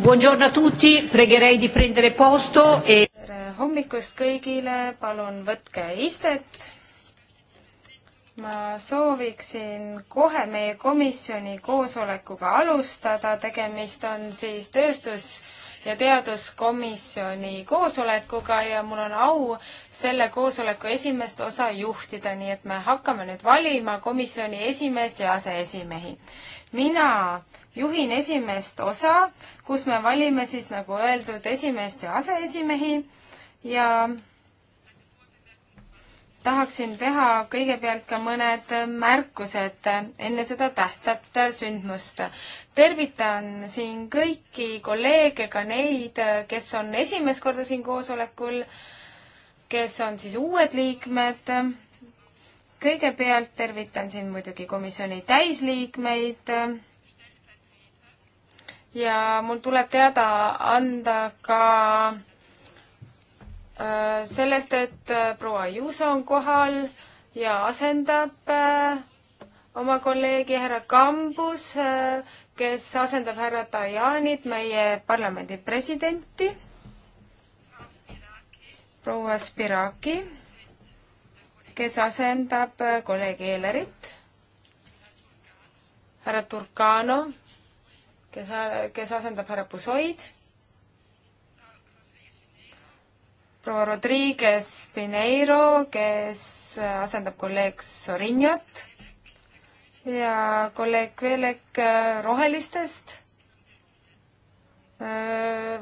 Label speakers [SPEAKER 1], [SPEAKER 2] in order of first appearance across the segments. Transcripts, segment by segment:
[SPEAKER 1] Buongiorno a tutti, pregherei di prendere posto e...
[SPEAKER 2] tere hommikust kõigile, palun võtke istet. ma sooviksin kohe meie komisjoni koosolekuga alustada, tegemist on siis tööstus- ja teaduskomisjoni koosolekuga ja mul on au selle koosoleku esimest osa juhtida, nii et me hakkame nüüd valima komisjoni esimeest ja aseesimehi. mina äh, juhin esimest osa, kus me valime siis nagu öeldud esimeest ja aseesimehi ja tahaksin teha kõigepealt ka mõned märkused enne seda tähtsat sündmust. tervitan siin kõiki kolleege, ka neid, kes on esimest korda siin koosolekul, kes on siis uued liikmed. kõigepealt tervitan siin muidugi komisjoni täisliikmeid ja mul tuleb teada anda ka äh, sellest, et äh, proua Juuso on kohal ja asendab äh, oma kolleegi härra Kambus, kes asendab härra Tajanit, meie parlamendi presidenti, proua Spiraki, kes asendab kolleeg Eelerit, härra Turkano kes, kes asendab härra Pusoid. proua Rodriguez Pineiro, kes asendab kolleeg Sorinjat ja kolleeg Kvelek äh, Rohelistest, äh,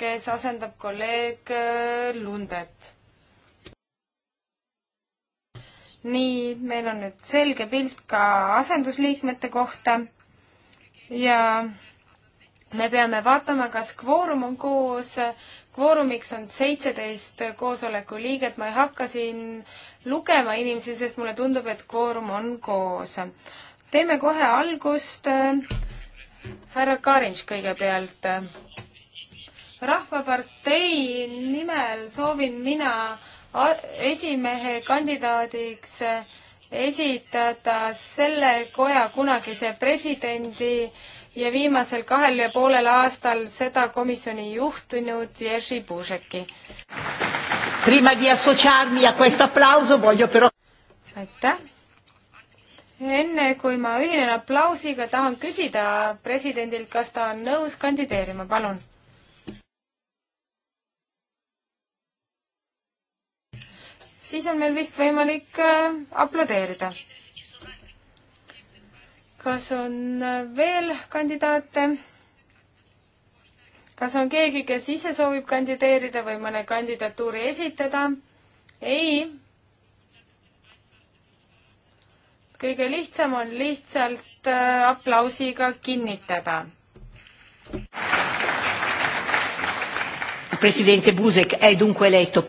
[SPEAKER 2] kes asendab kolleeg äh, Lundet. nii, meil on nüüd selge pilt ka asendusliikmete kohta ja me peame vaatama, kas kvoorum on koos, kvoorumiks on seitseteist koosoleku liiget, ma ei hakka siin lugema inimesi, sest mulle tundub, et kvoorum on koos. teeme kohe algust. härra Karinš kõigepealt. rahvapartei nimel soovin mina esimehe kandidaadiks äh, esitada selle koja kunagise presidendi ja viimasel kahel ja poolel aastal seda komisjoni juhtinud Jerzy Buzeki. aitäh! enne kui ma ühinen aplausiga, tahan küsida presidendilt, kas ta on nõus kandideerima, palun siis on meil vist võimalik äh, aplodeerida. kas on äh, veel kandidaate? kas on keegi, kes ise soovib kandideerida või mõne kandidatuuri esitada? ei. kõige lihtsam on lihtsalt äh, aplausiga kinnitada. president Buzek è dunque eletto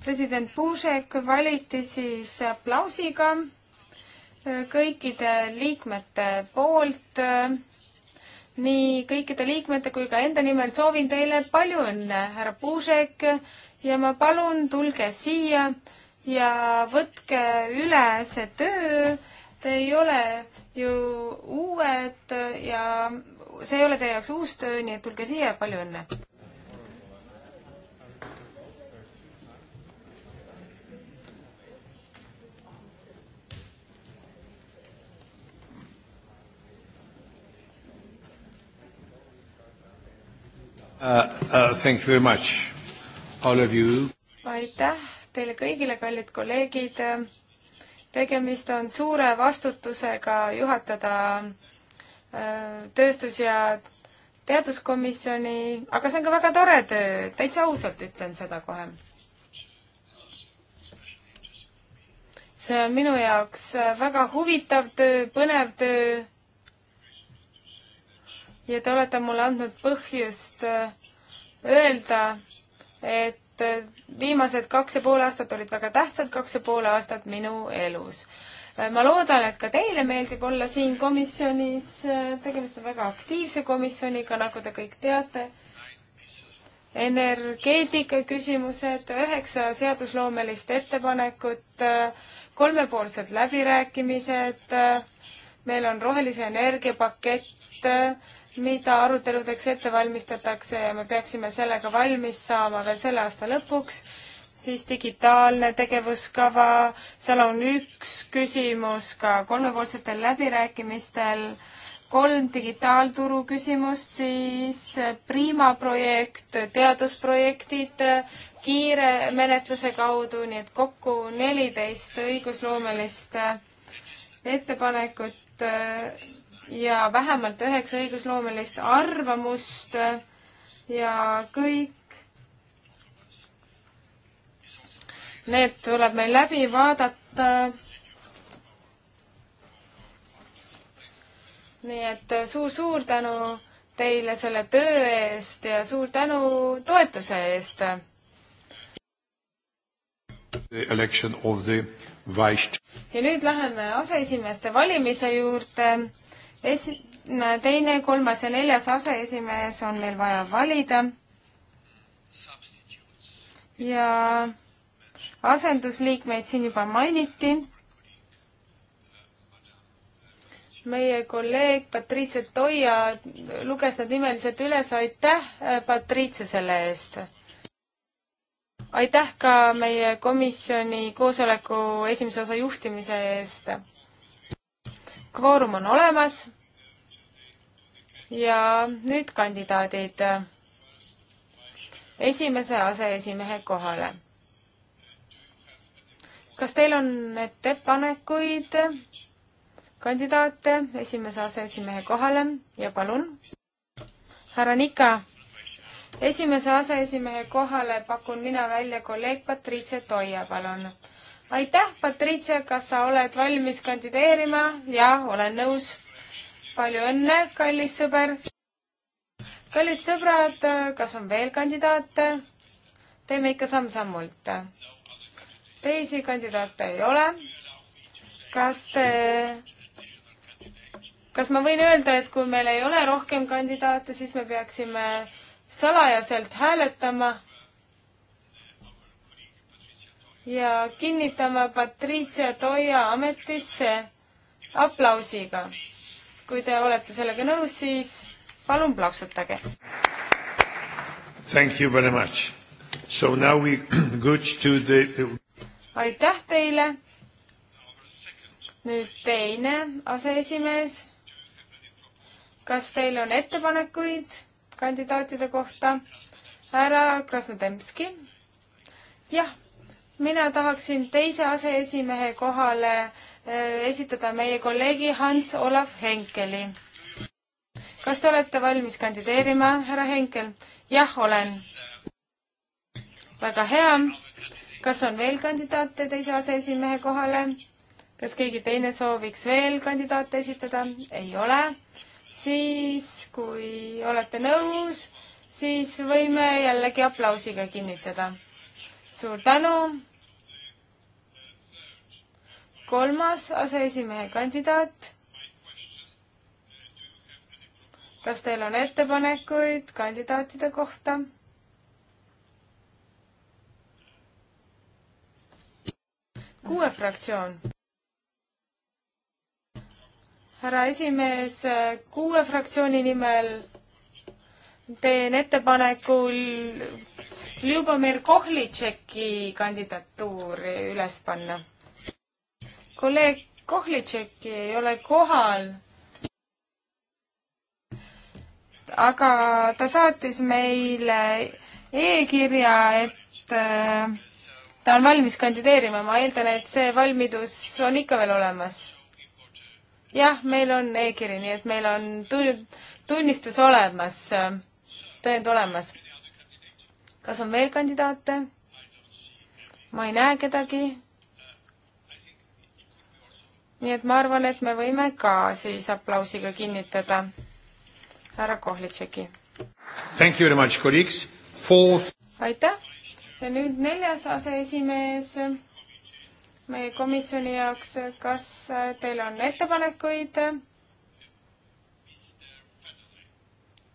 [SPEAKER 2] president Puusek valiti siis aplausiga äh, kõikide liikmete poolt. Äh, nii kõikide liikmete kui ka enda nimel soovin teile palju õnne, härra Puusek, ja ma palun, tulge siia ja võtke üle see töö. Te ei ole ju uued ja see ei ole teie jaoks uus töö, nii et tulge siia ja palju õnne!
[SPEAKER 3] Uh, uh,. Thank you very much, all of you.
[SPEAKER 2] aitäh teile kõigile, kallid kolleegid. tegemist on suure vastutusega juhatada uh, tööstus- ja teaduskomisjoni, aga see on ka väga tore töö, täitsa ausalt ütlen seda kohe. see on minu jaoks väga huvitav töö, põnev töö ja te olete mulle andnud põhjust äh, öelda, et äh, viimased kaks ja pool aastat olid väga tähtsad kaks ja pool aastat minu elus. Äh, ma loodan, et ka teile meeldib olla siin komisjonis, tegemist on väga aktiivse komisjoniga, nagu te kõik teate. energeetika küsimused, üheksa seadusloomelist ettepanekut, kolmepoolsed läbirääkimised, meil on rohelise energia pakett, mida aruteludeks ette valmistatakse ja me peaksime sellega valmis saama veel selle aasta lõpuks, siis digitaalne tegevuskava, seal on üks küsimus ka kolmepoolsetel läbirääkimistel, kolm digitaalturu küsimust, siis Prima projekt, teadusprojektid kiire menetluse kaudu, nii et kokku neliteist õigusloomelist ettepanekut ja vähemalt üheksa õigusloomelist arvamust ja kõik need tuleb meil läbi vaadata. nii et suur-suur tänu teile selle töö eest ja suur tänu toetuse eest. ja nüüd läheme aseesimeeste valimise juurde esi-, teine, kolmas ja neljas aseesimees on meil vaja valida. ja asendusliikmeid siin juba mainiti. meie kolleeg Patrice Toia luges nad nimeliselt üles, aitäh äh, Patrice selle eest! aitäh ka meie komisjoni koosoleku esimese osa juhtimise eest! kvoorum on olemas ja nüüd kandidaadid esimese aseesimehe kohale. kas teil on ettepanekuid kandidaate esimese aseesimehe kohale ja palun? härra Nika, esimese aseesimehe kohale pakun mina välja kolleeg Patricia Toia, palun aitäh, Patricia, kas sa oled valmis kandideerima? jah, olen nõus. palju õnne, kallis sõber. kallid sõbrad, kas on veel kandidaate? teeme ikka samm-sammult. teisi kandidaate ei ole. kas te, kas ma võin öelda, et kui meil ei ole rohkem kandidaate, siis me peaksime salajaselt hääletama? ja kinnitame Patricia Toia ametisse aplausiga. kui te olete sellega nõus, siis palun plaksutage.
[SPEAKER 3] Thank you very much. So now we go to the
[SPEAKER 2] aitäh teile. nüüd teine aseesimees. kas teil on ettepanekuid kandidaatide kohta? härra Krasnodemski. jah mina tahaksin teise aseesimehe kohale äh, esitada meie kolleegi Hans Olav Henkeli. kas te olete valmis kandideerima, härra Henkel? jah, olen. väga hea. kas on veel kandidaate teise aseesimehe kohale? kas keegi teine sooviks veel kandidaate esitada? ei ole. siis, kui olete nõus, siis võime jällegi aplausiga kinnitada. suur tänu kolmas aseesimehe kandidaat. kas teil on ettepanekuid kandidaatide kohta? kuue fraktsioon. härra esimees, kuue fraktsiooni nimel teen ettepanekul Ljubomir Kohlitšeki kandidatuuri üles panna kolleeg Kohlitšeki ei ole kohal. aga ta saatis meile e-kirja, et äh, ta on valmis kandideerima, ma eeldan, et see valmidus on ikka veel olemas. jah, meil on e-kiri, nii et meil on tunnistus olemas, tõend olemas. kas on veel kandidaate? ma ei näe kedagi nii et ma arvan, et me võime ka siis aplausiga kinnitada härra Kohlitšeki. aitäh ja nüüd neljas aseesimees meie komisjoni jaoks, kas teil on ettepanekuid?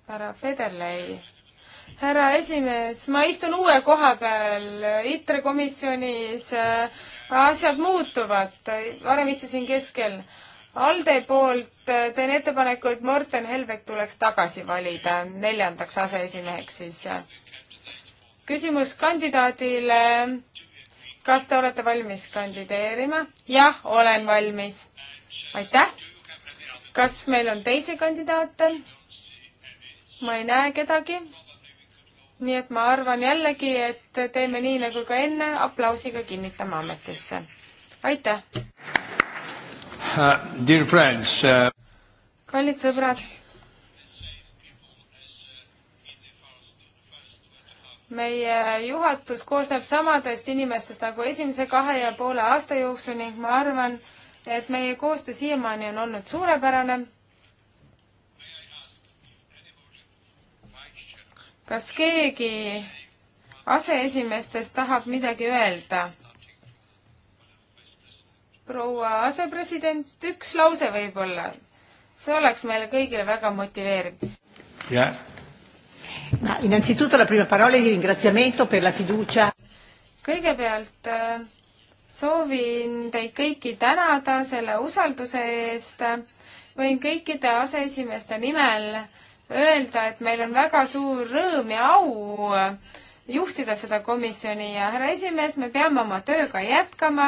[SPEAKER 2] härra Federley. härra esimees, ma istun uue koha peal ITRE komisjonis äh, asjad muutuvad, varem istusin keskel. ALDE poolt teen ettepaneku, et Morten Helvek tuleks tagasi valida neljandaks aseesimeheks siis. küsimus kandidaadile. kas te olete valmis kandideerima? jah, olen valmis. aitäh. kas meil on teisi kandidaate? ma ei näe kedagi nii et ma arvan jällegi, et teeme nii nagu ka enne, aplausiga kinnitame ametisse. aitäh
[SPEAKER 3] uh,! Uh...
[SPEAKER 2] kallid sõbrad, meie juhatus koosneb samadest inimestest nagu esimese kahe ja poole aasta jooksul ning ma arvan, et meie koostöö siiamaani on olnud suurepärane kas keegi aseesimeestest tahab midagi öelda? proua asepresident, üks lause võib-olla. see oleks meile kõigile väga motiveeriv.
[SPEAKER 3] jah yeah..
[SPEAKER 4] No, innanzitutto la prima parola di ringraziamento per la fiducia.
[SPEAKER 2] kõigepealt äh, soovin teid kõiki tänada selle usalduse eest. võin kõikide aseesimeeste nimel öelda, et meil on väga suur rõõm ja au juhtida seda komisjoni ja härra esimees, me peame oma tööga jätkama.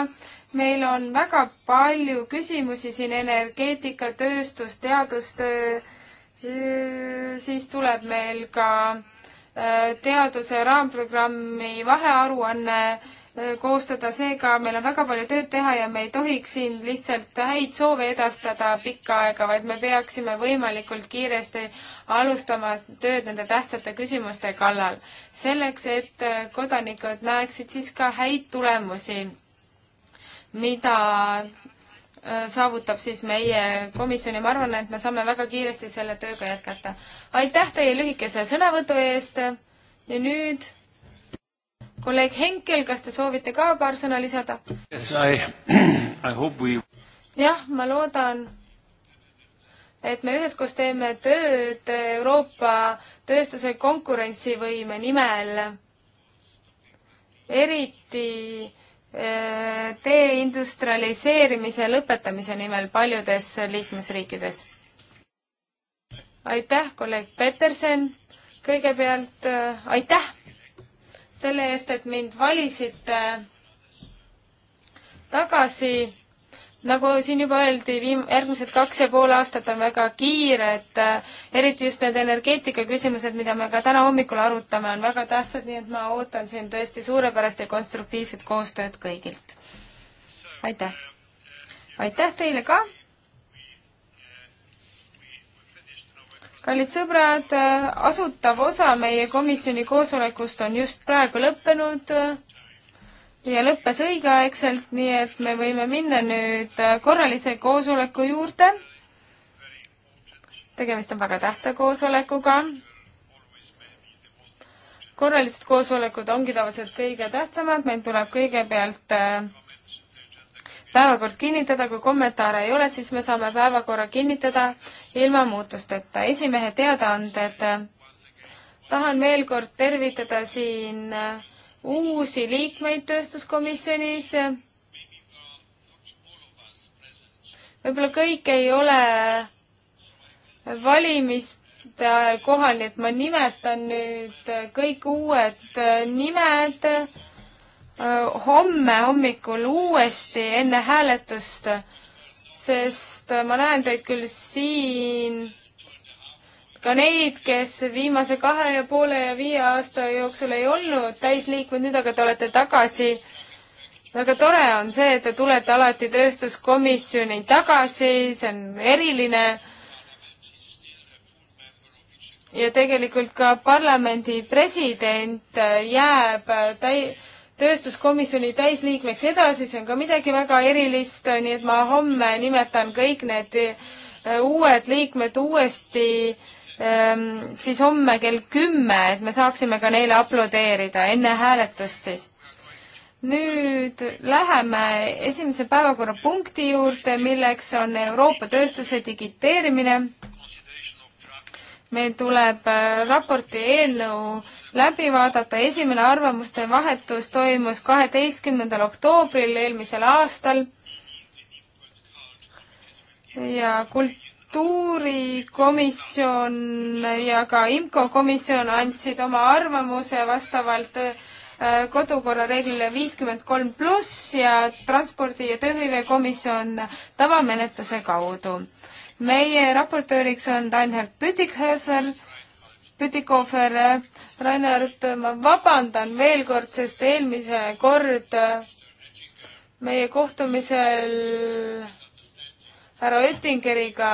[SPEAKER 2] meil on väga palju küsimusi siin energeetika, tööstus, teadustöö, siis tuleb meil ka äh, teaduse raamprogrammi vahearuanne Äh, koostada, seega meil on väga palju tööd teha ja me ei tohiks siin lihtsalt häid soove edastada pikka aega, vaid me peaksime võimalikult kiiresti alustama tööd nende tähtsate küsimuste kallal. selleks, et äh, kodanikud näeksid siis ka häid tulemusi, mida äh, saavutab siis meie komisjon ja ma arvan, et me saame väga kiiresti selle tööga jätkata. aitäh teie lühikese sõnavõtu eest ja nüüd kolleeg Henkel, kas te soovite ka paar sõna lisada? jah, ma loodan, et me üheskoos teeme tööd Euroopa tööstuse konkurentsivõime nimel, eriti deindustrialiseerimise äh, lõpetamise nimel paljudes liikmesriikides. aitäh, kolleeg Peterson, kõigepealt äh, aitäh selle eest, et mind valisite tagasi. nagu siin juba öeldi, viim-, järgmised kaks ja pool aastat on väga kiired, äh, eriti just need energeetikaküsimused, mida me ka täna hommikul arutame, on väga tähtsad, nii et ma ootan siin tõesti suurepärast ja konstruktiivset koostööd kõigilt. aitäh! aitäh teile ka! kallid sõbrad, äh, asutav osa meie komisjoni koosolekust on just praegu lõppenud äh, ja lõppes õigeaegselt, nii et me võime minna nüüd äh, korralise koosoleku juurde. tegemist on väga tähtsa koosolekuga. korralised koosolekud ongi tavaliselt kõige tähtsamad, meil tuleb kõigepealt äh, päevakord kinnitada, kui kommentaare ei ole, siis me saame päevakorra kinnitada ilma muutusteta. esimehe teadaanded. tahan veel kord tervitada siin uusi liikmeid tööstuskomisjonis. võib-olla kõik ei ole valimiste ajal kohal, nii et ma nimetan nüüd kõik uued nimed homme hommikul uuesti enne hääletust, sest ma näen teid küll siin, ka neid, kes viimase kahe ja poole ja viie aasta jooksul ei olnud täisliikmed, nüüd aga te olete tagasi. väga tore on see, et te tulete alati tööstuskomisjoni tagasi, see on eriline ja tegelikult ka parlamendi president jääb täi-, tööstuskomisjoni täisliikmeks edasi, see on ka midagi väga erilist, nii et ma homme nimetan kõik need äh, uued liikmed uuesti ähm, siis homme kell kümme, et me saaksime ka neile aplodeerida enne hääletust siis. nüüd läheme esimese päevakorrapunkti juurde, milleks on Euroopa tööstuse digiteerimine meil tuleb äh, raporti eelnõu läbi vaadata, esimene arvamuste vahetus toimus kaheteistkümnendal oktoobril eelmisel aastal ja kultuurikomisjon ja ka IMCO komisjon andsid oma arvamuse vastavalt äh, kodukorra reeglile viiskümmend kolm pluss ja transpordi- ja tööhõivekomisjon tavamenetluse kaudu meie raportööriks on Reinhard Pütikhöfer, Pütikofer, Reinhard, ma vabandan veel kord, sest eelmise kord meie kohtumisel härra Oettingeriga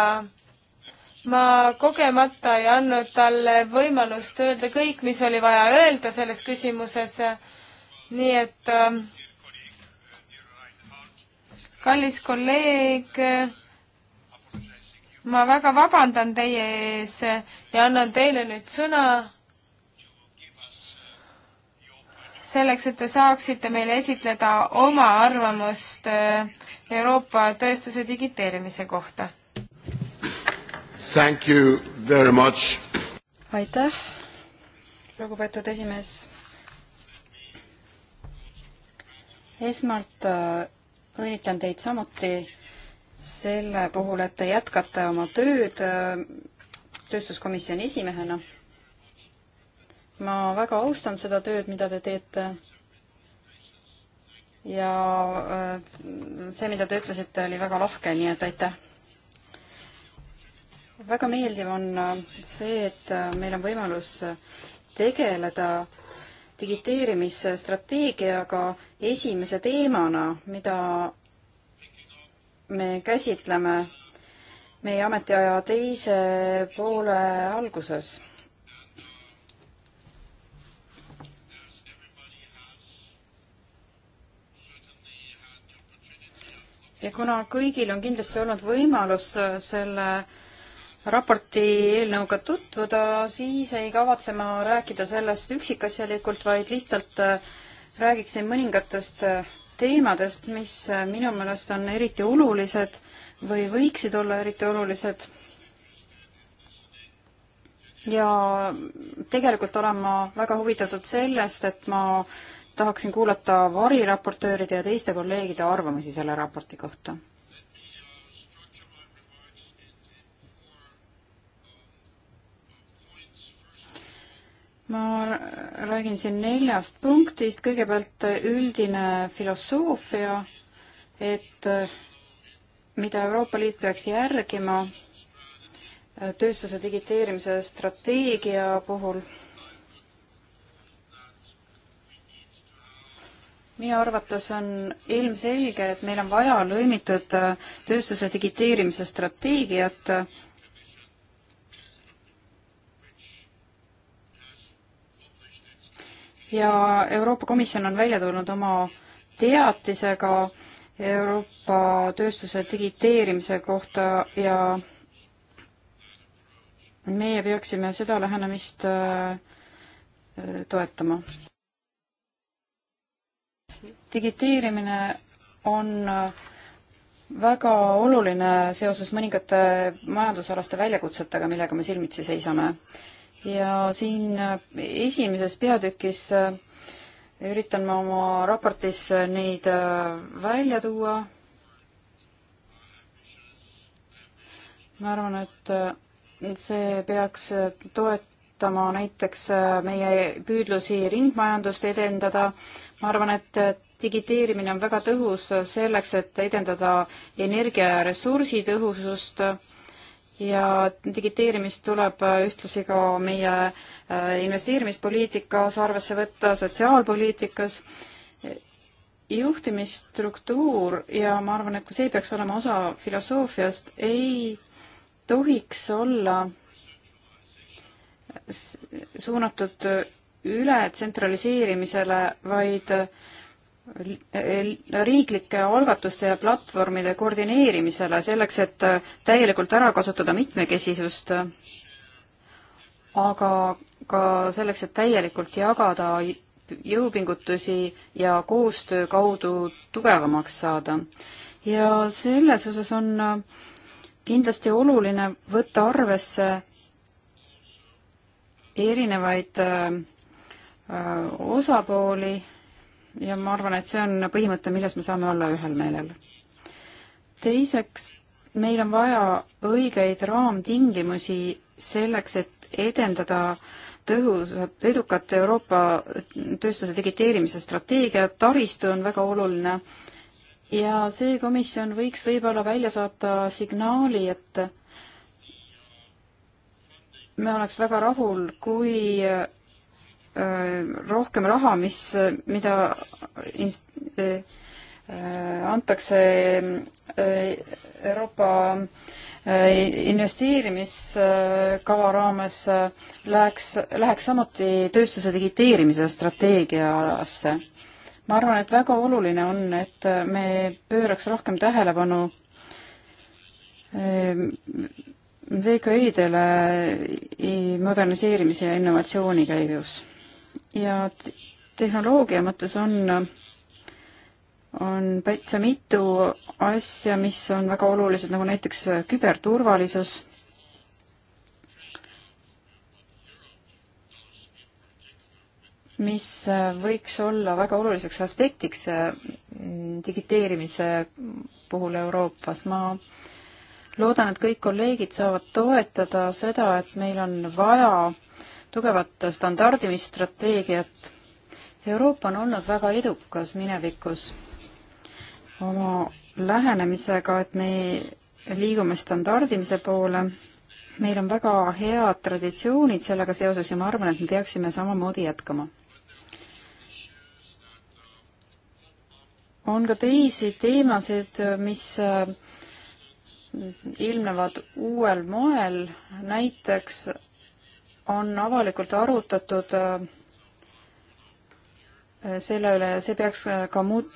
[SPEAKER 2] ma kogemata ei andnud talle võimalust öelda kõik, mis oli vaja öelda selles küsimuses. nii et äh, kallis kolleeg ma väga vabandan teie ees ja annan teile nüüd sõna selleks, et te saaksite meile esitleda oma arvamust äh, Euroopa tööstuse digiteerimise kohta.
[SPEAKER 3] Thank you very much.
[SPEAKER 2] aitäh,
[SPEAKER 4] lugupeetud esimees. esmalt äh, õnnitlen teid samuti selle puhul, et te jätkate oma tööd äh, tööstuskomisjoni esimehena. ma väga austan seda tööd, mida te teete. ja äh, see, mida te ütlesite, oli väga lahke, nii et aitäh. väga meeldiv on äh, see, et meil on võimalus tegeleda digiteerimisstrateegiaga esimese teemana, mida me käsitleme meie ametiaja teise poole alguses. ja kuna kõigil on kindlasti olnud võimalus selle raporti eelnõuga tutvuda, siis ei kavatse ma rääkida sellest üksikasjalikult, vaid lihtsalt räägiksin mõningatest teemadest, mis äh, minu meelest on eriti olulised või võiksid olla eriti olulised. ja tegelikult olen ma väga huvitatud sellest, et ma tahaksin kuulata variraportööride ja teiste kolleegide arvamusi selle raporti kohta ma räägin siin neljast punktist, kõigepealt üldine filosoofia, et äh, mida Euroopa Liit peaks järgima äh, tööstuse digiteerimise strateegia puhul. minu arvates on ilmselge, et meil on vaja lõimitud äh, tööstuse digiteerimise strateegiat ja Euroopa Komisjon on välja tulnud oma teatisega Euroopa tööstuse digiteerimise kohta ja meie peaksime seda lähenemist äh, äh, toetama. digiteerimine on äh, väga oluline seoses mõningate majandusalaste väljakutsetega, millega me silmitsi seisame ja siin äh, esimeses peatükis äh, üritan ma oma raportis äh, neid välja tuua. ma arvan, et see peaks toetama näiteks meie püüdlusi ringmajandust edendada. ma arvan, et digiteerimine on väga tõhus selleks, et edendada energiaressursi tõhusust ja digiteerimist tuleb äh, ühtlasi ka meie äh, investeerimispoliitikas arvesse võtta, sotsiaalpoliitikas, juhtimisstruktuur ja ma arvan, et ka see peaks olema osa filosoofiast, ei tohiks olla suunatud üle tsentraliseerimisele, vaid riiklike algatuste ja platvormide koordineerimisele selleks, et täielikult ära kasutada mitmekesisust, aga ka selleks, et täielikult jagada jõupingutusi ja koostöö kaudu tugevamaks saada. ja selles osas on kindlasti oluline võtta arvesse erinevaid äh, osapooli ja ma arvan, et see on põhimõte, milles me saame olla ühel meelel. teiseks, meil on vaja õigeid raamtingimusi selleks, et edendada tõhusat, edukat Euroopa tööstuse digiteerimise strateegiat, taristu on väga oluline ja see komisjon võiks võib-olla välja saata signaali, et me oleks väga rahul, kui Äh, rohkem raha, mis, mida inst-, äh, äh, antakse Euroopa investeerimiskava raames läheks, läheks samuti tööstuse digiteerimise strateegiasse. ma arvan, et väga oluline on, et me pööraks rohkem tähelepanu VKI-dele moderniseerimise ja innovatsiooni käigus ja tehnoloogia mõttes on, on täitsa mitu asja, mis on väga olulised, nagu näiteks küberturvalisus mis võiks olla väga oluliseks aspektiks mm, digiteerimise puhul Euroopas. ma loodan, et kõik kolleegid saavad toetada seda, et meil on vaja tugevat standardimisstrateegiat. Euroopa on olnud väga edukas minevikus oma lähenemisega, et me liigume standardimise poole. meil on väga head traditsioonid sellega seoses ja ma arvan, et me peaksime samamoodi jätkama. on ka teisi teemasid, mis äh, ilmnevad uuel moel, näiteks on avalikult arutatud äh, selle üle ja see peaks äh, ka muut-,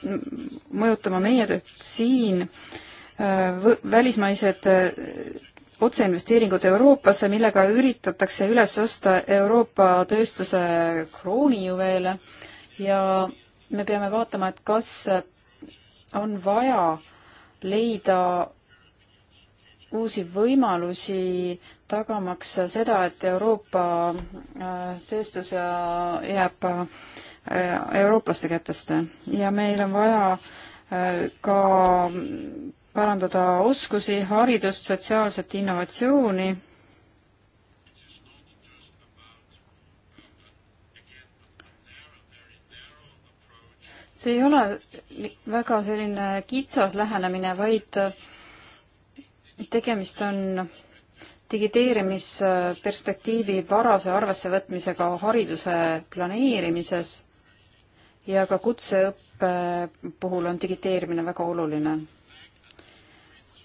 [SPEAKER 4] mõjutama meie tööd siin, äh, välismaised otseinvesteeringud Euroopasse, millega üritatakse üles osta Euroopa tööstuse kroonijuveele ja me peame vaatama, et kas on vaja leida uusi võimalusi tagamaks seda, et Euroopa äh, tööstus jääb äh, eurooplaste kätesse ja meil on vaja äh, ka parandada oskusi, haridust, sotsiaalset innovatsiooni see ei ole väga selline kitsas lähenemine, vaid tegemist on digiteerimisperspektiivi varase arvessevõtmisega hariduse planeerimises ja ka kutseõppe puhul on digiteerimine väga oluline.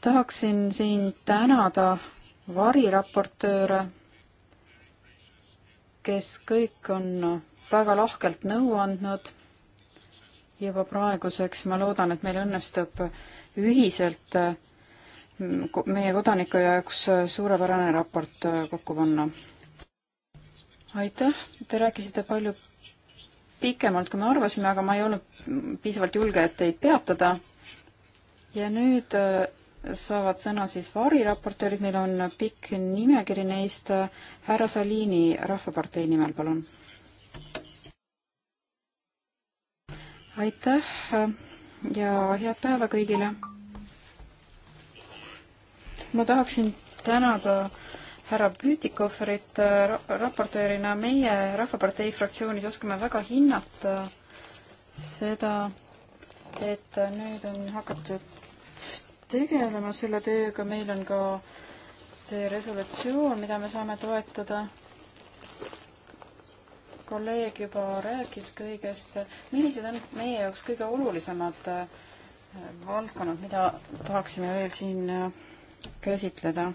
[SPEAKER 4] tahaksin siin tänada variraportööre, kes kõik on väga lahkelt nõu andnud. juba praeguseks ma loodan, et meil õnnestub ühiselt meie kodanike jaoks äh, suurepärane raport äh, kokku panna. aitäh, te rääkisite palju pikemalt, kui me arvasime, aga ma ei olnud piisavalt julge, et teid peatada. ja nüüd äh, saavad sõna siis variraportöörid, meil on pikk nimekiri neist. härra Salini Rahvapartei nimel, palun. aitäh ja head päeva kõigile ma tahaksin tänada härra Püütikoferit äh, ra raportöörina. meie Rahvapartei fraktsioonis oskame väga hinnata äh, seda, et äh, nüüd on hakatud tegelema selle tööga, meil on ka see resolutsioon, mida me saame toetada. kolleeg juba rääkis kõigest. millised on meie jaoks kõige olulisemad valdkonnad, mida tahaksime veel siin käsitleda.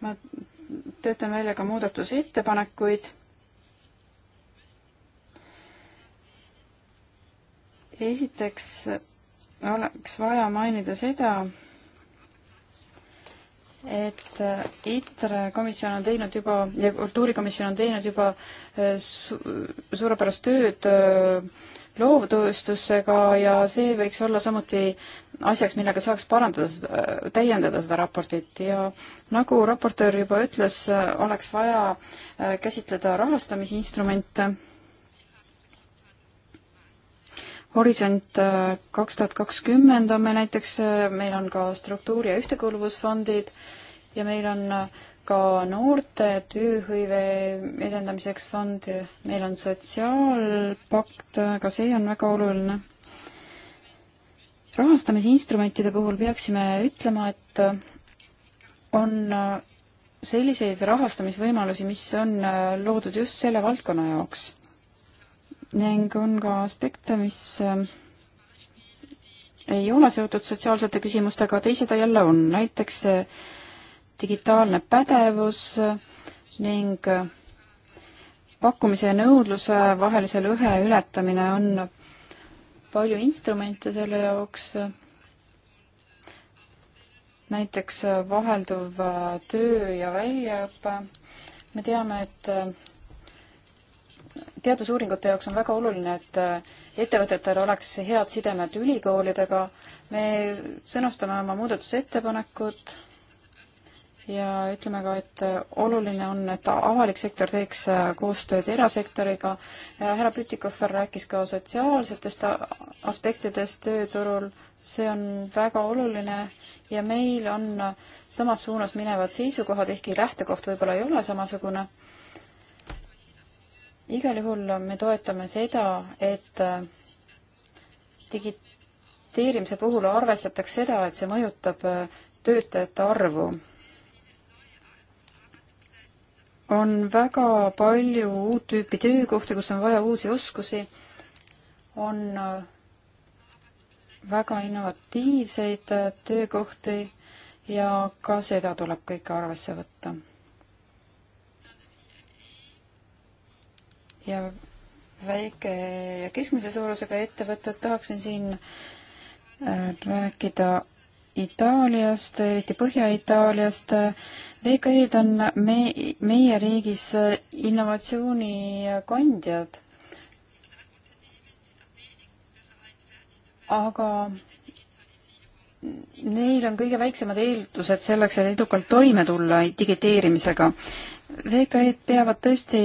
[SPEAKER 4] ma töötan välja ka muudatusettepanekuid. esiteks oleks vaja mainida seda, et ITRE komisjon on teinud juba ja kultuurikomisjon on teinud juba su suurepärast tööd äh, loovtööstusega ja see võiks olla samuti asjaks, millega saaks parandada seda, täiendada seda raportit ja nagu raportöör juba ütles, oleks vaja äh, käsitleda rahastamisinstrumente. Horisont äh, kaks tuhat kakskümmend on meil näiteks, äh, meil on ka struktuuri- ja ühtekuuluvusfondid ja meil on äh, ka noorte tööhõive edendamiseks fond, meil on sotsiaalpakt, ka see on väga oluline. rahastamisinstrumentide puhul peaksime ütlema, et on selliseid rahastamisvõimalusi, mis on loodud just selle valdkonna jaoks. ning on ka aspekte, mis ei ole seotud sotsiaalsete küsimustega, teised jälle on, näiteks digitaalne pädevus ning pakkumise ja nõudluse vahelise lõhe ületamine on palju instrumente selle jaoks, näiteks vahelduv töö ja väljaõpe. me teame, et teadusuuringute jaoks on väga oluline, et ettevõtetel oleks head sidemed ülikoolidega. me sõnastame oma muudatusettepanekud ja ütleme ka, et äh, oluline on, et avalik sektor teeks äh, koostööd erasektoriga. härra Pütikofer rääkis ka sotsiaalsetest aspektidest tööturul, see on väga oluline ja meil on äh, samas suunas minevad seisukohad, ehkki lähtekoht võib-olla ei ole samasugune. igal juhul me toetame seda, et digiteerimise puhul arvestatakse seda, et see mõjutab töötajate arvu on väga palju uut tüüpi töökohti, kus on vaja uusi oskusi, on äh, väga innovatiivseid äh, töökohti ja ka seda tuleb kõike arvesse võtta. ja väike ja keskmise suurusega ettevõtted, tahaksin siin äh, rääkida Itaaliast, eriti Põhja-Itaaliast, VKÜ-d on me, meie riigis innovatsiooni kandjad. aga neil on kõige väiksemad eeldused selleks, et edukalt toime tulla digiteerimisega. VKE-d peavad tõesti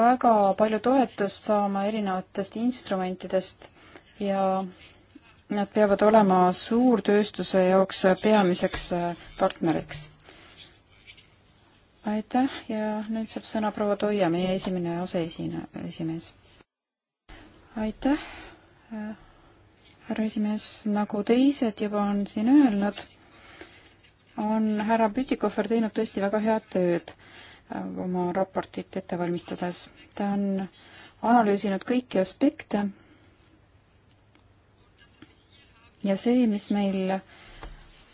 [SPEAKER 4] väga palju toetust saama erinevatest instrumentidest ja nad peavad olema suurtööstuse jaoks peamiseks partneriks aitäh ja nüüd saab sõna proua Toia, meie esimene aseesine, esimees. aitäh, äh, härra esimees, nagu teised juba on siin öelnud, on härra Pütikofer teinud tõesti väga head tööd äh, oma raportit ette valmistades. ta on analüüsinud kõiki aspekte ja see, mis meil äh,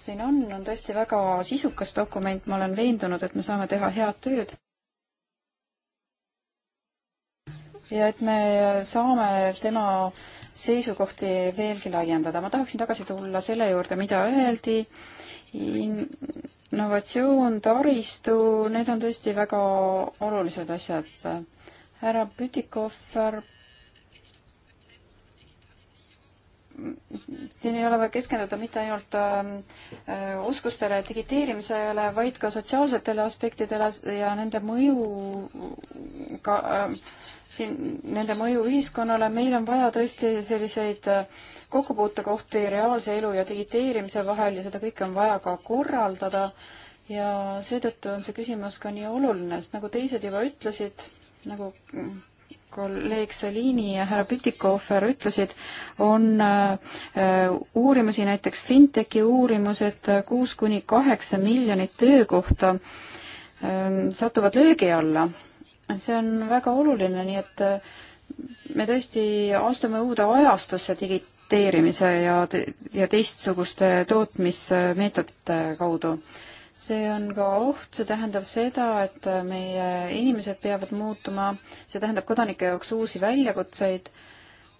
[SPEAKER 4] siin on, on tõesti väga sisukas dokument, ma olen veendunud, et me saame teha head tööd. ja et me saame tema seisukohti veelgi laiendada. ma tahaksin tagasi tulla selle juurde, mida öeldi. innovatsioon, taristu, need on tõesti väga olulised asjad. härra Pütikofer siin ei ole vaja keskenduda mitte ainult ähm, äh, oskustele ja digiteerimisele, vaid ka sotsiaalsetele aspektidele ja nende mõju ka ähm, siin, nende mõju ühiskonnale. meil on vaja tõesti selliseid äh, kokkupuutekohti reaalse elu ja digiteerimise vahel ja seda kõike on vaja ka korraldada. ja seetõttu on see küsimus ka nii oluline, sest nagu teised juba ütlesid, nagu mm, kolleeg Salini ja härra Pütikofer ütlesid, on äh, uurimusi, näiteks Fintechi uurimused, kuus kuni kaheksa miljonit töökohta ähm, satuvad löögi alla. see on väga oluline, nii et äh, me tõesti astume uude ajastusse digiteerimise ja, ja teistsuguste tootmismeetodite kaudu see on ka oht, see tähendab seda, et meie inimesed peavad muutuma, see tähendab kodanike jaoks uusi väljakutseid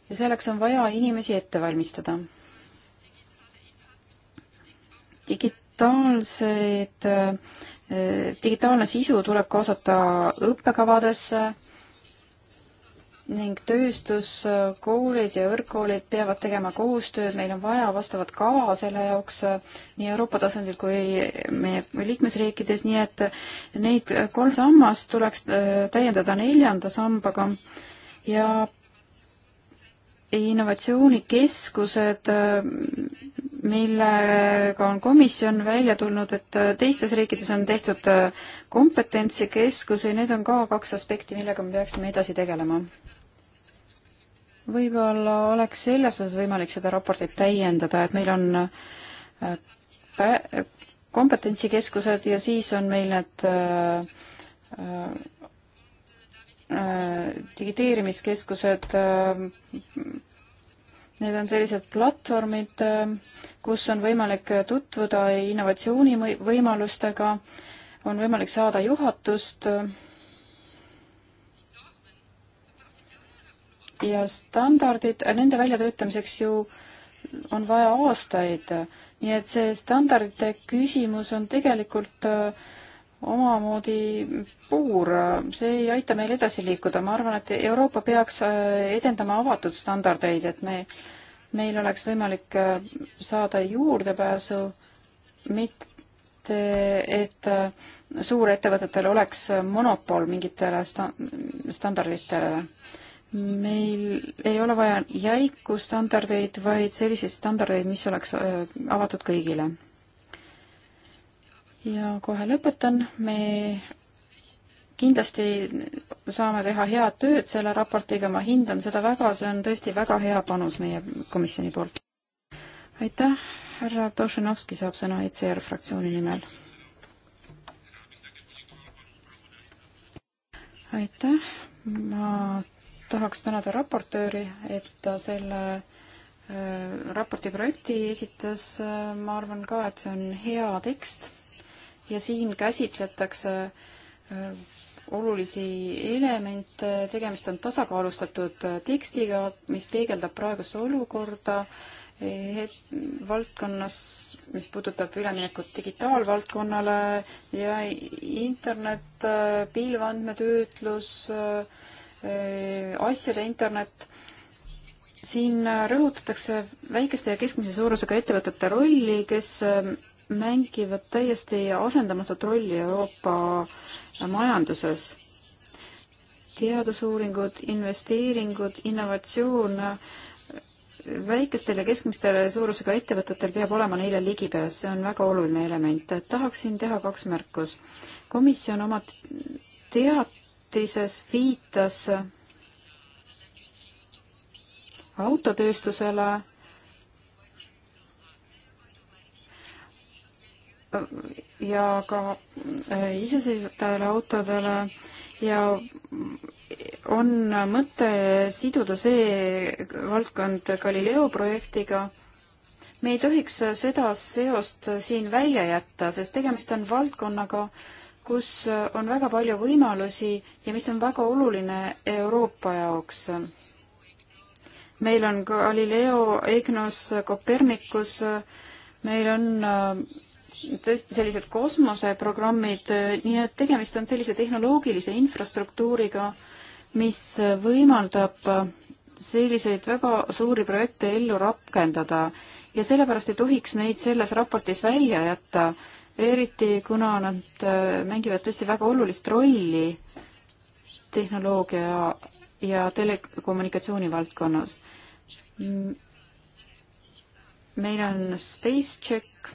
[SPEAKER 4] ja selleks on vaja inimesi ette valmistada. digitaalseid, eh, digitaalne sisu tuleb kaasata õppekavadesse ning tööstus, koolid ja õrgkoolid peavad tegema koostööd, meil on vaja vastavat kava selle jaoks äh, nii Euroopa tasandil kui meie liikmesriikides, nii et neid kolm sammast tuleks äh, täiendada neljanda sambaga ja innovatsioonikeskused, äh, millega on komisjon välja tulnud, et teistes riikides on tehtud kompetentsikeskusi, need on ka kaks aspekti, millega me peaksime edasi tegelema võib-olla oleks selles osas võimalik seda raportit täiendada, et meil on äh, kompetentsikeskused ja siis on meil need äh, äh, digiteerimiskeskused, need on sellised platvormid, kus on võimalik tutvuda innovatsioonivõimalustega, on võimalik saada juhatust ja standardid, nende väljatöötamiseks ju on vaja aastaid, nii et see standardite küsimus on tegelikult äh, omamoodi puur, see ei aita meil edasi liikuda, ma arvan, et Euroopa peaks äh, edendama avatud standardeid, et me, meil oleks võimalik äh, saada juurdepääsu, mitte et suurettevõtetel oleks monopol mingitele sta-, standarditele meil ei ole vaja jäiku standardeid, vaid selliseid standardeid, mis oleks avatud kõigile. ja kohe lõpetan, me kindlasti saame teha head tööd selle raportiga, ma hindan seda väga, see on tõesti väga hea panus meie komisjoni poolt. aitäh, härra Tošenovski saab sõna ECR fraktsiooni nimel. aitäh, ma tahaks tänada raportööri, et ta selle äh, raporti projekti esitas, äh, ma arvan ka, et see on hea tekst ja siin käsitletakse äh, olulisi elemente, tegemist on tasakaalustatud tekstiga, mis peegeldab praegust olukorda et valdkonnas, mis puudutab üleminekut digitaalvaldkonnale ja internet, pilvandmetöötlus äh,, Äh, asjade internet. siin äh, rõhutatakse väikeste ja keskmise suurusega ettevõtete rolli, kes äh, mängivad täiesti asendamatut rolli Euroopa majanduses. teadusuuringud, investeeringud, innovatsioon, väikestel ja keskmistel suurusega ettevõtetel peab olema neile ligipääs, see on väga oluline element. tahaksin teha kaks märkus. komisjon oma teat-, teatises viitas autotööstusele ja ka äh, iseseisvatele autodele ja on mõte siduda see valdkond Galileo projektiga. me ei tohiks seda seost siin välja jätta, sest tegemist on valdkonnaga, kus on väga palju võimalusi ja mis on väga oluline Euroopa jaoks. meil on Galileo, Egnos, Copernicus, meil on äh, tõesti sellised kosmoseprogrammid, nii et tegemist on sellise tehnoloogilise infrastruktuuriga, mis võimaldab selliseid väga suuri projekte ellu rakendada ja sellepärast ei tohiks neid selles raportis välja jätta eriti kuna nad äh, mängivad tõesti väga olulist rolli tehnoloogia ja telekommunikatsiooni valdkonnas. meil on SpaceCheck,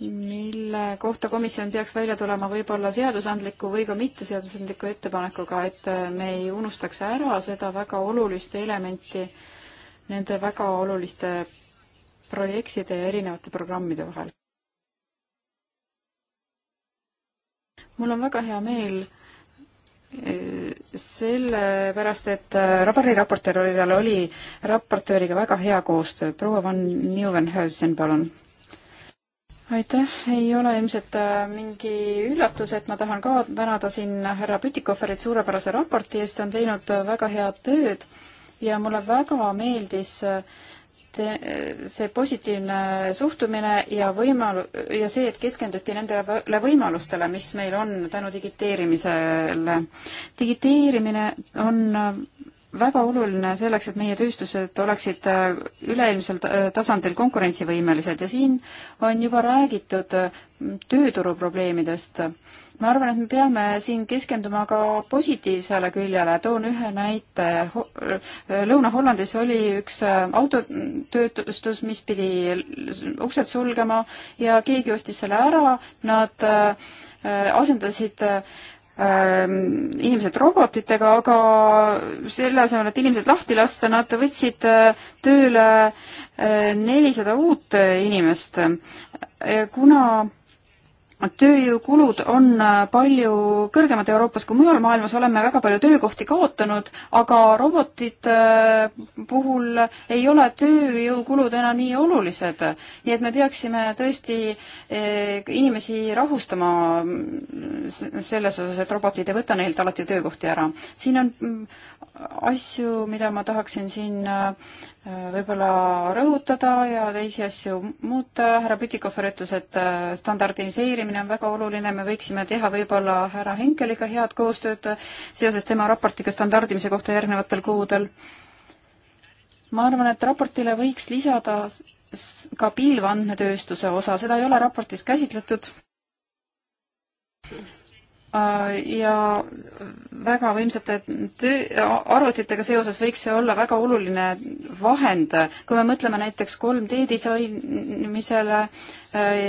[SPEAKER 4] mille kohta komisjon peaks välja tulema võib-olla seadusandliku või ka mitteseadusandliku ettepanekuga, et äh, me ei unustaks ära seda väga olulist elementi nende väga oluliste projektide ja erinevate programmide vahel. mul on väga hea meel eh, sellepärast, et äh, Rabari raportööril oli raportööriga väga hea koostöö. proua Van Nieuwenhuisen, palun aitäh, ei ole ilmselt äh, mingi üllatus, et ma tahan ka tänada siin härra Pütikoferit suurepärase raporti eest, ta on teinud äh, väga head tööd ja mulle väga meeldis äh, Eh, see positiivne suhtumine ja võimalu- ja see, et keskenduti nendele võimalustele, mis meil on tänu digiteerimisele. digiteerimine on eh, väga oluline selleks, et meie tööstused oleksid eh, üleilmsel tasandil konkurentsivõimelised ja siin on juba räägitud tööturuprobleemidest ma arvan, et me peame siin keskenduma ka positiivsele küljele, toon ühe näite. Äh, Lõuna-Hollandis oli üks äh, autotööstus, mis pidi uksed sulgema ja keegi ostis selle ära, nad äh, asendasid ähm, inimesed robotitega, aga selle asemel, et inimesed lahti lasta, nad võtsid tööle nelisada uut inimest. kuna tööjõukulud on äh, palju kõrgemad Euroopas kui mujal maailmas, oleme väga palju töökohti kaotanud, aga robotite äh, puhul ei ole tööjõukulud enam nii olulised. nii et me peaksime tõesti äh, inimesi rahustama mm, selles osas, et robotid ei võta neilt alati töökohti ära. siin on mm, asju, mida ma tahaksin siin äh, võib-olla rõhutada ja teisi asju muuta. härra Pütikofer ütles, et äh, standardiseerimine on väga oluline, me võiksime teha võib-olla härra Henkeliga head koostööd äh, seoses tema raportiga standardimise kohta järgnevatel kuudel. ma arvan, et raportile võiks lisada ka piilva andmetööstuse osa, seda ei ole raportis käsitletud Äh, ja väga võimsate töö, arvutitega seoses võiks see olla väga oluline vahend, kui me mõtleme näiteks 3D disainimisele, äh,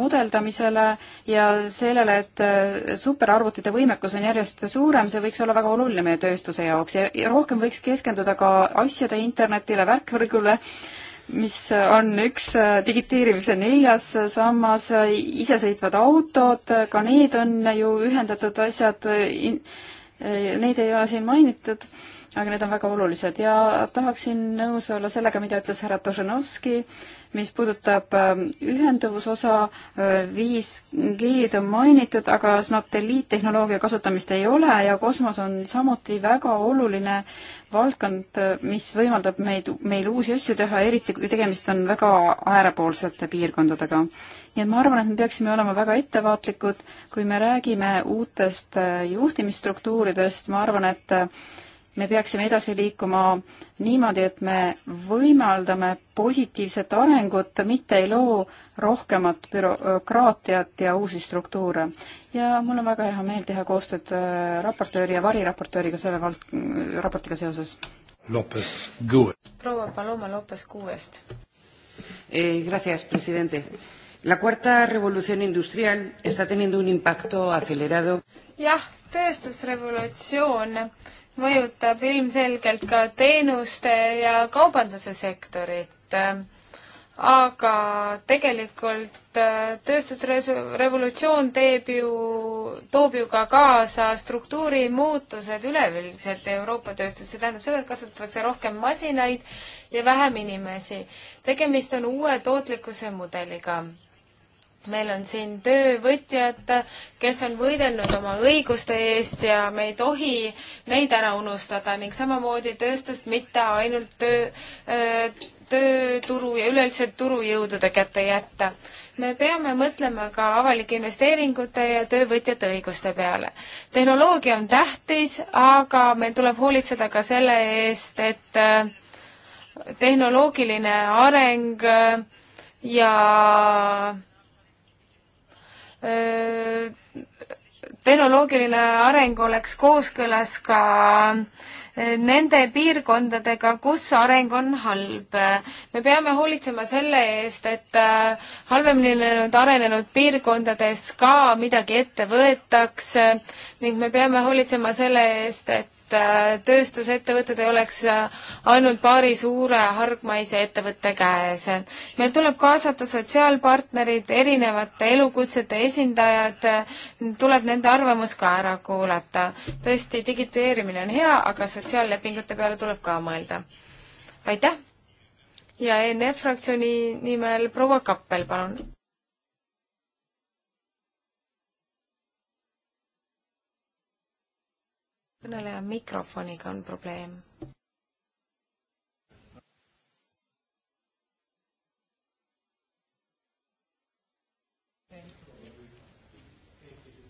[SPEAKER 4] mudeldamisele ja sellele, et äh, superarvutite võimekus on järjest suurem, see võiks olla väga oluline meie tööstuse jaoks ja, ja rohkem võiks keskenduda ka asjade internetile, värkvõrgule äh,, mis on üks äh, digiteerimise neljas äh, sammas, äh, iseseisvad autod, ka need on ju ühendatud asjad, neid ei ole siin mainitud aga need on väga olulised ja tahaksin nõus olla sellega, mida ütles härra Toženovski, mis puudutab ähm, ühenduvusosa, 5G-d äh, on mainitud, aga satelliittehnoloogia kasutamist ei ole ja kosmos on samuti väga oluline valdkond, äh, mis võimaldab meid, meil uusi asju teha, eriti kui tegemist on väga äärepoolsete piirkondadega. nii et ma arvan, et me peaksime olema väga ettevaatlikud, kui me räägime uutest äh, juhtimisstruktuuridest, ma arvan, et me peaksime edasi liikuma niimoodi, et me võimaldame positiivset arengut, mitte ei loo rohkemat bürokraatiat ja uusi struktuure. ja mul on väga hea meel teha koostööd äh, raportööri ja variraportööriga selle vald-, raportiga seoses.
[SPEAKER 3] Lopes Gue.
[SPEAKER 2] proua Paloma Lopes Guest eh,. Gracias, presidente.
[SPEAKER 4] La cuarta revolución industrial está teniendo un impacto acelerado.
[SPEAKER 2] jah, tööstusrevolutsioon mõjutab ilmselgelt ka teenuste ja kaubanduse sektorit. aga tegelikult äh, tööstusrevolutsioon teeb ju, toob ju ka kaasa struktuurimuutused üleüldiselt Euroopa tööstuses, see tähendab seda, et kasutatakse rohkem masinaid ja vähem inimesi. tegemist on uue tootlikkuse mudeliga meil on siin töövõtjad, kes on võidelnud oma õiguste eest ja me ei tohi neid ära unustada ning samamoodi tööstust mitte ainult töö, äh, tööturu ja üleüldiselt turujõudude kätte jätta. me peame mõtlema ka avalike investeeringute ja töövõtjate õiguste peale. tehnoloogia on tähtis, aga meil tuleb hoolitseda ka selle eest, et äh, tehnoloogiline areng äh, ja tehnoloogiline areng oleks kooskõlas ka eh, nende piirkondadega, kus areng on halb. me peame hoolitsema selle eest, et eh, halvemini arenenud piirkondades ka midagi ette võetakse ning me peame hoolitsema selle eest, et Äh, tööstusettevõtted ei oleks äh, ainult paari suure hargmaise ettevõtte käes. meil tuleb kaasata sotsiaalpartnerid, erinevate elukutsete esindajad, tuleb nende arvamus ka ära kuulata. tõesti, digiteerimine on hea, aga sotsiaallepingute peale tuleb ka mõelda. aitäh! ja ENF fraktsiooni nimel proua Kappel, palun! kõneleja mikrofoniga on probleem.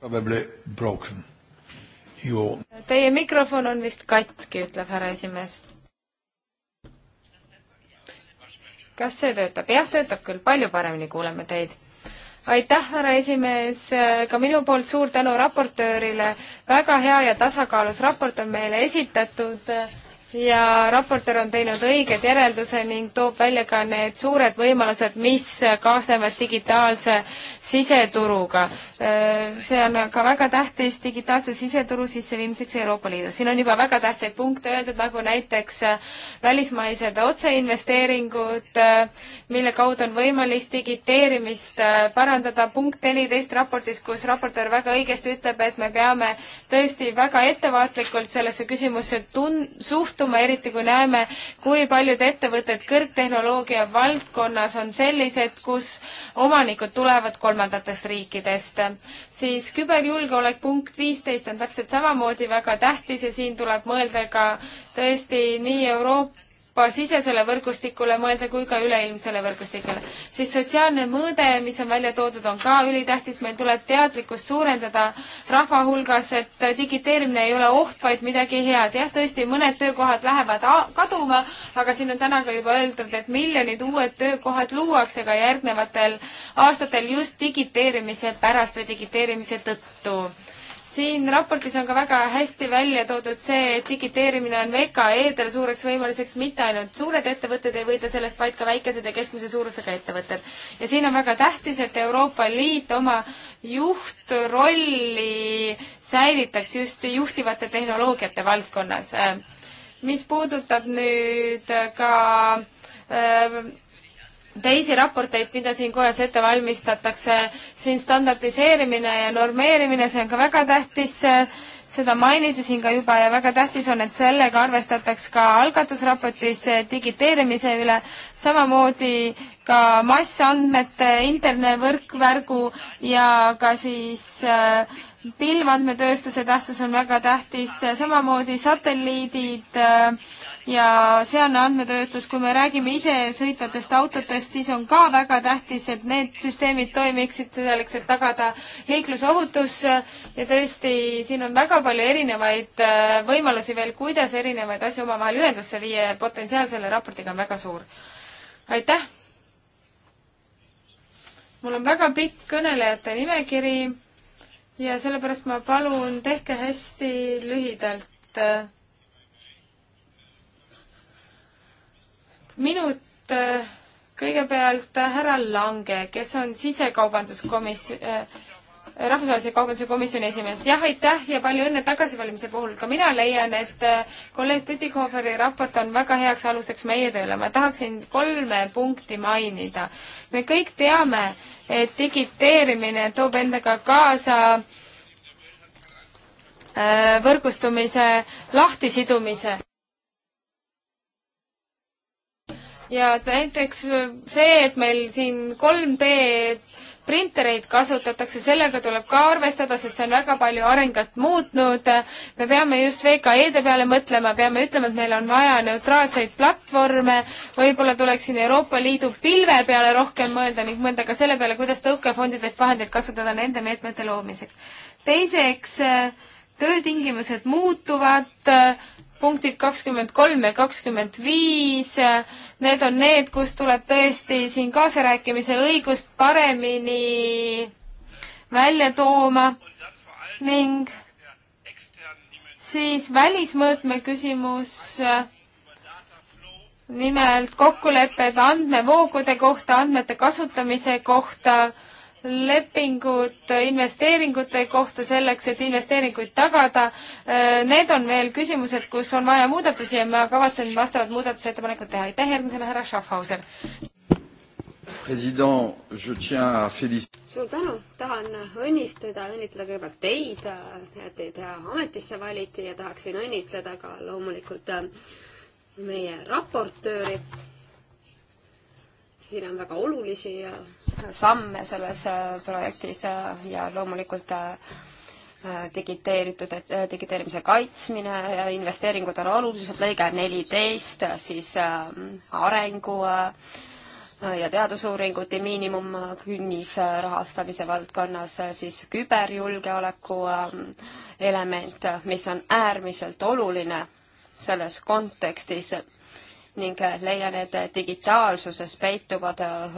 [SPEAKER 3] Probably broken. You...
[SPEAKER 2] Teie mikrofon on vist katki, ütleb härra esimees. kas see töötab? jah, töötab küll, palju paremini kuuleme teid aitäh, härra esimees, ka minu poolt suur tänu raportöörile, väga hea ja tasakaalus raport on meile esitatud ja raportöör on teinud õiged järelduse ning toob välja ka need suured võimalused, mis kaasnevad digitaalse siseturuga. Äh, see on ka väga tähtis digitaalse siseturu sisseviimiseks Euroopa Liidus. siin on juba väga tähtsaid punkte öeldud, nagu näiteks äh, välismaised otseinvesteeringud, äh, mille kaudu on võimalik digiteerimist parandada. punkt neliteist raportis, kus raportöör väga õigesti ütleb, et me peame tõesti väga ettevaatlikult sellesse küsimusse tun-, suhtuma, kattuma, eriti kui näeme, kui paljud ettevõtted kõrgtehnoloogia valdkonnas on sellised, kus omanikud tulevad kolmandatest riikidest. siis küberjulgeolek punkt viisteist on täpselt samamoodi väga tähtis ja siin tuleb mõelda ka tõesti nii Euroopa Euroopa-sisesele võrgustikule mõelda kui ka üleilmsele võrgustikule. siis sotsiaalne mõõde, mis on välja toodud, on ka ülitähtis, meil tuleb teadlikkust suurendada rahva hulgas, et digiteerimine ei ole oht, vaid midagi head. jah, tõesti, mõned töökohad lähevad kaduma, aga siin on täna ka juba öeldud, et miljonid uued töökohad luuakse ka järgnevatel aastatel just digiteerimise pärast või digiteerimise tõttu siin raportis on ka väga hästi välja toodud see, et digiteerimine on VKE-del suureks võimaluseks, mitte ainult suured ettevõtted ei võida sellest, vaid ka väikesed ja keskmise suurusega ettevõtted. ja siin on väga tähtis, et Euroopa Liit oma juhtrolli säilitaks just juhtivate tehnoloogiate valdkonnas. mis puudutab nüüd ka äh, teisi raporteid, mida siin kojas ette valmistatakse, siin standardiseerimine ja normeerimine, see on ka väga tähtis, seda mainiti siin ka juba ja väga tähtis on, et sellega arvestataks ka algatusraportis digiteerimise üle, samamoodi ka massandmete internevõrkvärgu ja ka siis äh, pilvandmetööstuse tähtsus on väga tähtis, samamoodi satelliidid äh,, ja sealne andmetöötlus, kui me räägime isesõitvatest autodest, siis on ka väga tähtis, et need süsteemid toimiksid selleks, et tagada liiklusohutus ja tõesti, siin on väga palju erinevaid äh, võimalusi veel, kuidas erinevaid asju omavahel ühendusse viia ja potentsiaal selle raportiga on väga suur. aitäh! mul on väga pikk kõnelejate nimekiri ja sellepärast ma palun, tehke hästi lühidalt äh, minut äh, kõigepealt äh, härra Lange, kes on sisekaubanduskomis- äh,, rahvusvahelise kaubanduse komisjoni esimees. jah, aitäh ja palju õnne tagasivalimise puhul. ka mina leian, et äh, kolleeg Tütikoferi raport on väga heaks aluseks meie tööle. ma tahaksin kolme punkti mainida. me kõik teame, et digiteerimine toob endaga kaasa võrgustumise lahtisidumise ja näiteks äh, see, et meil siin 3D printereid kasutatakse, sellega tuleb ka arvestada, sest see on väga palju arengut muutnud. me peame just VKE-de peale mõtlema, peame ütlema, et meil on vaja neutraalseid platvorme, võib-olla tuleks siin Euroopa Liidu pilve peale rohkem mõelda ning mõelda ka selle peale, kuidas tõukefondidest vahendeid kasutada nende meetmete loomiseks. teiseks, äh, töötingimused muutuvad, punktid kakskümmend kolm ja kakskümmend viis, äh, Need on need, kus tuleb tõesti siin kaasarääkimise õigust paremini välja tooma ning siis välismõõtme küsimus, nimelt kokkulepped andmevoogude kohta, andmete kasutamise kohta lepingud investeeringute kohta selleks, et investeeringuid tagada. Äh, need on veel küsimused, kus on vaja muudatusi ja ma kavatsen vastavad muudatusettepanekud teha. aitäh, järgmisena härra Schaffhauser. president, je tiens à féliciter. suur tänu, tahan
[SPEAKER 1] õnnistada, õnnitleda kõigepealt teid, et teid ametisse valiti ja tahaksin õnnitleda ka loomulikult äh, meie raportööri siin on väga olulisi samme selles äh, projektis ja loomulikult äh, äh, digiteeritud, et digiteerimise kaitsmine, investeeringud on olulised, lõige neliteist, siis arengu ja teadusuuringute miinimumkünnis rahastamise valdkonnas, siis küberjulgeoleku element, mis on äärmiselt oluline selles kontekstis ning leian, et digitaalsuses peituvad äh,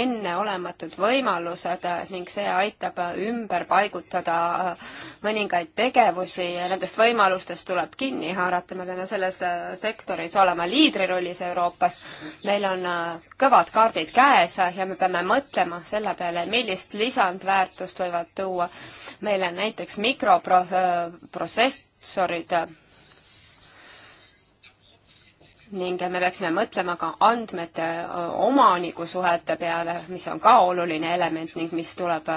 [SPEAKER 1] enneolematud võimalused ning see aitab ümber paigutada äh, mõningaid tegevusi ja nendest võimalustest tuleb kinni haarata, me peame selles äh, sektoris olema liidrirollis Euroopas. meil on kõvad kaardid käes ja me peame mõtlema selle peale, millist lisandväärtust võivad tuua meile näiteks mikroprotsessorid, ning me peaksime mõtlema ka andmete omanikusuhete peale, mis on ka oluline element ning mis tuleb,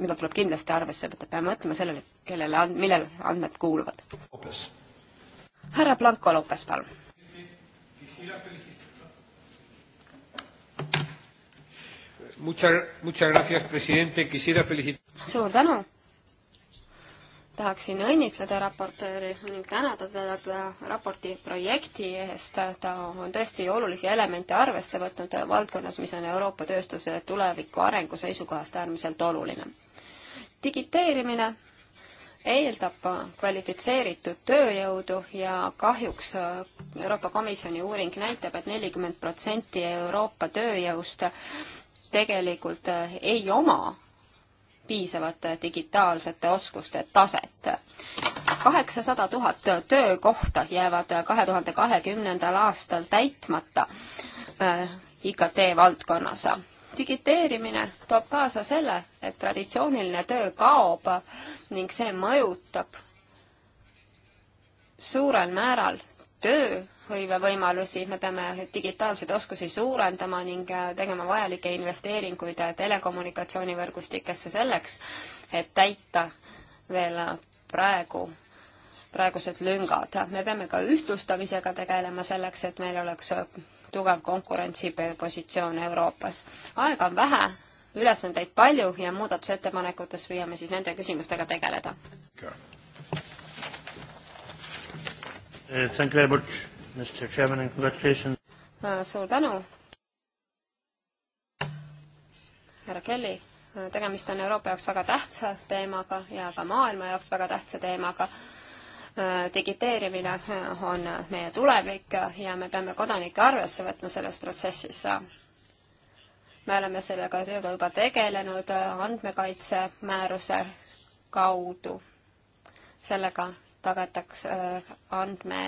[SPEAKER 1] mida tuleb kindlasti arvesse võtta, peame mõtlema sellele, kellele and-, millele andmed kuuluvad. härra Blanco Lopes, palun. suur tänu tahaksin õnnitleda raportööri ning tänada teda raporti projekti eest. ta on tõesti olulisi elemente arvesse võtnud valdkonnas, mis on Euroopa tööstuse tuleviku arengu seisukohast äärmiselt oluline. digiteerimine eeldab kvalifitseeritud tööjõudu ja kahjuks Euroopa Komisjoni uuring näitab et, et nelikümmend protsenti Euroopa tööjõust tegelikult ei oma piisavate digitaalsete oskuste taset. kaheksasada tuhat töökohta jäävad kahe tuhande kahekümnendal aastal täitmata äh, IKT valdkonnas. digiteerimine toob kaasa selle, et traditsiooniline töö kaob ning see mõjutab suurel määral töö hõivevõimalusi, me peame digitaalseid oskusi suurendama ning äh, tegema vajalikke investeeringuid äh, telekommunikatsioonivõrgustikesse selleks, et täita veel äh, praegu praegused lüngad. me peame ka ühtlustamisega tegelema selleks, et meil oleks tugev konkurentsipositsioon Euroopas. aega on vähe, ülesandeid palju ja muudatusettepanekutes püüame siis nende küsimustega tegeleda.
[SPEAKER 3] Thank you very much. Mr Chairman and congratulations.
[SPEAKER 1] Äh, suur tänu. härra Kelly, äh, tegemist on Euroopa jaoks väga tähtsa teemaga ja ka maailma jaoks väga tähtsa teemaga äh, digiteerimine on meie tulevik ja me peame kodanikke arvesse võtma selles protsessis. me oleme sellega tööga juba tegelenud andmekaitse määruse kaudu. sellega tagatakse andme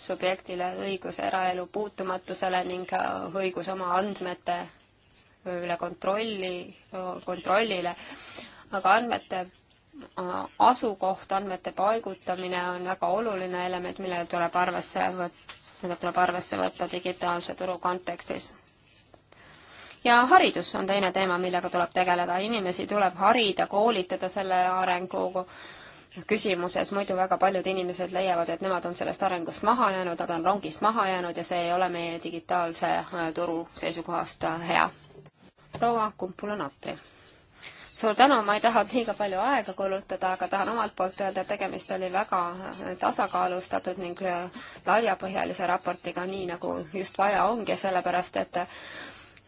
[SPEAKER 1] subjektile õigus eraelu puutumatusele ning äh, õigus oma andmete üle kontrolli, kontrollile. aga andmete äh, asukoht, andmete paigutamine on väga oluline element, millele tuleb arvesse võtta, mida tuleb arvesse võtta digitaalse turu kontekstis. ja haridus on teine teema, millega tuleb tegeleda, inimesi tuleb harida, koolitada selle arengu küsimuses, muidu väga paljud inimesed leiavad, et nemad on sellest arengust maha jäänud, nad on rongist maha jäänud ja see ei ole meie digitaalse äh, turu seisukohast äh, hea. proua Kumpula-Natri. suur tänu, ma ei taha liiga palju aega kulutada, aga tahan omalt poolt öelda, et tegemist oli väga äh, tasakaalustatud ning laiapõhjalise raportiga, nii nagu just vaja ongi, sellepärast et,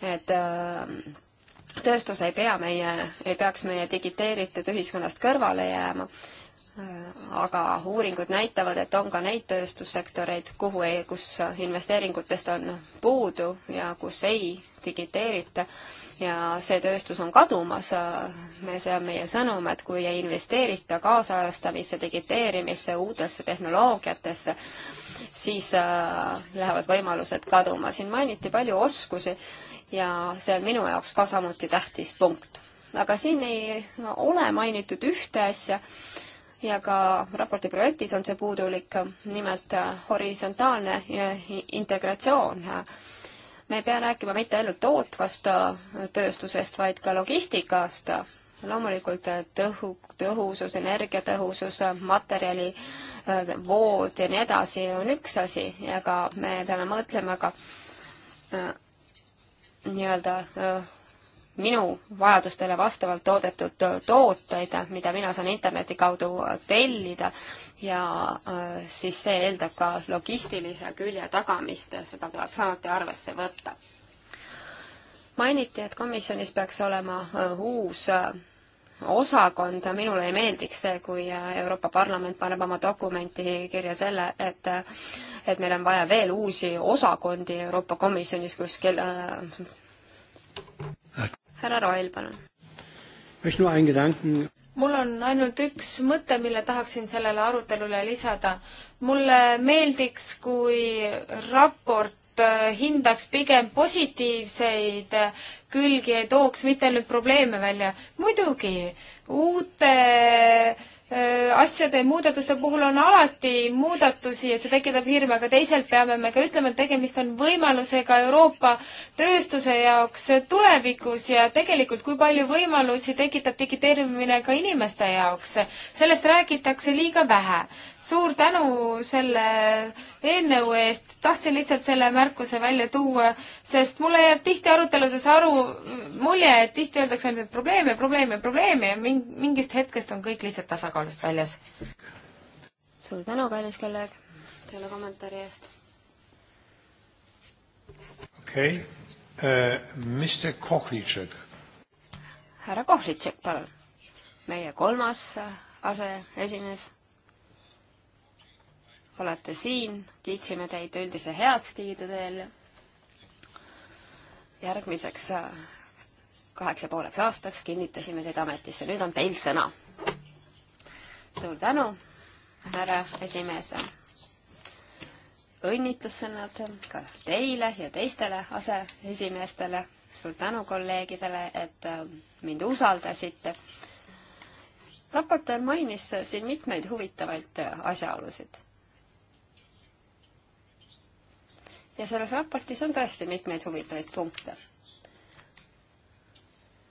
[SPEAKER 1] et tööstus ei pea meie, ei peaks meie digiteeritud ühiskonnast kõrvale jääma aga uuringud näitavad, et on ka neid tööstussektoreid, kuhu ei, kus investeeringutest on puudu ja kus ei digiteerita ja see tööstus on kadumas. see on meie sõnum, et kui ei investeerita kaasajastamisse, digiteerimisse, uutesse tehnoloogiatesse, siis äh, lähevad võimalused kaduma. siin mainiti palju oskusi ja see on minu jaoks ka samuti tähtis punkt. aga siin ei ole mainitud ühte asja ja ka raporti projektis on see puudulik, nimelt äh, horisontaalne äh, integratsioon. me ei pea rääkima mitte ainult tootvast äh, tööstusest, vaid ka logistikast, loomulikult tõhu, tõhusus, energiatõhusus, materjali vood ja nii edasi on üks asi, aga me peame mõtlema ka nii-öelda minu vajadustele vastavalt toodetud tooteid, mida mina saan interneti kaudu tellida ja äh, siis see eeldab ka logistilise külje tagamist, seda tuleb samuti arvesse võtta. mainiti, et komisjonis peaks olema äh, uus äh, osakond, minule ei meeldiks see, kui Euroopa Parlament paneb oma dokumenti kirja selle, et et meil on vaja veel uusi osakondi Euroopa Komisjonis kuskil äh, härra
[SPEAKER 2] Roil, palun. mul on ainult üks mõte, mille tahaksin sellele arutelule lisada. mulle meeldiks, kui raport äh, hindaks pigem positiivseid külgi, ei tooks mitte ainult probleeme välja. muidugi, uute Äh, asjade muudatuste puhul on alati muudatusi ja see tekitab hirme, aga teisalt peame me ka ütlema, et tegemist on võimalusega Euroopa tööstuse jaoks tulevikus ja tegelikult, kui palju võimalusi tekitab digiteerimine ka inimeste jaoks. sellest räägitakse liiga vähe. suur tänu selle eelnõu eest, tahtsin lihtsalt selle märkuse välja tuua, sest mulle jääb tihti aruteludes aru mulje, et tihti öeldakse ainult, et probleem ja probleem ja probleem ja mingist hetkest on kõik lihtsalt tasakaalus tasakaalust väljas. suur tänu, kallis kolleeg,
[SPEAKER 1] selle kommentaari eest.
[SPEAKER 3] okei okay. uh,, Mr Kohlitšek.
[SPEAKER 1] härra Kohlitšek, palun. meie kolmas eh, aseesimees olete siin, kiitsime teid üldise heakskiidu teel. järgmiseks eh, kaheks ja pooleks aastaks kinnitasime teid ametisse, nüüd on teil sõna suur tänu, härra esimees. õnnitlussõnad ka teile ja teistele aseesimeestele. suur tänu kolleegidele, et ähm, mind usaldasite. raportöör mainis siin mitmeid huvitavaid äh, asjaolusid. ja selles raportis on tõesti mitmeid huvitavaid punkte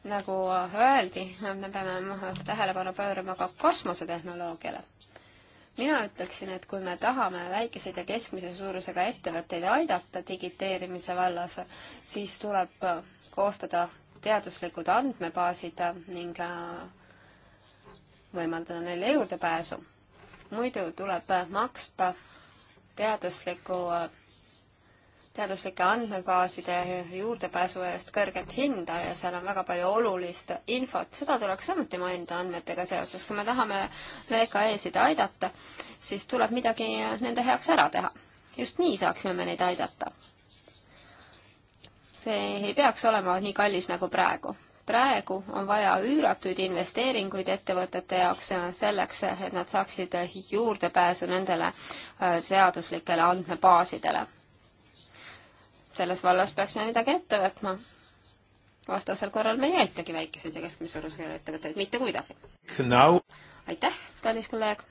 [SPEAKER 1] nagu öeldi, me peame tähelepanu pöörama ka kosmosetehnoloogiale. mina ütleksin, et kui me tahame väikeseid ja keskmise suurusega ettevõtteid aidata digiteerimise vallas, siis tuleb koostada teaduslikud andmebaasid ning äh, võimaldada neile juurdepääsu. muidu tuleb maksta teadusliku äh, teaduslike andmebaaside juurdepääsu eest kõrget hinda ja seal on väga palju olulist infot, seda tuleks samuti mainida andmetega seoses, kui me tahame VKE-sid aidata, siis tuleb midagi nende heaks ära teha. just nii saaksime me neid aidata. see ei peaks olema nii kallis nagu praegu. praegu on vaja üüratuid investeeringuid ettevõtete jaoks selleks, et nad saaksid juurdepääsu nendele äh, seaduslikele andmebaasidele selles vallas peaksime midagi ette võtma. vastasel korral me ei aitagi väikeseid ja keskmise suurusega ettevõtteid mitte kuidagi no.. aitäh, kallis kolleeg.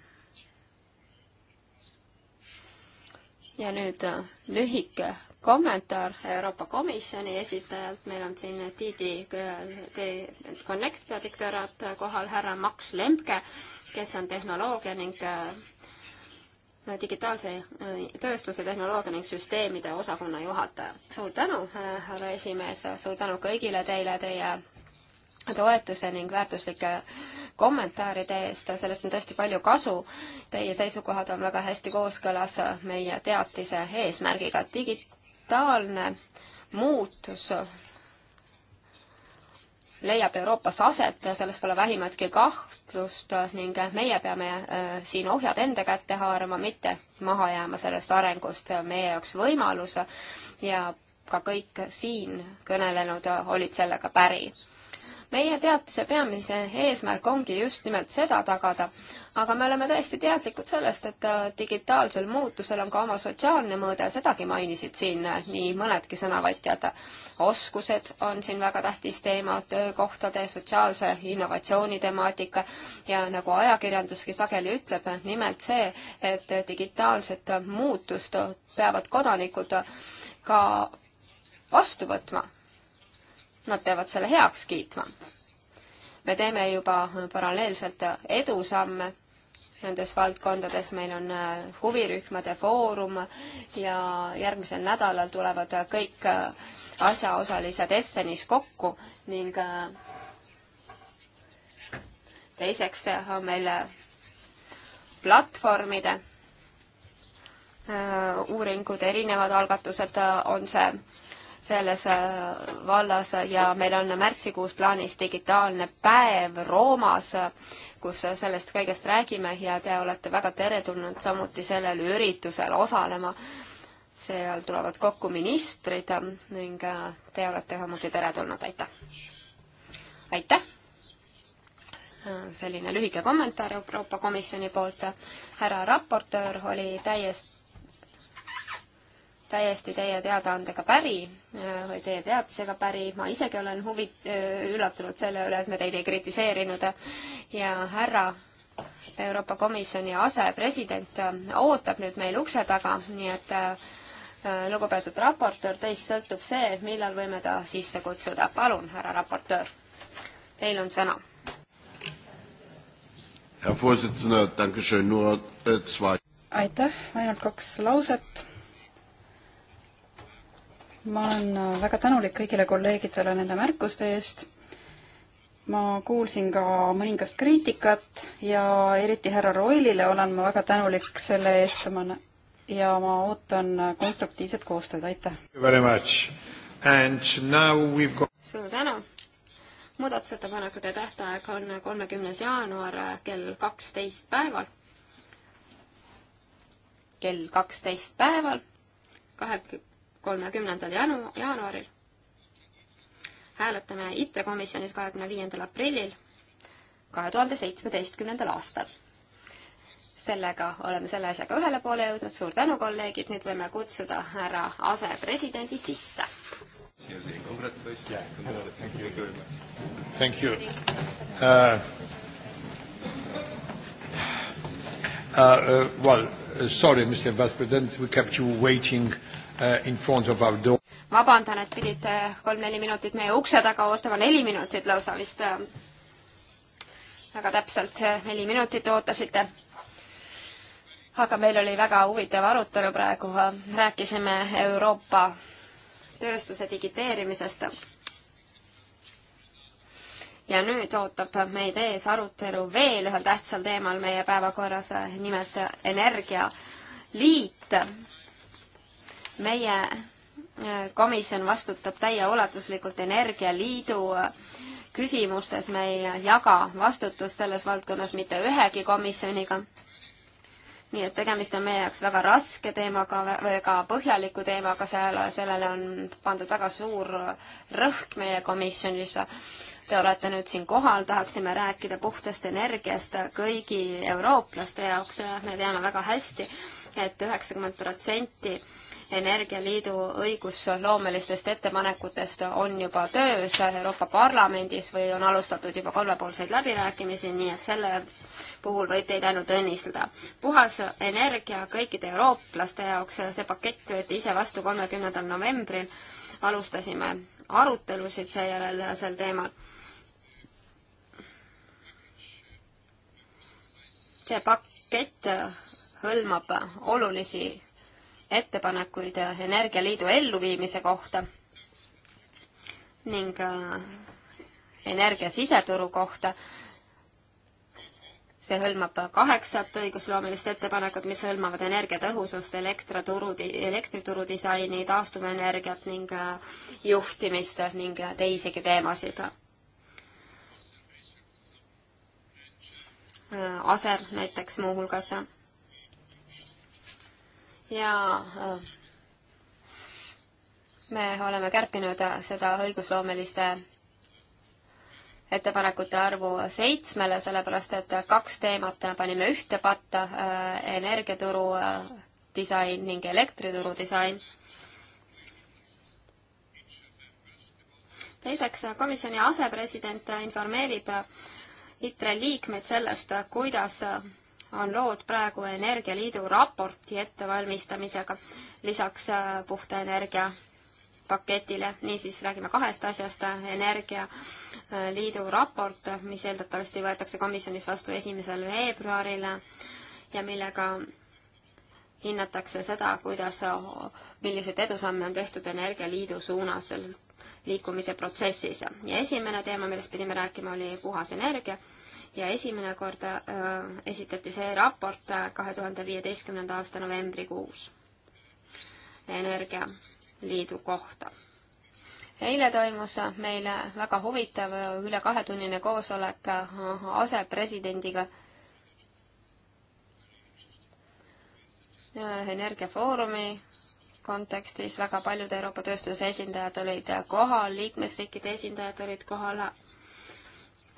[SPEAKER 1] ja nüüd äh, lühike kommentaar Euroopa Komisjoni esindajalt, meil on siin Tiidi äh, Connect peadiktorat kohal, härra Max Lemke, kes on tehnoloogia ning äh, Äh, digitaalse äh, tööstuse, tehnoloogia ning süsteemide osakonna juhataja. suur tänu, äh, härra esimees, suur tänu kõigile teile teie toetuse ning väärtuslike kommentaaride eest, sellest on tõesti palju kasu. Teie seisukohad on väga hästi kooskõlas meie teatise eesmärgiga. digitaalne muutus leiab Euroopas aset, selles pole vähimatki kahtlust ning meie peame äh, siin ohjad enda kätte haarama, mitte maha jääma sellest arengust, meie jaoks võimalus ja ka kõik siin kõnelenud olid sellega päri meie teatise peamise eesmärk ongi just nimelt seda tagada, aga me oleme täiesti teadlikud sellest, et äh, digitaalsel muutusel on ka oma sotsiaalne mõõde, sedagi mainisid siin äh, nii mõnedki sõnavõtjad. oskused on siin väga tähtis teema, töökohtade, sotsiaalse innovatsiooni temaatika ja nagu ajakirjanduski sageli ütleb, nimelt see, et digitaalset muutust peavad kodanikud ka vastu võtma nad peavad selle heaks kiitma. me teeme juba paralleelselt edusamme nendes valdkondades, meil on äh, huvirühmade foorum ja järgmisel nädalal tulevad kõik äh, asjaosalised Essenis kokku ning äh, teiseks on meil platvormide uuringud, erinevad algatused, on see selles äh, vallas ja meil on märtsikuus plaanis digitaalne päev Roomas, kus sellest kõigest räägime ja te olete väga teretulnud samuti sellel üritusel osalema. seal tulevad kokku ministrid ning äh, te olete samuti teretulnud, aitäh! aitäh! Äh, selline lühike kommentaar Euroopa Komisjoni poolt. härra raportöör oli täiesti täiesti teie teadaandega päri äh, või teie teadmisega päri, ma isegi olen huvi, äh, üllatunud selle üle, et me teid ei kritiseerinud ja härra Euroopa Komisjoni asepresident äh, ootab nüüd meil ukse taga, nii et lugupeetud raportöör, teist sõltub see, millal võime ta sisse kutsuda. palun, härra raportöör, teil on sõna.
[SPEAKER 4] aitäh, ainult kaks lauset ma olen äh, väga tänulik kõigile kolleegidele nende märkuste eest. ma kuulsin ka mõningast kriitikat ja eriti härra Roilile olen ma väga tänulik selle eest, ma ja ma ootan äh, konstruktiivset koostööd, aitäh!
[SPEAKER 3] Got...
[SPEAKER 1] suur tänu! muudatusettepanekute tähtaeg on kolmekümnes jaanuar kell kaksteist päeval. kell kaksteist päeval kahekümne kolmekümnendal janu-, jaanuaril. hääletame ITRE komisjonis kahekümne viiendal aprillil kahe tuhande seitsmeteistkümnendal aastal. sellega oleme selle asjaga ühele poole jõudnud, suur tänu, kolleegid, nüüd võime kutsuda härra asepresidendi sisse.
[SPEAKER 3] Thank you. Uh, uh, uh well, uh, sorry, Mr. Vice President, we kept you waiting uh, Uh,
[SPEAKER 1] vabandan, et pidite uh, kolm-neli minutit meie ukse taga ootama, neli minutit lausa vist. Uh, väga täpselt neli minutit ootasite. aga meil oli väga huvitav arutelu praegu, rääkisime Euroopa tööstuse digiteerimisest. ja nüüd ootab meid ees arutelu veel ühel tähtsal teemal meie päevakorras, nimelt energialiit meie äh, komisjon vastutab täieulatuslikult Energialiidu äh, küsimustes, me ei äh, jaga vastutust selles valdkonnas mitte ühegi komisjoniga. nii et tegemist on meie jaoks väga raske teemaga, väga põhjaliku teemaga, seal, sellele on pandud väga suur rõhk meie komisjonis. Te olete nüüd siin kohal, tahaksime rääkida puhtast energiast kõigi eurooplaste jaoks, me teame väga hästi et, et üheksakümmend protsenti Energialiidu õigusloomelistest ettepanekutest on juba töös Euroopa Parlamendis või on alustatud juba kolmepoolseid läbirääkimisi, nii et selle puhul võib teid ainult õnnistada. puhas energia kõikide eurooplaste jaoks, see pakett võeti ise vastu kolmekümnendal novembril, alustasime arutelusid seejärel sel teemal. see pakett hõlmab olulisi ettepanekuid Energialiidu elluviimise kohta ning äh, energia siseturu kohta. see hõlmab kaheksat õigusloomelist ettepanekut, mis hõlmavad energiatõhusust, elektrituru, elektrituru disaini, taastuvenergiat ning äh, juhtimist ning teisigi teemasid. Äh, aser näiteks muuhulgas ja äh, me oleme kärpinud seda õigusloomeliste ettepanekute arvu seitsmele, sellepärast et kaks teemat panime ühte patta, äh, energiaturu äh, disain ning elektrituru disain. teiseks, komisjoni asepresident informeerib ITRE liikmeid sellest, kuidas on lood praegu Energialiidu raporti ettevalmistamisega, lisaks äh, puhta energia paketile, niisiis räägime kahest asjast, Energialiidu raport, mis eeldatavasti võetakse komisjonis vastu esimesel veebruaril ja millega hinnatakse seda, kuidas, milliseid edusamme on tehtud Energialiidu suunas liikumise protsessis. ja esimene teema, millest pidime rääkima, oli puhas energia ja esimene kord äh, esitati see raport äh, kahe tuhande viieteistkümnenda aasta novembrikuus Energialiidu kohta. eile toimus meil väga huvitav üle kahetunnine koosolek äh, asepresidendiga energiafoorumi kontekstis väga paljud Euroopa tööstuse esindajad olid kohal, liikmesriikide esindajad olid kohal,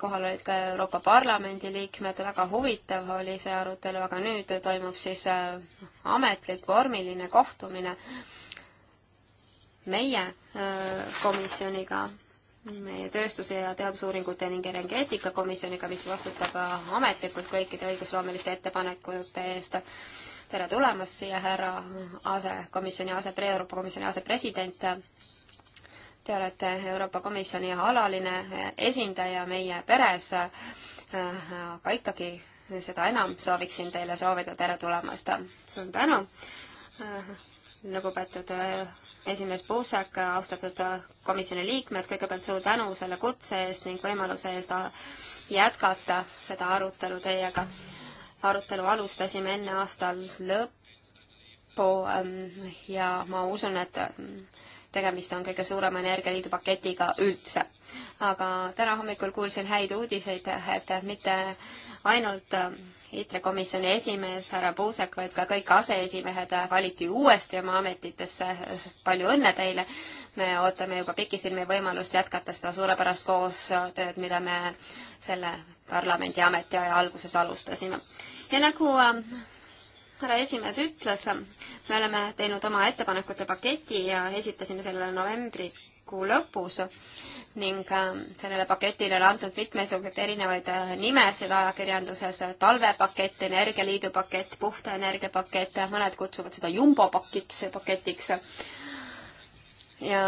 [SPEAKER 1] kohal olid ka Euroopa Parlamendi liikmed, väga huvitav oli see arutelu, aga nüüd toimub siis äh, ametlik vormiline kohtumine meie äh, komisjoniga, meie tööstuse ja teadusuuringute ning energeetika komisjoniga, mis vastutab äh, ametlikult kõikide õigusloomeliste ettepanekute eest. tere tulemast siia, härra ase, komisjoni asepre-, Euroopa Komisjoni asepresident Te olete Euroopa Komisjoni alaline esindaja meie peres, aga ikkagi seda enam sooviksin teile soovida tere tulemast. suur tänu, lugupeetud esimees Puusak, austatud komisjoni liikmed, kõigepealt suur tänu selle kutse eest ning võimaluse eest jätkata seda arutelu teiega. arutelu alustasime enne aasta lõppu ja ma usun, et tegemist on kõige suurema energialiidu paketiga üldse. aga täna hommikul kuulsin häid uudiseid, et mitte ainult ähm, ITRE komisjoni esimees härra Puusek, vaid ka kõik aseesimehed valiti uuesti oma ametitesse. palju õnne teile! me ootame juba pikisilmi võimalust jätkata seda suurepärast koostööd, mida me selle parlamendi ametiaja alguses alustasime. ja nagu ähm, härra esimees ütles, me oleme teinud oma ettepanekute paketi ja esitasime selle novembrikuu lõpus ning äh, sellele paketile on antud mitmesuguseid erinevaid äh, nimesid ajakirjanduses, talvepakett, Energialiidu pakett, puhta energia pakett, mõned kutsuvad seda jumbopakiks, paketiks ja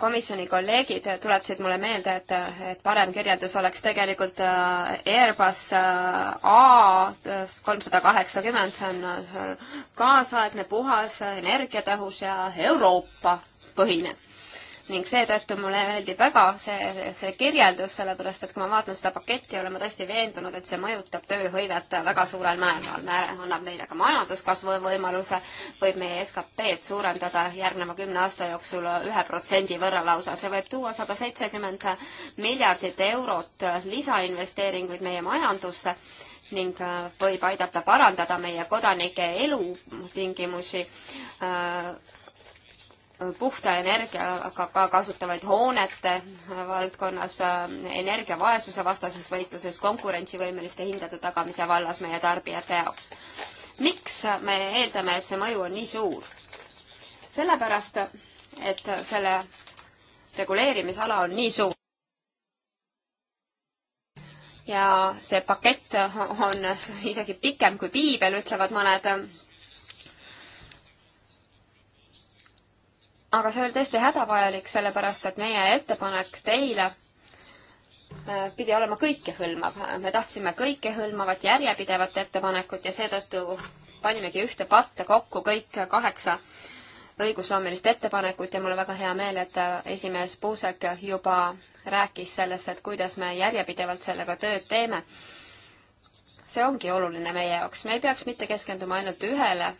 [SPEAKER 1] komisjoni kolleegid tuletasid mulle meelde, et, et parem kirjeldus oleks tegelikult äh, Airbus äh, A kolmsada kaheksakümmend, see on äh, kaasaegne, puhas, energiatõhus ja Euroopa põhine ning seetõttu mulle meeldib väga see, see kirjeldus, sellepärast et kui ma vaatan seda paketti, olen ma tõesti veendunud, et see mõjutab tööhõivet väga suurel määral. annab meile ka majanduskasvu võimaluse, võib meie SKP-d suurendada järgneva kümne aasta jooksul ühe protsendi võrra lausa. see võib tuua sada seitsekümmend miljardit eurot lisainvesteeringuid meie majandusse ning äh, võib aidata parandada meie kodanike elutingimusi äh, puhta energiaga kasutavaid hoonete valdkonnas, äh, energiavaesuse vastases võitluses, konkurentsivõimeliste hindade tagamise vallas meie tarbijate jaoks. miks me eeldame, et see mõju on nii suur? sellepärast, et selle reguleerimisala on nii suur. ja see pakett on isegi pikem kui piibel, ütlevad mõned aga see oli tõesti hädavajalik, sellepärast et meie ettepanek teile äh, pidi olema kõikehõlmav. me tahtsime kõikehõlmavat järjepidevat ettepanekut ja seetõttu panimegi ühte patta kokku kõik kaheksa õigusloomelist ettepanekut ja mul on väga hea meel, et äh, esimees Puusek juba rääkis sellest, et kuidas me järjepidevalt sellega tööd teeme. see ongi oluline meie jaoks, me ei peaks mitte keskenduma ainult ühele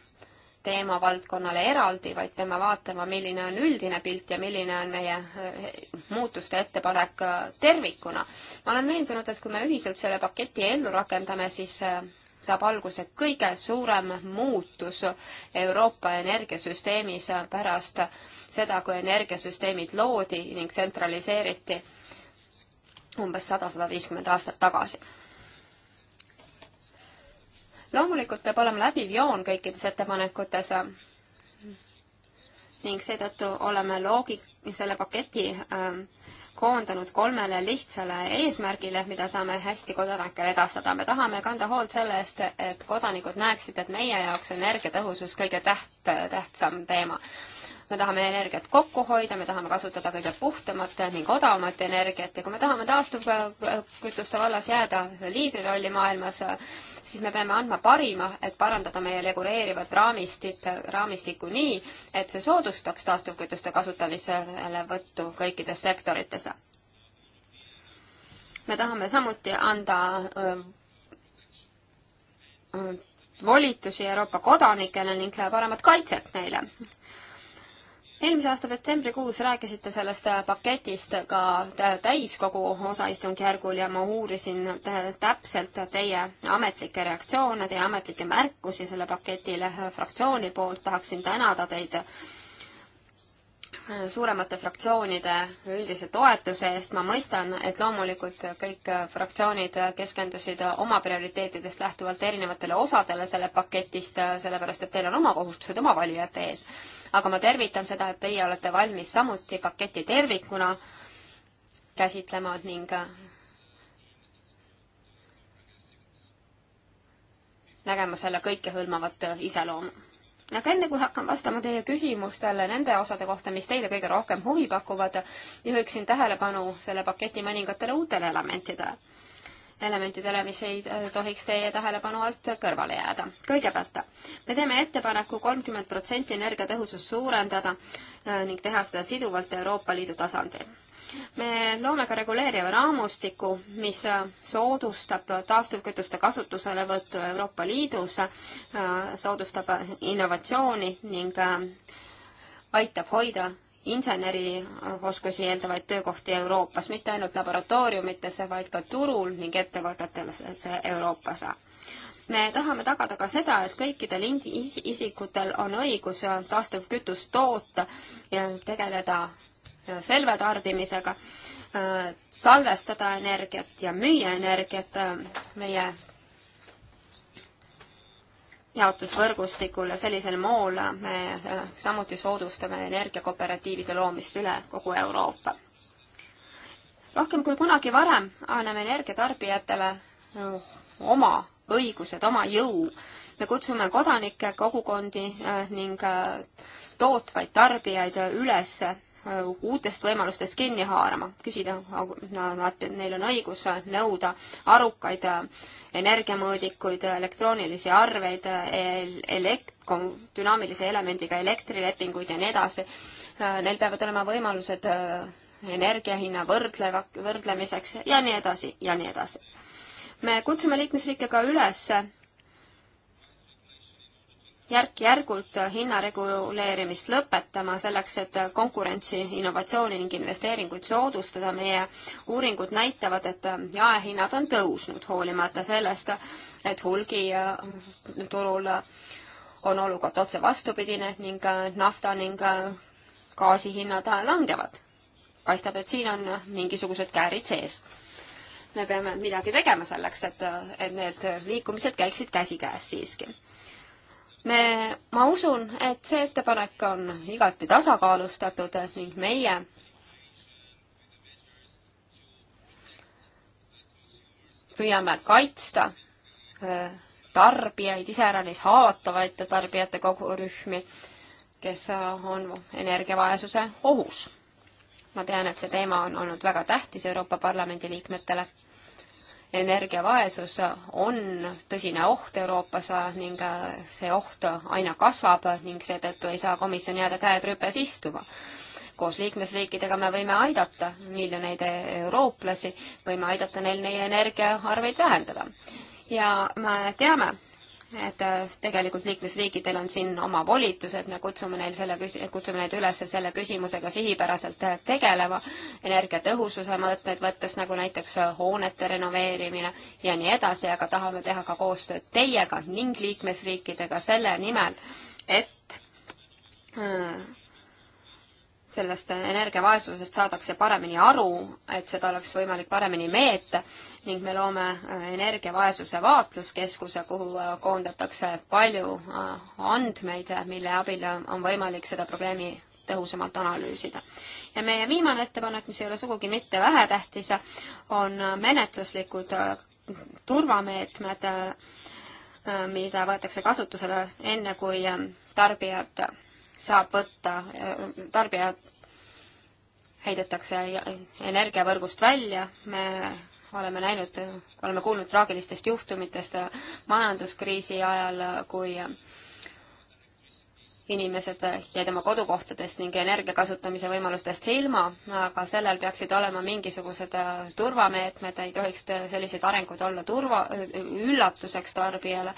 [SPEAKER 1] teemavaldkonnale eraldi, vaid peame vaatama, milline on üldine pilt ja milline on meie eh, muutuste ettepanek eh, tervikuna. ma olen veendunud, et kui me ühiselt selle paketi ellu rakendame, siis eh, saab alguse kõige suurem muutus Euroopa energiasüsteemis pärast seda, kui energiasüsteemid loodi ning tsentraliseeriti umbes sada, sada viiskümmend aastat tagasi loomulikult peab olema läbiv joon kõikides ettepanekutes ning seetõttu oleme loogi-, selle paketi ähm, koondanud kolmele lihtsale eesmärgile, mida saame hästi kodanikele edastada. me tahame kanda hoolt selle eest, et kodanikud näeksid, et meie jaoks energiatõhusus kõige täht-, tähtsam teema me tahame energiat kokku hoida, me tahame kasutada kõige puhtamat ning odavamat energiat ja kui me tahame taastuvkütuste vallas jääda liidrirolli maailmas, siis me peame andma parima, et parandada meie reguleerivat raamistit, raamistikku nii, et see soodustaks taastuvkütuste kasutamiselevõttu kõikides sektorites. me tahame samuti anda äh, äh, volitusi Euroopa kodanikele ning paremat kaitset neile eelmise aasta detsembrikuus rääkisite sellest äh, paketist ka täiskogu osaistungjärgul ja ma uurisin täpselt teie ametlikke reaktsioone, teie ametlikke märkusi selle paketile fraktsiooni poolt. tahaksin tänada teid suuremate fraktsioonide üldise toetuse eest, ma mõistan, et loomulikult kõik fraktsioonid keskendusid oma prioriteetidest lähtuvalt erinevatele osadele selle paketist, sellepärast et teil on oma kohustused oma valijate ees. aga ma tervitan seda, et teie olete valmis samuti paketi tervikuna käsitlema ning nägema selle kõikehõlmavat iseloomu aga enne kui hakkan vastama teie küsimustele nende osade kohta, mis teile kõige rohkem huvi pakuvad, juhiksin tähelepanu selle paketi mõningatele uutele elementidele elementidele, mis ei äh, tohiks teie tähelepanu alt kõrvale jääda. kõigepealt, me teeme ettepaneku kolmkümmend protsenti energiatõhusust suurendada äh, ning teha seda siduvalt Euroopa Liidu tasandil. me loome ka reguleeriva raamustiku, mis äh, soodustab taastuvkütuste kasutuselevõttu Euroopa Liidus, soodustab innovatsiooni ning aitab hoida insenerioskusi eeldavaid töökohti Euroopas, mitte ainult laboratooriumitesse, vaid ka turul ning ettevõtetesse Euroopas. me tahame tagada ka seda, et kõikidel isikutel on õigus taastuvkütust toota ja tegeleda selve tarbimisega, salvestada energiat ja müüa energiat. meie jaotusvõrgustikul ja sellisel mool me äh, samuti soodustame energiakooperatiivide loomist üle kogu Euroopa. rohkem kui kunagi varem anname energiatarbijatele äh, oma õigused, oma jõu. me kutsume kodanikke, kogukondi äh, ning tootvaid tarbijaid üles Äh, uutest võimalustest kinni haarama, küsida, nad, neil on õigus nõuda arukaid äh, energiamõõdikuid, elektroonilisi arveid, äh, elekt-, dünaamilise elemendiga elektrilepinguid ja nii edasi. Neil peavad olema võimalused energiahinna võrdleva, võrdlemiseks ja nii edasi ja nii edasi. me kutsume liikmesriike ka üles järk-järgult hinnareguleerimist lõpetama, selleks et konkurentsi, innovatsiooni ning investeeringuid soodustada. meie uuringud näitavad, et jaehinnad on tõusnud, hoolimata sellest, et hulgiturul äh, on olukord otse vastupidine ning äh, nafta ning äh, gaasi hinnad langevad. paistab, et siin on mingisugused käärid sees. me peame midagi tegema selleks, et, et need liikumised käiksid käsikäes siiski me, ma usun, et see ettepanek on igati tasakaalustatud ning meie püüame kaitsta äh, tarbijaid, iseäranis haavatavaid tarbijate kogurühmi, kes äh, on energiavaesuse ohus. ma tean, et see teema on olnud väga tähtis Euroopa Parlamendi liikmetele energiavaesus on tõsine oht Euroopas ning see oht aina kasvab ning seetõttu ei saa komisjon jääda käed rüpes istuma. koos liikmesriikidega me võime aidata miljoneid eurooplasi, võime aidata neil neie energiaarveid vähendada. ja me teame, et äh, tegelikult liikmesriikidel on siin oma volitused, me kutsume neil selle, kutsume neid üles selle küsimusega sihipäraselt äh, tegelema, energiatõhususe mõõtmeid võttes, nagu näiteks äh, hoonete renoveerimine ja nii edasi, aga tahame teha ka koostööd teiega ning liikmesriikidega selle nimel, et sellest energiavaesusest saadakse paremini aru, et seda oleks võimalik paremini meeta ning me loome äh, energiavaesuse vaatluskeskuse, kuhu äh, koondatakse palju äh, andmeid, mille abil on võimalik seda probleemi tõhusamalt analüüsida. ja meie viimane ettepanek, mis ei ole sugugi mitte vähetähtis, on menetluslikud turvameetmed, mida võetakse kasutusele enne, kui tarbijad saab võtta, tarbijad heidetakse energiavõrgust välja, me oleme näinud, oleme kuulnud traagilistest juhtumitest majanduskriisi ajal, kui inimesed jäid oma kodukohtadest ning energia kasutamise võimalustest ilma, aga sellel peaksid olema mingisugused turvameetmed, ei tohiks sellised arengud olla turva, üllatuseks tarbijale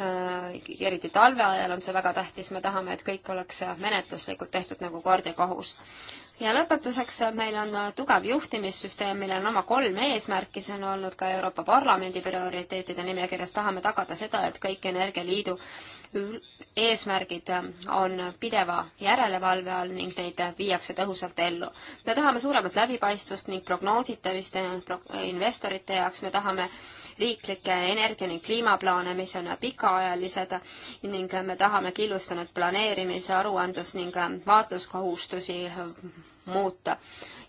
[SPEAKER 1] Äh, eriti talve ajal on see väga tähtis, me tahame, et kõik oleks menetluslikult tehtud nagu kord ja kohus. ja lõpetuseks, meil on tugev juhtimissüsteem, millel on oma kolm eesmärki, see on olnud ka Euroopa Parlamendi prioriteetide nimekirjas, tahame tagada seda, et kõik Energialiidu eesmärgid on pideva järelevalve all ning neid viiakse tõhusalt ellu. me tahame suuremat läbipaistvust ning prognoositavist investorite jaoks, me tahame äh, riiklikke energia- ning kliimaplaane, mis on pikaajalised ning me tahame killustunud planeerimise, aruandlus ning vaatluskohustusi muuta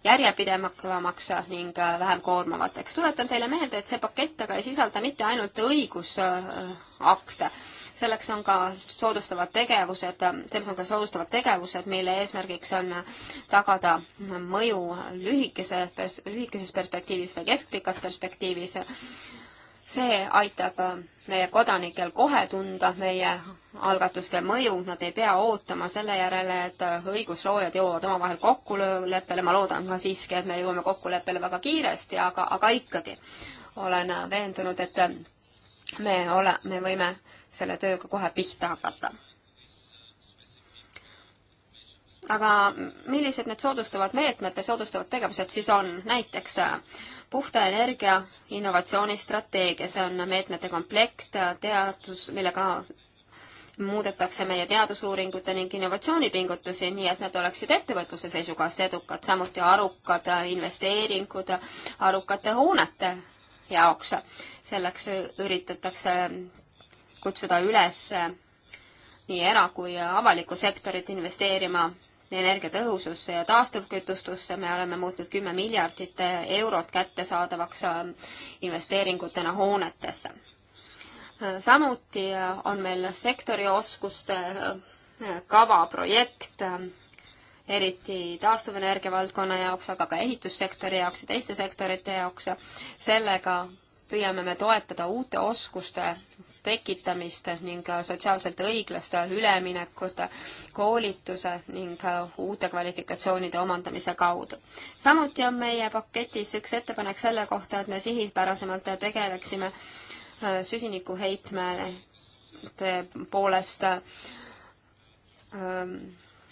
[SPEAKER 1] järjepidevamaks ning vähem koormavateks. tuletan teile meelde, et see pakett aga ei sisalda mitte ainult õigusakte, selleks on ka soodustavad tegevused, selles on ka soodustavad tegevused, mille eesmärgiks on tagada mõju lühikese, lühikeses perspektiivis või keskpikas perspektiivis see aitab äh, meie kodanikel kohe tunda meie algatuste mõju, nad ei pea ootama selle järele, et äh, õigusloojad jõuavad omavahel kokkuleppele, ma loodan ka siiski, et me jõuame kokkuleppele väga kiiresti, aga, aga ikkagi olen äh, veendunud, et me ole, me võime selle tööga kohe pihta hakata aga millised need soodustavad meetmed või soodustavad tegevused siis on? näiteks äh, puhta energia innovatsioonistrateegia, see on meetmete komplekt, äh, teadus, millega muudetakse meie teadusuuringute ning innovatsioonipingutusi, nii et nad oleksid ettevõtluse seisukohast edukad, samuti arukad äh, investeeringud arukate hoonete jaoks. selleks üritatakse kutsuda üles nii era- kui avalikku sektorit investeerima energiatõhususse ja taastuvkütustusse, me oleme muutnud kümme miljardit eurot kättesaadavaks äh, investeeringutena hoonetesse. Äh, samuti äh, on meil sektori oskuste kava projekt, eriti taastuvenergia valdkonna jaoks, aga ka ehitussektori jaoks ja teiste sektorite jaoks. sellega püüame me toetada uute oskuste tekitamist ning sotsiaalselt õiglast üleminekut koolituse ning uute kvalifikatsioonide omandamise kaudu. samuti on meie paketis üks ettepanek selle kohta, et me sihipärasemalt tegeleksime äh, süsinikuheitmete äh, poolest ähm,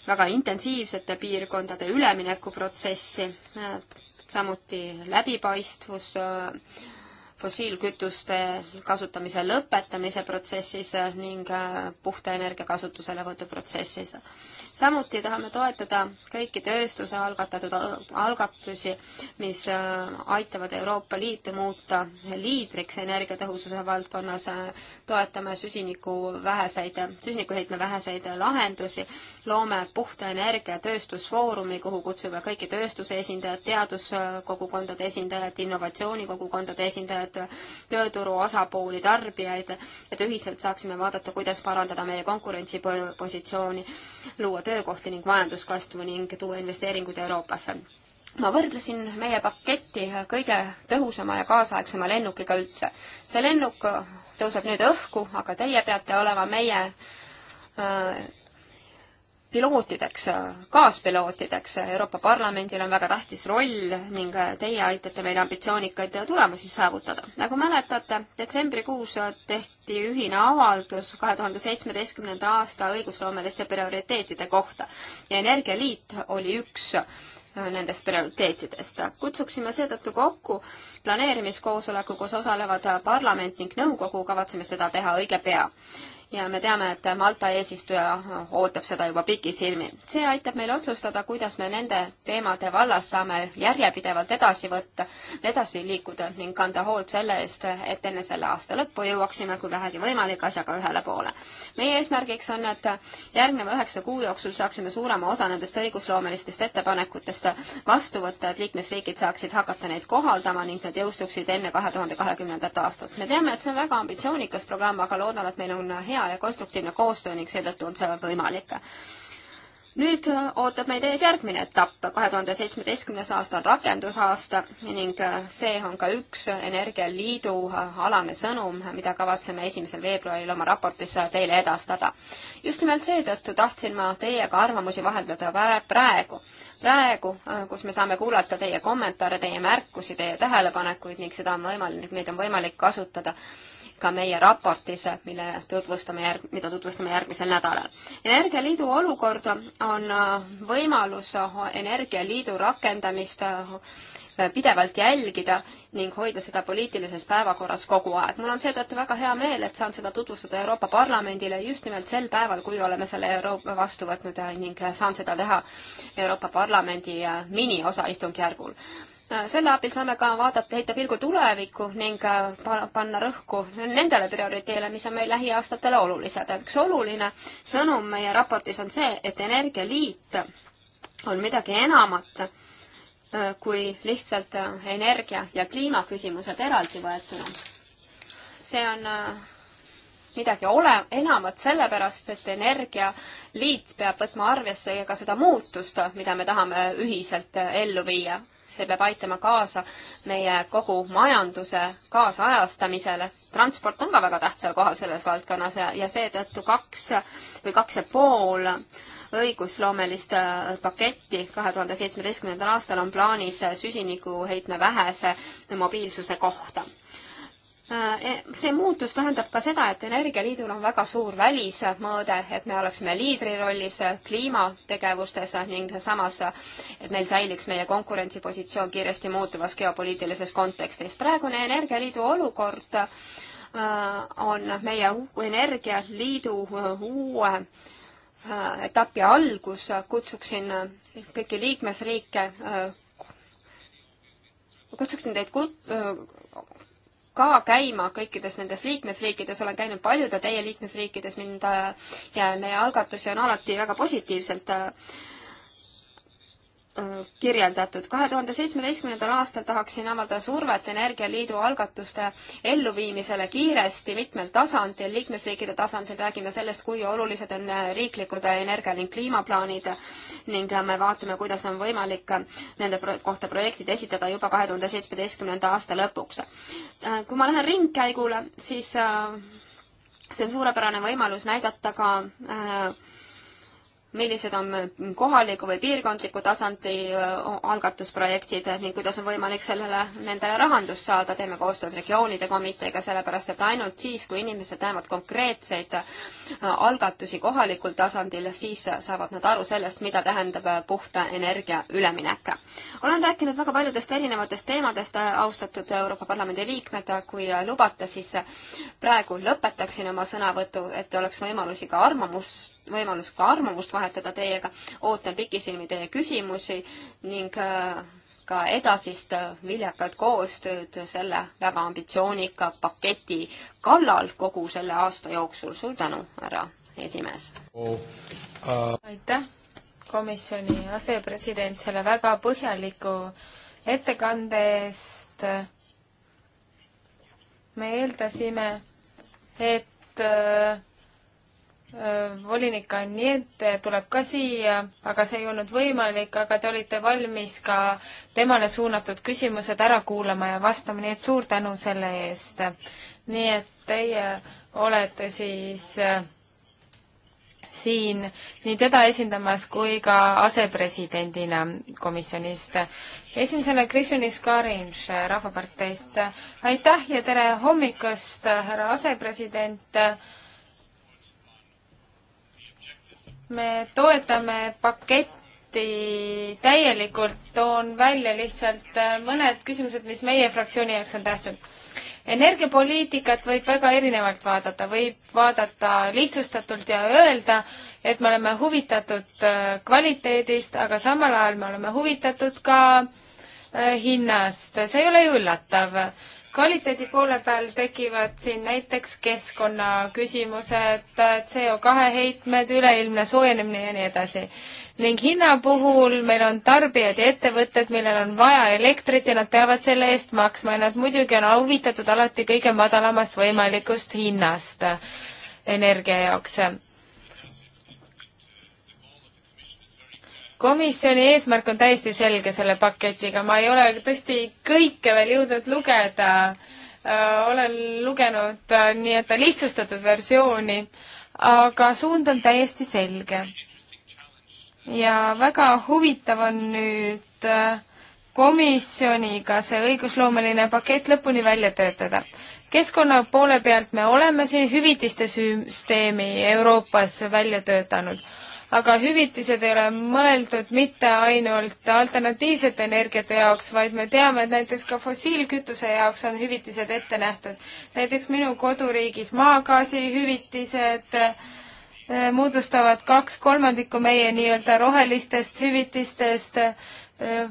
[SPEAKER 1] väga intensiivsete piirkondade üleminekuprotsessi, äh, samuti läbipaistvus äh, fossiilkütuste kasutamise lõpetamise protsessis ning äh, puhta energia kasutuselevõtu protsessis. samuti tahame toetada kõiki tööstuse algatatud algatusi, mis äh, aitavad Euroopa Liitu muuta liidriks energiatõhususe valdkonnas, toetame süsiniku väheseid, süsinikuheitme väheseid lahendusi, loome puhta energia tööstusfoorumi, kuhu kutsume kõiki tööstuse esindajad, teaduskogukondade esindajad, innovatsioonikogukondade esindajad, töötajad, tööturu osapooli, tarbijaid, et ühiselt saaksime vaadata, kuidas parandada meie konkurentsipositsiooni, luua töökohti ning majanduskasvu ning tuua investeeringuid Euroopasse ma võrdlesin meie paketti kõige tõhusama ja kaasaegsema lennukiga üldse. see lennuk tõuseb nüüd õhku, aga teie peate olema meie äh, pilootideks, kaaspilootideks. Euroopa Parlamendil on väga tähtis roll ning teie aitate meil ambitsioonikaid tulemusi saavutada. nagu mäletate, detsembrikuus tehti ühine avaldus kahe tuhande seitsmeteistkümnenda aasta õigusloomeliste prioriteetide kohta ja Energialiit oli üks nendest prioriteetidest. kutsuksime seetõttu kokku planeerimiskoosoleku, kus osalevad parlament ning nõukogu, kavatseme seda teha õige pea ja me teame, et Malta eesistuja ootab seda juba pikisilmi. see aitab meil otsustada, kuidas me nende teemade vallas saame järjepidevalt edasi võtta, edasi liikuda ning kanda hoolt selle eest, et enne selle aasta lõppu jõuaksime, kui vähegi võimalik, asjaga ühele poole. meie eesmärgiks on, et järgneva üheksa kuu jooksul saaksime suurema osa nendest õigusloomelistest ettepanekutest vastu võtta, et liikmesriigid saaksid hakata neid kohaldama ning need jõustuksid enne kahe tuhande kahekümnendat aastat. me teame, et see on väga ambitsioonikas programm, aga loodan, et meil on hea hea ja konstruktiivne koostöö ning seetõttu on see võimalik nüüd ootab meid ees järgmine etapp, kahe tuhande seitsmeteistkümnes aasta on rakendusaasta ning see on ka üks Energialiidu alane sõnum, mida kavatseme esimesel veebruaril oma raportis teile edastada. just nimelt seetõttu tahtsin ma teiega arvamusi vaheldada praegu. praegu, kus me saame kuulata teie kommentaare, teie märkusi, teie tähelepanekuid ning seda on võimalik, neid on võimalik kasutada ka meie raportis, mille tutvustame järg-, mida tutvustame järgmisel nädalal. energialiidu olukord on äh, võimalus äh, energialiidu rakendamist äh, pidevalt jälgida ning hoida seda poliitilises päevakorras kogu aeg. mul on seetõttu väga hea meel, et saan seda tutvustada Euroopa Parlamendile just nimelt sel päeval, kui oleme selle Euroopa vastu võtnud ning saan seda teha Euroopa Parlamendi miniosastungjärgul. Äh, selle abil saame ka vaadata, heita pilgu tulevikku ning äh, panna rõhku nendele prioriteele, mis on meil lähiaastatele olulised. üks oluline sõnum meie raportis on see, et Energialiit on midagi enamat äh, kui lihtsalt energia- ja kliimaküsimused eraldi võetuna. see on midagi ole-, enamat sellepärast, et Energialiit peab võtma arvesse ka seda muutust, mida me tahame ühiselt ellu viia see peab aitama kaasa meie kogu majanduse kaasajastamisele. transport on ka väga tähtsal kohal selles valdkonnas ja, ja seetõttu kaks või kaks ja pool õigusloomelist äh, paketti kahe tuhande seitsmeteistkümnendal aastal on plaanis süsinikuheitme vähese mobiilsuse kohta Äh, e, see muutus tähendab ka seda, et Energialiidul on väga suur välismõõde, et me oleksime liidrirollis kliimategevustes ning samas, et meil säiliks meie konkurentsipositsioon kiiresti muutuvas geopoliitilises kontekstis. praegune Energialiidu olukord äh, on meie Energialiidu äh, uue etapi algus, kutsuksin kõiki liikmesriike kutsuksin teid kut-, ka käima kõikides nendes liikmesriikides, olen käinud paljude teie liikmesriikides, mind äh, ja meie algatusi on alati väga positiivselt äh, Äh, kirjeldatud. kahe tuhande seitsmeteistkümnendal aastal tahaksin avaldada survet Energialiidu algatuste elluviimisele kiiresti mitmel tasandil, liikmesriikide tasandil räägime sellest, kui olulised on äh, riiklikud äh, energia- ning kliimaplaanid ning me vaatame, kuidas on võimalik nende pro kohta projektid esitada juba kahe tuhande seitsmeteistkümnenda aasta lõpuks. kui ma lähen ringkäigule, siis see on suurepärane võimalus näidata ka äh, millised on kohaliku või piirkondliku tasandi algatusprojektid ning kuidas on võimalik sellele, nendele rahandust saada, teeme koostööd regioonide komiteega, sellepärast et ainult siis, kui inimesed näevad konkreetseid algatusi kohalikul tasandil, siis saavad nad aru sellest, mida tähendab puhta energia üleminek. olen rääkinud väga paljudest erinevatest teemadest, austatud Euroopa Parlamendi liikmed, kui lubate, siis praegu lõpetaksin oma sõnavõtu, et oleks võimalusi ka arvamust võimalus ka arvamust vahetada teiega, ootan pikisilmi teie küsimusi ning äh, ka edasist äh, viljakat koostööd selle väga ambitsioonika paketi kallal kogu selle aasta jooksul. suur
[SPEAKER 2] tänu, härra esimees
[SPEAKER 3] oh,! Uh...
[SPEAKER 2] aitäh, komisjoni asepresident, selle väga põhjaliku ettekande eest. me eeldasime, et äh, Äh, volinik Anniete tuleb ka siia, aga see ei olnud võimalik, aga te olite valmis ka temale suunatud küsimused ära kuulama ja vastama, nii et suur tänu selle eest. nii et teie olete siis äh, siin nii teda esindamas kui ka asepresidendina komisjonist. esimesena Krisjonis Karinš Rahvaparteist. aitäh ja tere hommikust, härra asepresident me toetame paketti täielikult, toon välja lihtsalt äh, mõned küsimused, mis meie fraktsiooni jaoks on tähtsad. energiapoliitikat võib väga erinevalt vaadata, võib vaadata lihtsustatult ja öelda, et me oleme huvitatud äh, kvaliteedist, aga samal ajal me oleme huvitatud ka äh, hinnast, see ei ole ju üllatav kvaliteedi poole peal tekivad siin näiteks keskkonnaküsimused, CO2 heitmed, üleilmne soojenemine ja nii edasi. ning hinna puhul meil on tarbijad ja ettevõtted, millel on vaja elektrit ja nad peavad selle eest maksma ja nad muidugi on huvitatud alati kõige madalamast võimalikust hinnast energia jaoks komisjoni eesmärk on täiesti selge selle paketiga, ma ei ole tõesti kõike veel jõudnud lugeda, äh, olen lugenud äh, nii-öelda lihtsustatud versiooni, aga suund on täiesti selge. ja väga huvitav on nüüd äh, komisjoniga see õigusloomeline pakett lõpuni välja töötada. keskkonna poole pealt me oleme siin hüvitiste süsteemi Euroopas välja töötanud aga hüvitised ei ole mõeldud mitte ainult alternatiivsete energiate jaoks, vaid me teame, et näiteks ka fossiilkütuse jaoks on hüvitised ette nähtud. näiteks minu koduriigis maagaasi hüvitised eh, moodustavad kaks kolmandikku meie nii-öelda rohelistest hüvitistest, eh,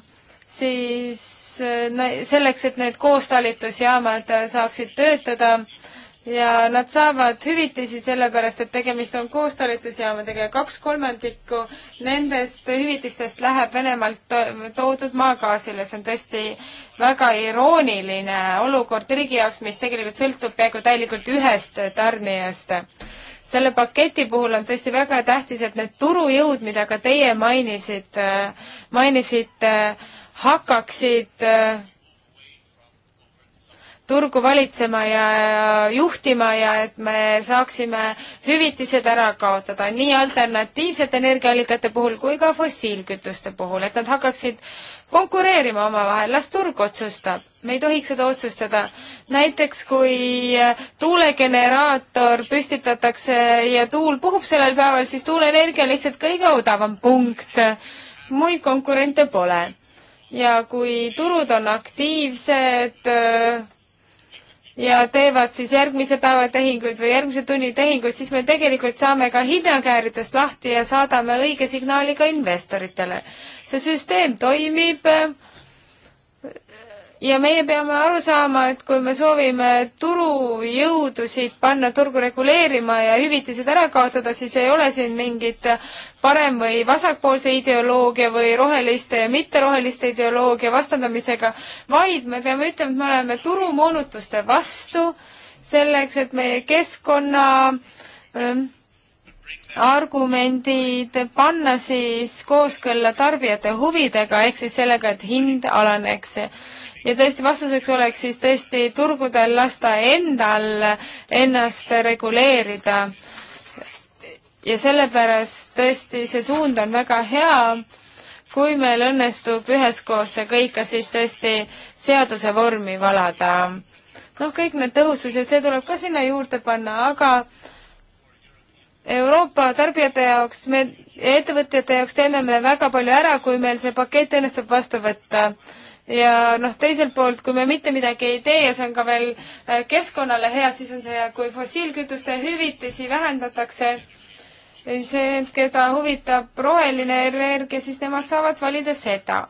[SPEAKER 2] siis eh, selleks, et need koostalitusjaamad saaksid töötada, ja nad saavad hüvitisi sellepärast, et tegemist on koostalitusjaamadega ja kaks kolmandikku nendest hüvitistest läheb Venemaalt to toodud maagaasile. see on tõesti väga irooniline olukord riigi jaoks, mis tegelikult sõltub peaaegu täielikult ühest tarnijast. selle paketi puhul on tõesti väga tähtis, et need turujõud, mida ka teie mainisite, mainisite, hakkaksid äh, turgu valitsema ja juhtima ja et me saaksime hüvitised ära kaotada nii alternatiivsete energiaallikate puhul kui ka fossiilkütuste puhul, et nad hakkaksid konkureerima omavahel, las turg otsustab, me ei tohiks seda otsustada. näiteks kui tuulegeneraator püstitatakse ja tuul puhub sellel päeval, siis tuuleenergia on lihtsalt kõige odavam punkt, muid konkurente pole ja kui turud on aktiivsed, ja teevad siis järgmise päeva tehinguid või järgmise tunni tehinguid, siis me tegelikult saame ka hinnakääridest lahti ja saadame õige signaali ka investoritele. see süsteem toimib ja meie peame aru saama, et kui me soovime turujõudusid panna turgu reguleerima ja hüvitised ära kaotada, siis ei ole siin mingit parem- või vasakpoolse ideoloogia või roheliste ja mitteroheliste ideoloogia vastandamisega, vaid me peame ütlema, et me oleme turumoonutuste vastu, selleks et meie keskkonna ähm, argumendid panna siis kooskõlla tarbijate huvidega, ehk siis sellega, et hind alaneks ja tõesti vastuseks oleks siis tõesti turgudel lasta endal ennast reguleerida. ja sellepärast tõesti see suund on väga hea kui meil õnnestub üheskoos see kõik ka siis tõesti seaduse vormi valada. noh, kõik need tõhusused, see tuleb ka sinna juurde panna, aga Euroopa tarbijate jaoks, me ja ettevõtjate jaoks teeme me väga palju ära, kui meil see pakett õnnestub vastu võtta ja noh, teiselt poolt, kui me mitte midagi ei tee ja see on ka veel äh, keskkonnale hea, siis on see, kui fossiilkütuste hüvitisi vähendatakse, see, keda huvitab roheline energia, siis nemad saavad valida seda.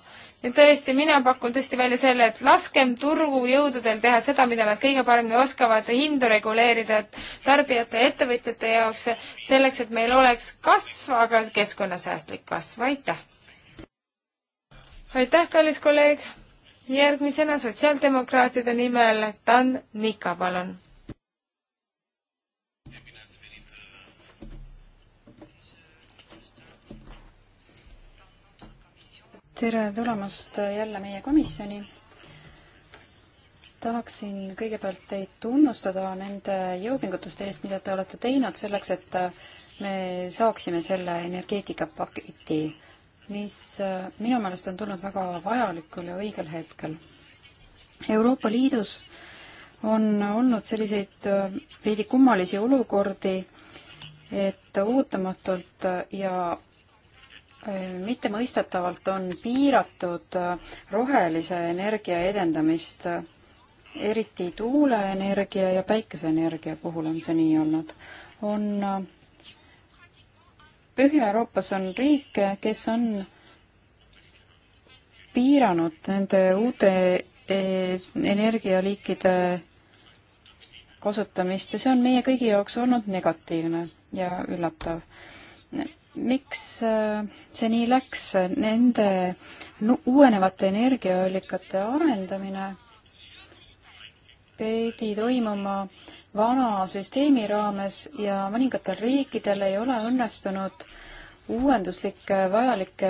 [SPEAKER 2] ja tõesti, mina pakun tõesti välja selle, et laskem turujõududel teha seda, mida nad kõige paremini oskavad, hindu reguleerida tarbijate ja ettevõtjate jaoks, selleks, et meil oleks kasv, aga keskkonnasäästlik kasv, aitäh! aitäh, kallis kolleeg! järgmisena sotsiaaldemokraatide nimel Dan Nika, palun.
[SPEAKER 4] tere tulemast jälle meie komisjoni. tahaksin kõigepealt teid tunnustada nende jõupingutuste eest, mida te olete teinud selleks, et me saaksime selle energeetikapaketi mis äh, minu meelest on tulnud väga vajalikul ja õigel hetkel. Euroopa Liidus on olnud selliseid äh, veidi kummalisi olukordi, et ootamatult ja äh, mittemõistetavalt on piiratud rohelise energia edendamist, eriti tuuleenergia ja päikeseenergia puhul on see nii olnud. on Põhja-Euroopas on riike, kes on piiranud nende uute e-, energialiikide kasutamist ja see on meie kõigi jaoks olnud negatiivne ja üllatav. miks e, see nii läks, nende uuenevate energiaallikate arendamine pidi toimuma äh, vana süsteemi raames ja mõningatel riikidel ei ole õnnestunud uuenduslikke vajalikke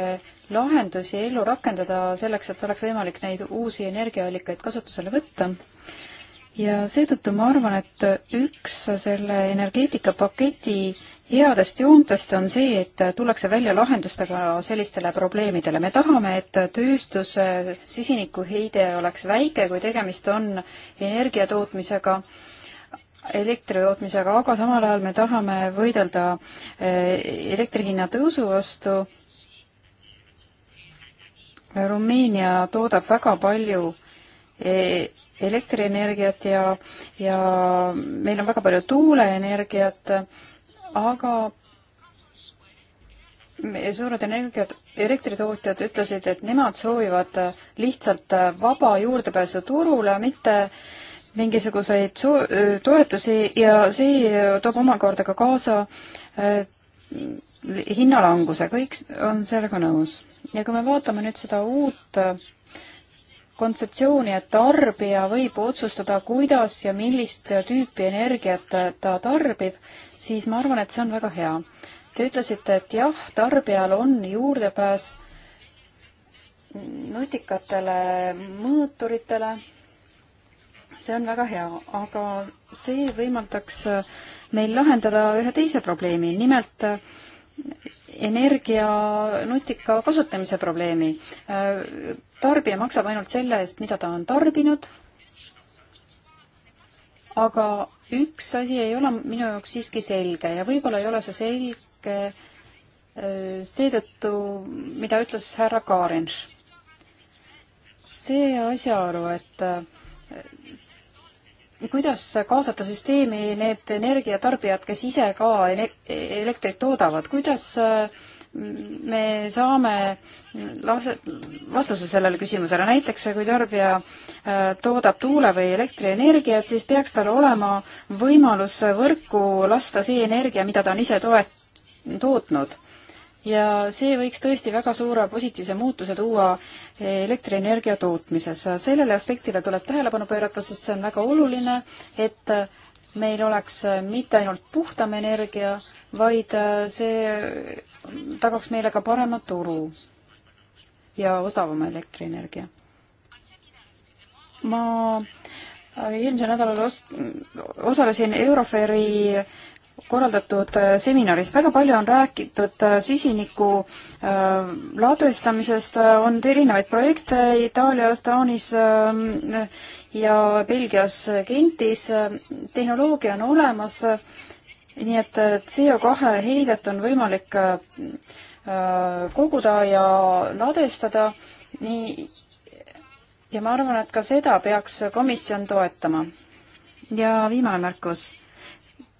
[SPEAKER 4] lahendusi ellu rakendada selleks, et oleks võimalik neid uusi energiaallikaid kasutusele võtta. ja seetõttu ma arvan, et üks selle energeetikapaketi headest joontest on see, et tullakse välja lahendustega sellistele probleemidele. me tahame, et tööstuse süsinikuheide oleks väike, kui tegemist on energiatootmisega elektri tootmisega, aga samal ajal me tahame võidelda eh, elektri hinna tõusu vastu. Rumeenia toodab väga palju eh, elektrienergiat ja, ja meil on väga palju tuuleenergiat, aga suured energiat, elektritootjad ütlesid, et nemad soovivad lihtsalt vaba juurdepääsu turule, mitte äh, mingisuguseid toetusi ja see toob omakorda ka kaasa hinnalanguse, kõik on sellega nõus. ja kui me vaatame nüüd seda uut kontseptsiooni, et tarbija võib otsustada, kuidas ja millist tüüpi energiat ta tarbib, siis ma arvan, et see on väga hea. Te ütlesite, et jah, tarbijal on juurdepääs nutikatele mõõturitele see on väga hea, aga see võimaldaks äh, meil lahendada ühe teise probleemi, nimelt äh, energia nutika kasutamise probleemi. Äh, tarbija maksab ainult selle eest, mida ta on tarbinud, aga üks asi ei ole minu jaoks siiski selge ja võib-olla ei ole see selge seetõttu, mida ütles härra Kaarinš. see asjaolu, et kuidas kaasata süsteemi need energiatarbijad, kes ise ka elektrit toodavad, kuidas mm, me saame lase, vastuse sellele küsimusele, näiteks kui tarbija äh, toodab tuule- või elektrienergiat, siis peaks tal olema võimalus võrku lasta see energia, mida ta on ise toet-, tootnud ja see võiks tõesti väga suure positiivse muutuse tuua elektrienergia tootmises. sellele aspektile tuleb tähelepanu pöörata, sest see on väga oluline, et meil oleks mitte ainult puhtam energia, vaid see tagaks meile ka parema turu ja odavama elektrienergia. ma eelmisel nädalal os-, osalesin Euroferi korraldatud äh, seminarist. väga palju on räägitud äh, süsiniku äh, ladestamisest, on erinevaid projekte Itaalias, Taanis ähm, ja Belgias Gentis. tehnoloogia on olemas, nii et CO2 heidet on võimalik koguda ja ladestada, nii ja ma arvan, et ka seda peaks komisjon toetama. ja viimane märkus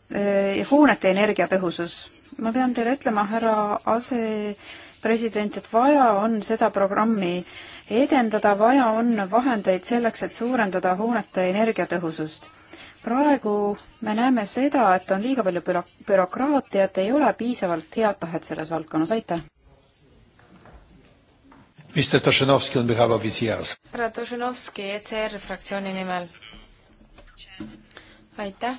[SPEAKER 4] Äh, hoonete energiatõhusus. ma pean teile ütlema, härra asepresident, et vaja on seda programmi edendada, vaja on vahendeid selleks, et suurendada hoonete energiatõhusust praegu me näeme seda, et on liiga palju büro-, bürokraatiat, ei ole piisavalt head tahet selles valdkonnas, aitäh.
[SPEAKER 2] härra Tošenovski ECR fraktsiooni nimel. aitäh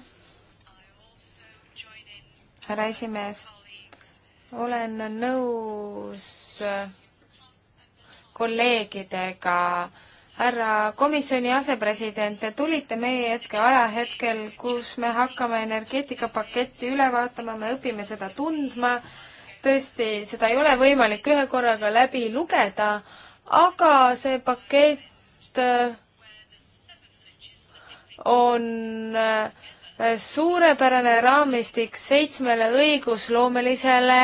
[SPEAKER 2] härra esimees. olen nõus äh, kolleegidega. härra komisjoni asepresident, te tulite meie hetke ajahetkel, kus me hakkame energeetikapaketti üle vaatama, me õpime seda tundma. tõesti, seda ei ole võimalik ühe korraga läbi lugeda, aga see pakett äh, on äh, suurepärane raamistik seitsmele õigusloomelisele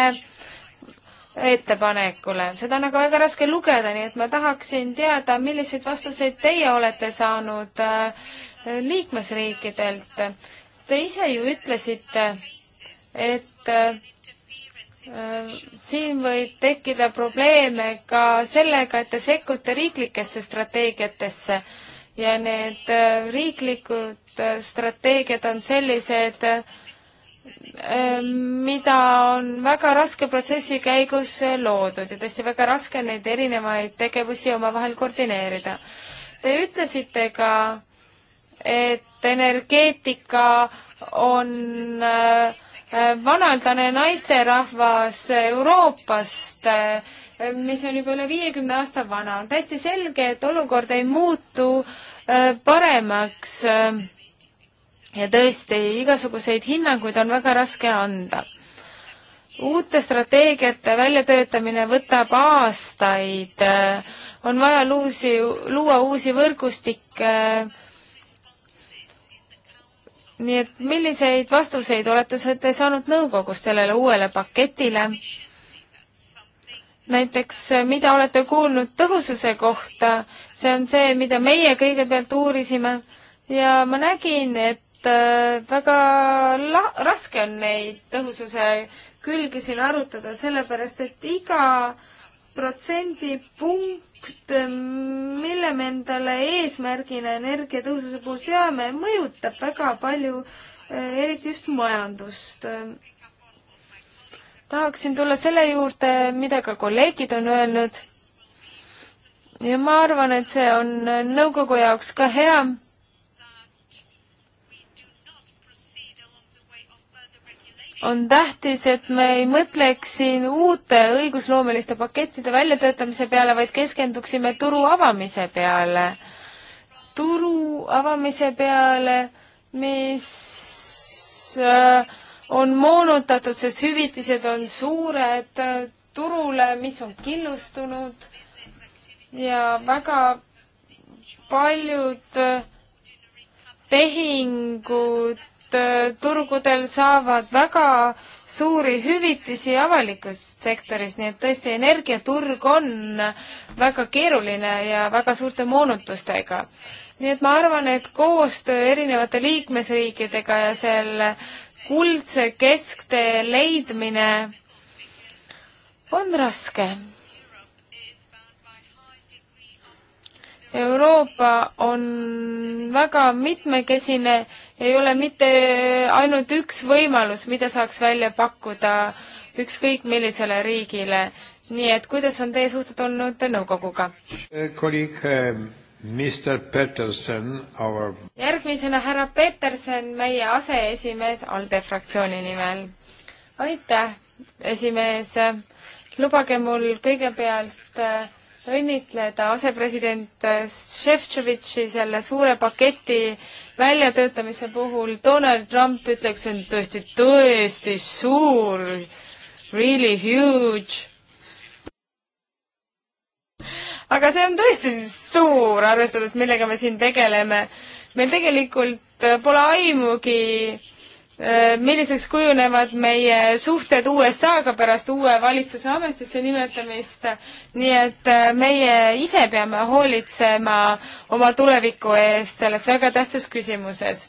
[SPEAKER 2] ettepanekule. seda on aga väga raske lugeda, nii et ma tahaksin teada, milliseid vastuseid teie olete saanud äh, liikmesriikidelt. Te ise ju ütlesite, et äh, siin võib tekkida probleeme ka sellega, et te sekkute riiklikesse strateegiatesse ja need äh, riiklikud äh, strateegiad on sellised, äh, mida on väga raske protsessi käigus loodud ja tõesti väga raske on neid erinevaid tegevusi omavahel koordineerida. Te ütlesite ka, et energeetika on vanaldane naisterahvas Euroopast äh, mis on juba üle viiekümne aasta vana. on täiesti selge, et olukord ei muutu äh, paremaks äh, ja tõesti, igasuguseid hinnanguid on väga raske anda. uute strateegiate väljatöötamine võtab aastaid, äh, on vaja luusi, luua uusi võrgustikke, nii et milliseid vastuseid olete te saanud nõukogust sellele uuele paketile? näiteks, eh, mida olete kuulnud tõhususe kohta, see on see, mida meie kõigepealt uurisime ja ma nägin, et eh, väga la-, raske on neid tõhususe külgi siin arutada, sellepärast et iga protsendipunkt, eh, mille me endale eesmärgina energiatõhususe puhul seame, mõjutab väga palju eriti just majandust tahaksin tulla selle juurde, mida ka kolleegid on öelnud. ja ma arvan, et see on nõukogu jaoks ka hea. on tähtis, et me ei mõtleks siin uute õigusloomeliste pakettide väljatöötamise peale, vaid keskenduksime turu avamise peale. turu avamise peale, mis äh, on moonutatud, sest hüvitised on suured turule, mis on killustunud ja väga paljud tehingud turgudel saavad väga suuri hüvitisi avalikus sektoris, nii et tõesti energiaturg on väga keeruline ja väga suurte moonutustega. nii et ma arvan, et koostöö erinevate liikmesriikidega ja selle kuldse kesktee leidmine on raske. Euroopa on väga mitmekesine, ei ole mitte ainult üks võimalus, mida saaks välja pakkuda ükskõik millisele riigile. nii et kuidas on teie suhted olnud nõukoguga?
[SPEAKER 3] Eh, kolleeg eh, Mr Peterson, our
[SPEAKER 2] järgmisena härra Peterson, meie aseesimees ALDE fraktsiooni nimel. aitäh, esimees. lubage mul kõigepealt äh, õnnitleda asepresident äh, Šefčovitši selle suure paketi väljatöötamise puhul. Donald Trump ütleks, see on tõesti, tõesti suur, really huge aga see on tõesti suur, arvestades, millega me siin tegeleme. meil tegelikult äh, pole aimugi, äh, milliseks kujunevad meie suhted USA-ga pärast uue valitsuse ametisse nimetamist. nii et äh, meie ise peame hoolitsema oma tuleviku eest selles väga tähtsas küsimuses.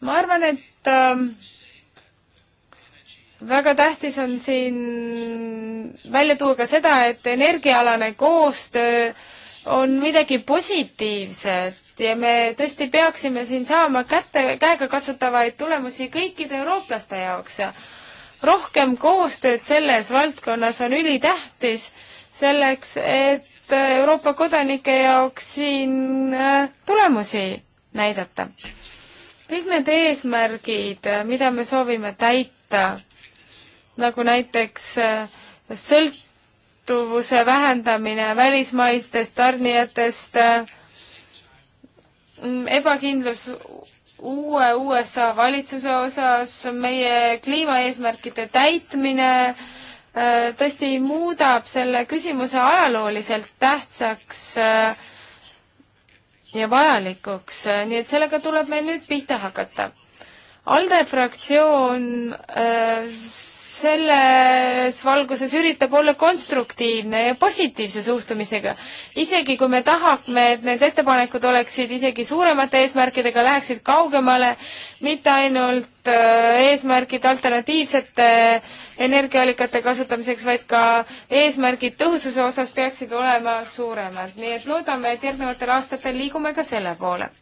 [SPEAKER 2] ma arvan, et äh, väga tähtis on siin välja tuua ka seda, et energiaalane koostöö on midagi positiivset ja me tõesti peaksime siin saama kätte, käegakatsutavaid tulemusi kõikide eurooplaste jaoks. rohkem koostööd selles valdkonnas on ülitähtis selleks, et Euroopa kodanike jaoks siin äh, tulemusi näidata. kõik need eesmärgid, mida me soovime täita, nagu näiteks äh, sõltuvuse vähendamine välismaistest tarnijatest, äh, mm, ebakindlus uue USA valitsuse osas, meie kliimaeesmärkide täitmine äh, tõesti muudab selle küsimuse ajalooliselt tähtsaks ja vajalikuks, nii et sellega tuleb meil nüüd pihta hakata. ALDE fraktsioon äh, selles valguses üritab olla konstruktiivne ja positiivse suhtumisega. isegi kui me tahame, et need ettepanekud oleksid isegi suuremate eesmärkidega, läheksid kaugemale, mitte ainult äh, eesmärgid alternatiivsete energiaallikate kasutamiseks, vaid ka eesmärgid tõhususe osas peaksid olema suuremad. nii et loodame, et järgnevatel aastatel liigume ka selle poole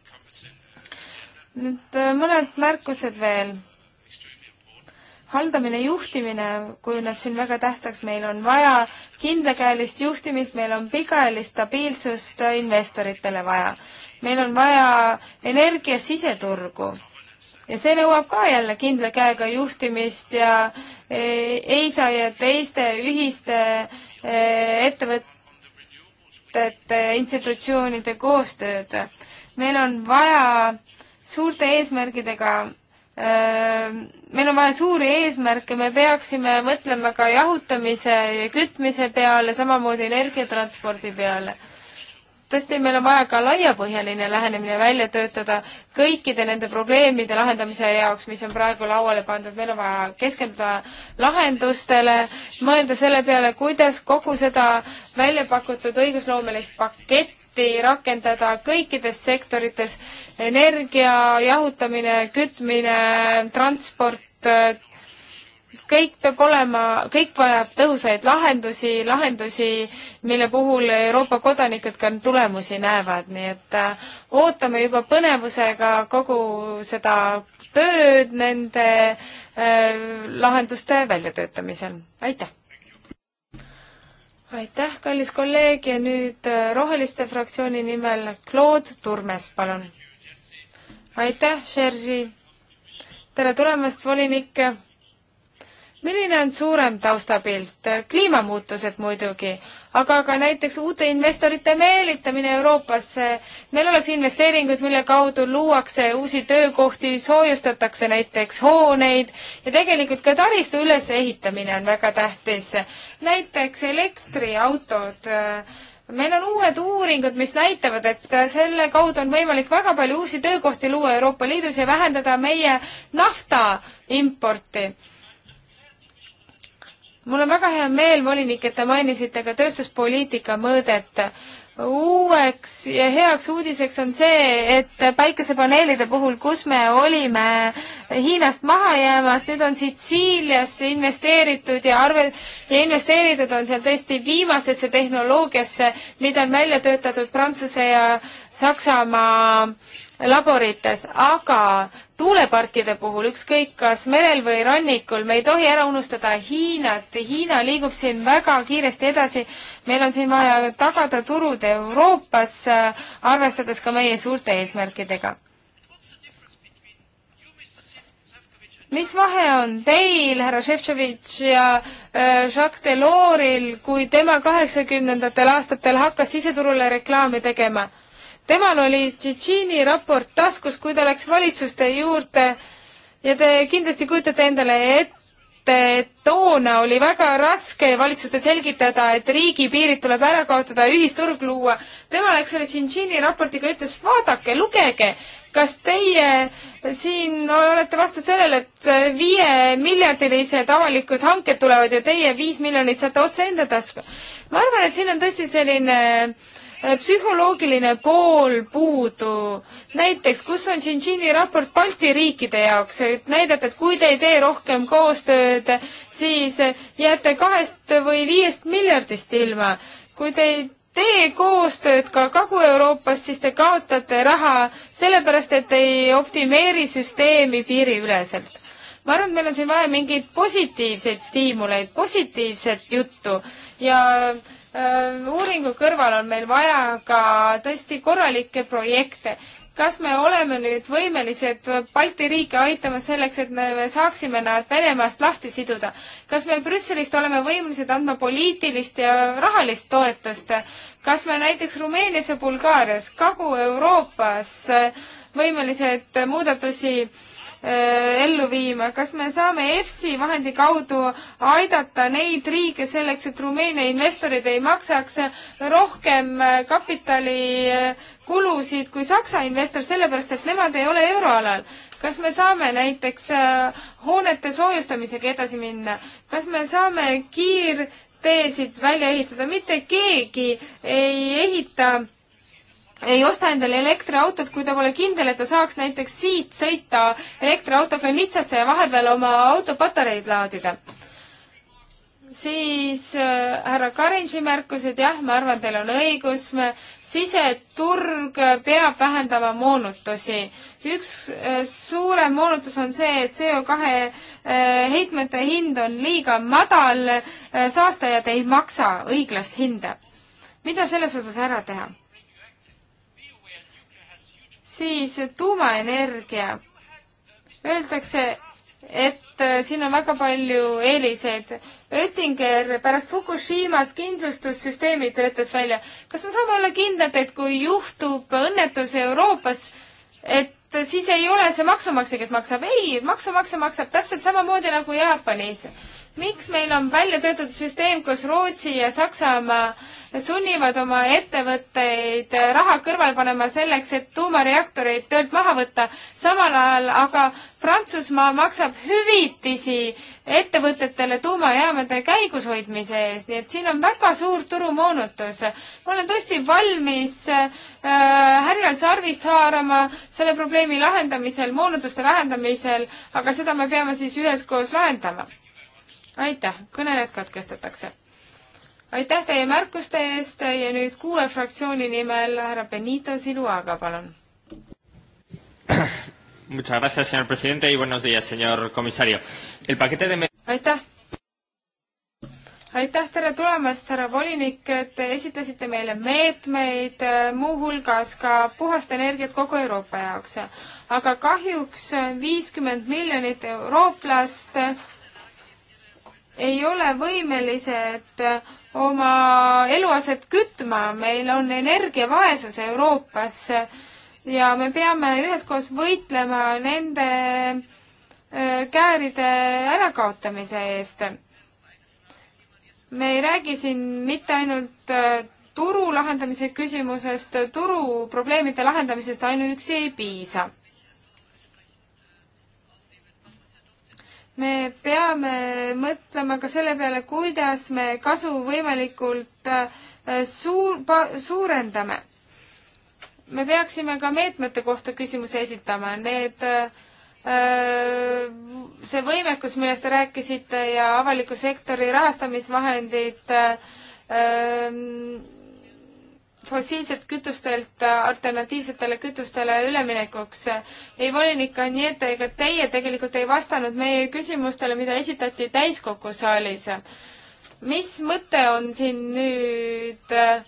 [SPEAKER 2] nüüd äh, mõned märkused veel. haldamine, juhtimine kujuneb siin väga tähtsaks, meil on vaja kindlakäelist juhtimist, meil on pikaajalist stabiilsust investoritele vaja. meil on vaja energia siseturgu ja see nõuab ka jälle kindla käega juhtimist ja e, EISA ja teiste ühiste e, ettevõtete, institutsioonide koostööd. meil on vaja suurte eesmärgidega. Äh, meil on vaja suuri eesmärke, me peaksime mõtlema ka jahutamise ja kütmise peale, samamoodi energiatranspordi peale tõesti, meil on vaja ka laiapõhjaline lähenemine välja töötada kõikide nende probleemide lahendamise jaoks, mis on praegu lauale pandud, meil on vaja keskenduda lahendustele, mõelda selle peale, kuidas kogu seda välja pakutud õigusloomelist paketti samuti rakendada kõikides sektorites. energia jahutamine, kütmine, transport, kõik peab olema, kõik vajab tõhusaid lahendusi, lahendusi, mille puhul Euroopa kodanikud ka tulemusi näevad, nii et äh, ootame juba põnevusega kogu seda tööd nende äh, lahenduste väljatöötamisel, aitäh! aitäh, kallis kolleeg ja nüüd äh, Roheliste fraktsiooni nimel Claude Turmes, palun. aitäh, Sergei. tere tulemast, volinik milline on suurem taustapilt? kliimamuutused muidugi, aga ka näiteks uute investorite meelitamine Euroopasse. meil oleks investeeringuid, mille kaudu luuakse uusi töökohti, soojustatakse näiteks hooneid ja tegelikult ka taristu ülesehitamine on väga tähtis. näiteks elektriautod meil on uued uuringud, mis näitavad, et selle kaudu on võimalik väga palju uusi töökohti luua Euroopa Liidus ja vähendada meie nafta importi mul on väga hea meel, volinik, et te mainisite ka tööstuspoliitika mõõdet. uueks ja heaks uudiseks on see, et päikesepaneelide puhul, kus me olime Hiinast maha jäämas, nüüd on Sitsiiliasse investeeritud ja arve- ja investeeritud on seal tõesti viimasesse tehnoloogiasse, mida on välja töötatud Prantsuse ja Saksamaa äh, laborites, aga tuuleparkide puhul, ükskõik kas merel või rannikul, me ei tohi ära unustada Hiinat. Hiina liigub siin väga kiiresti edasi. meil on siin vaja tagada turud Euroopas, arvestades ka meie suurte eesmärkidega. mis vahe on teil, härra Šefčovitš ja äh, Jacques Delorsil, kui tema kaheksakümnendatel aastatel hakkas siseturule reklaami tegema? temal oli Tšetšiini raport taskus, kui ta läks valitsuste juurde ja te kindlasti kujutate endale ette, et toona oli väga raske valitsustel selgitada, et riigipiirid tuleb ära kaotada ja ühisturg luua. tema läks selle Tšetšiini raportiga ja ütles, vaadake, lugege, kas teie siin olete vastu sellele, et viiemiljardilised avalikud hanked tulevad ja teie viis miljonit saate otse enda tasku? ma arvan, et siin on tõesti selline äh, Äh, psühholoogiline pool puudu. näiteks, kus on Tšintšini raport Balti riikide jaoks, et näidata, et kui te ei tee rohkem koostööd, siis jääte kahest või viiest miljardist ilma. kui te ei tee koostööd ka Kagu-Euroopas, siis te kaotate raha sellepärast, et ei optimeeri süsteemi piiriüleselt. ma arvan, et meil on siin vaja mingeid positiivseid stiimuleid, positiivset juttu ja Äh, uuringu kõrval on meil vaja ka tõesti korralikke projekte. kas me oleme nüüd võimelised Balti riike aitama selleks, et me saaksime nad Venemaast lahti siduda? kas me Brüsselist oleme võimelised andma poliitilist ja rahalist toetust? kas me näiteks Rumeenias ja Bulgaarias, Kagu-Euroopas võimelised muudatusi äh, Äh, ellu viima, kas me saame EFSI vahendi kaudu aidata neid riike selleks, et Rumeenia investorid ei maksaks rohkem äh, kapitalikulusid äh, kui Saksa investor, sellepärast et nemad ei ole euroalal? kas me saame näiteks hoonete soojustamisega edasi minna, kas me saame kiirteesid välja ehitada, mitte keegi ei ehita ei osta endale elektriautot, kui ta pole kindel, et ta saaks näiteks siit sõita elektriautoga Nitsasse ja vahepeal oma auto patareid laadida. siis äh, härra Karinži märkused, jah, ma arvan, teil on õigus, siseturg peab vähendama moonutusi. üks äh, suurem moonutus on see, et CO2 äh, heitmete hind on liiga madal äh,, saastajad ei maksa õiglast hinda. mida selles osas ära teha? siis tuumaenergia. Öeldakse, et äh, siin on väga palju eeliseid. Oettinger pärast Fukushimat kindlustussüsteemi töötas välja. kas me saame olla kindlad, et kui juhtub õnnetus Euroopas, et siis ei ole see maksumaksja, kes maksab? ei, maksumaksja maksab täpselt samamoodi nagu Jaapanis miks meil on välja töötatud süsteem, kus Rootsi ja Saksamaa sunnivad oma ettevõtteid raha kõrvale panema selleks, et tuumareaktoreid töölt maha võtta, samal ajal aga Prantsusmaa maksab hüvitisi ettevõtetele tuumajaamade käigus hoidmise eest, nii et siin on väga suur turumoonutus. ma olen tõesti valmis äh, härjal sarvist haarama selle probleemi lahendamisel, moonutuste vähendamisel, aga seda me peame siis üheskoos lahendama aitäh, kõnelejad katkestatakse. aitäh teie märkuste eest ja nüüd kuue fraktsiooni nimel härra Benito Siluaga, palun.
[SPEAKER 4] Muchas gracias, señor presidente, y buenos días, señor comisario. El paquete de...
[SPEAKER 2] Aitäh! aitäh, tere tulemast, härra volinik, te esitasite meile meetmeid, eh, muuhulgas ka puhast energiat kogu Euroopa jaoks. aga kahjuks viiskümmend miljonit eurooplast ei ole võimelised oma eluaset kütma, meil on energiavaesus Euroopas ja me peame üheskoos võitlema nende äh, kääride ärakaotamise eest. me ei räägi siin mitte ainult äh, turu lahendamise küsimusest, turu probleemide lahendamisest ainuüksi ei piisa me peame mõtlema ka selle peale, kuidas me kasu võimalikult äh, suur, suurendame. me peaksime ka meetmete kohta küsimuse esitama, need äh, see võimekus, millest te rääkisite ja avaliku sektori rahastamisvahendid, äh, ähm, fossiilselt kütustelt äh, alternatiivsetele kütustele üleminekuks. ei volinik Anijete ega teie tegelikult ei vastanud meie küsimustele, mida esitati täiskogu saalis. mis mõte on siin nüüd äh,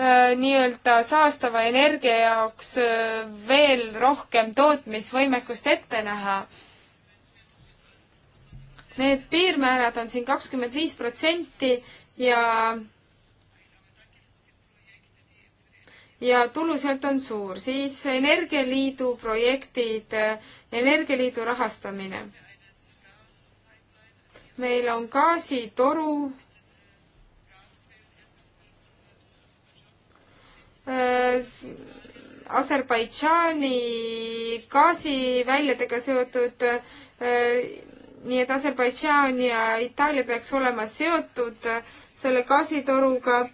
[SPEAKER 2] äh nii-öelda saastava energia jaoks äh, veel rohkem tootmisvõimekust ette näha? Need piirmäärad on siin kakskümmend viis protsenti ja ja tulu sealt on suur. siis Energialiidu projektid, Energialiidu rahastamine. meil on gaasitoru äh, Aserbaidžaani gaasiväljadega seotud, äh, nii et Aserbaidžaan ja Itaalia peaks olema seotud selle gaasitoruga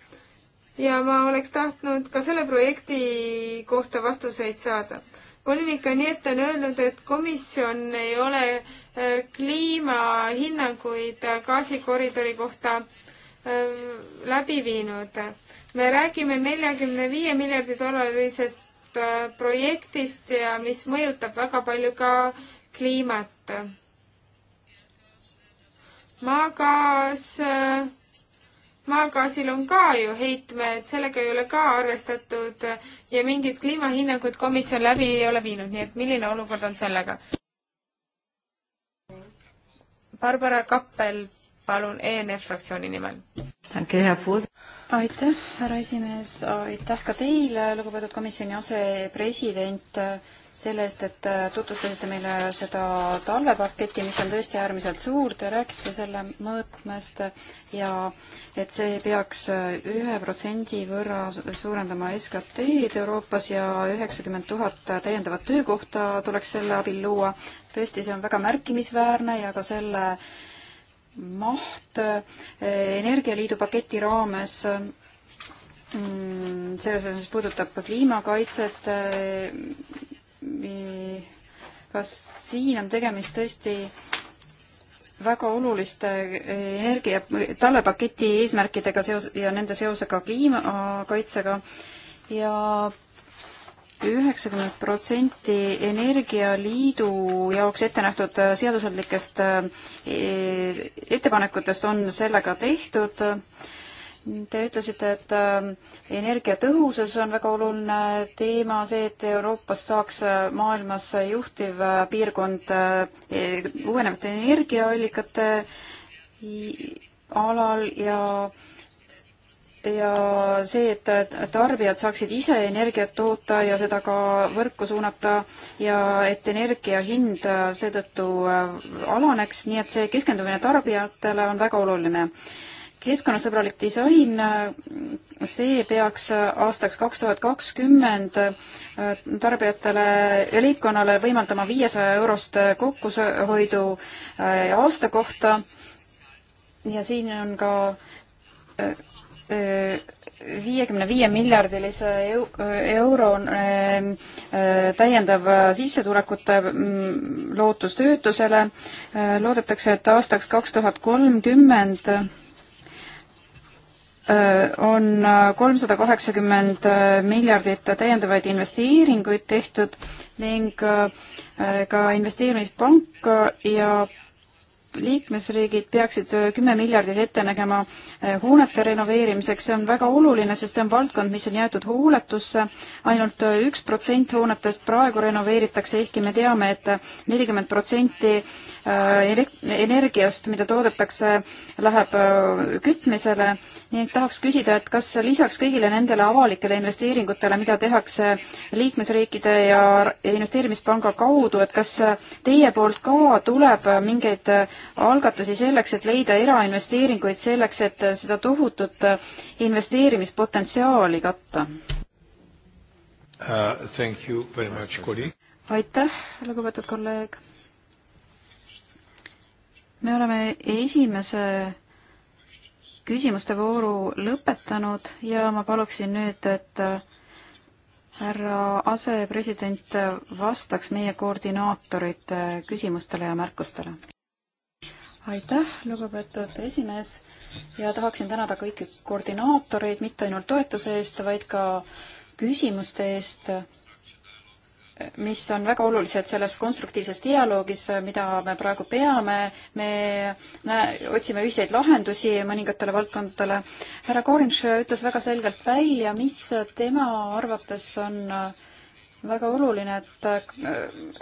[SPEAKER 2] ja ma oleks tahtnud ka selle projekti kohta vastuseid saada. volinik Anett on öelnud, et komisjon ei ole äh, kliimahinnanguid gaasikoridori kohta äh, läbi viinud. me räägime neljakümne viie miljardi dollarilisest äh, projektist ja mis mõjutab väga palju ka kliimat. maagaas äh, maagaasil on ka ju heitmed, sellega ei ole ka arvestatud ja mingit kliimahinnangut komisjon läbi ei ole viinud, nii et milline olukord on sellega? Barbara Kappel, palun, ENF fraktsiooni nimel.
[SPEAKER 4] aitäh, härra esimees, aitäh ka teile, lugupeetud komisjoni asepresident selle eest, et äh, tutvustasite meile seda talvepaketti, mis on tõesti äärmiselt suur, te rääkisite selle mõõtmest ja et see peaks äh, ühe protsendi võrra suurendama SKT-d Euroopas ja üheksakümmend tuhat täiendavat töökohta tuleks selle abil luua. tõesti, see on väga märkimisväärne ja ka selle maht äh, Energialiidu paketi raames mm, selles osas, mis puudutab kliimakaitset, kas siin on tegemist tõesti väga oluliste eh, energia, talvepaketi eesmärkidega seos- ja nende seosega kliimakaitsega ja üheksakümmend protsenti Energialiidu jaoks ette nähtud eh, seadusandlikest eh, ettepanekutest on sellega tehtud Te ütlesite, et äh, energiatõhusus on väga oluline teema, see, et Euroopast saaks äh, maailmas juhtiv äh, piirkond e-, uuenevate energiaallikate alal ja ja see, et tarbijad saaksid ise energiat toota ja seda ka võrku suunata ja et energia hind seetõttu alaneks, nii et see keskendumine tarbijatele on väga oluline keskkonnasõbralik disain, see peaks aastaks kaks tuhat kakskümmend äh, tarbijatele ja leibkonnale võimaldama viiesaja eurost kokkuhoidu äh, aasta kohta ja siin on ka äh, viiekümne viie miljardilise euro täiendav sissetulekute mm, lootus töötusele. loodetakse, et aastaks kaks tuhat kolmkümmend on äh, kolmsada kaheksakümmend äh, miljardit täiendavaid investeeringuid tehtud ning äh, ka investeerimispank ja liikmesriigid peaksid äh, kümme miljardit ette nägema äh, hoonete renoveerimiseks, see on väga oluline, sest see on valdkond, mis on jäetud hooletusse ainult. ainult äh, üks protsent hoonetest praegu renoveeritakse, ehkki me teame et, et nelikümmend protsenti energiast, mida toodetakse, läheb kütmisele. nii et tahaks küsida, et kas lisaks kõigile nendele avalikele investeeringutele, mida tehakse liikmesriikide ja investeerimispanga kaudu, et kas teie poolt ka tuleb mingeid algatusi selleks, et leida erainvesteeringuid selleks, et seda tohutut investeerimispotentsiaali katta
[SPEAKER 3] uh,?
[SPEAKER 4] aitäh, lugupeetud kolleeg. me oleme esimese küsimuste vooru lõpetanud ja ma paluksin nüüd, et härra asepresident vastaks meie koordinaatorite küsimustele ja märkustele aitäh, lugupeetud esimees ja tahaksin tänada kõiki koordinaatoreid mitte ainult toetuse eest, vaid ka küsimuste eest, mis on väga olulised selles konstruktiivses dialoogis, mida me praegu peame. me näe, otsime ühiseid lahendusi mõningatele valdkondadele. härra Korinš ütles väga selgelt välja, mis tema arvates on väga oluline, et,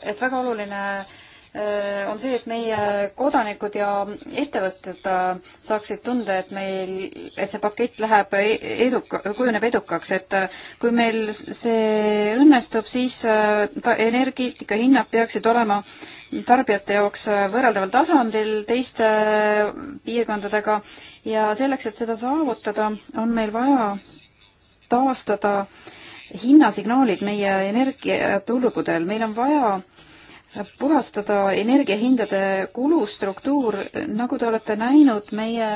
[SPEAKER 4] et väga oluline äh, Äh, on see, et meie kodanikud ja ettevõtted äh, saaksid tunda, et meil, et see pakett läheb e-, eduka, kujuneb edukaks, et äh, kui meil see õnnestub, siis energeetika hinnad peaksid olema tarbijate jaoks võrreldaval tasandil teiste piirkondadega ja selleks, et seda saavutada, on meil vaja taastada hinnasignaalid meie energiaturgudel, meil on vaja äh, puhastada energiahindade kulustruktuur, nagu te olete näinud, meie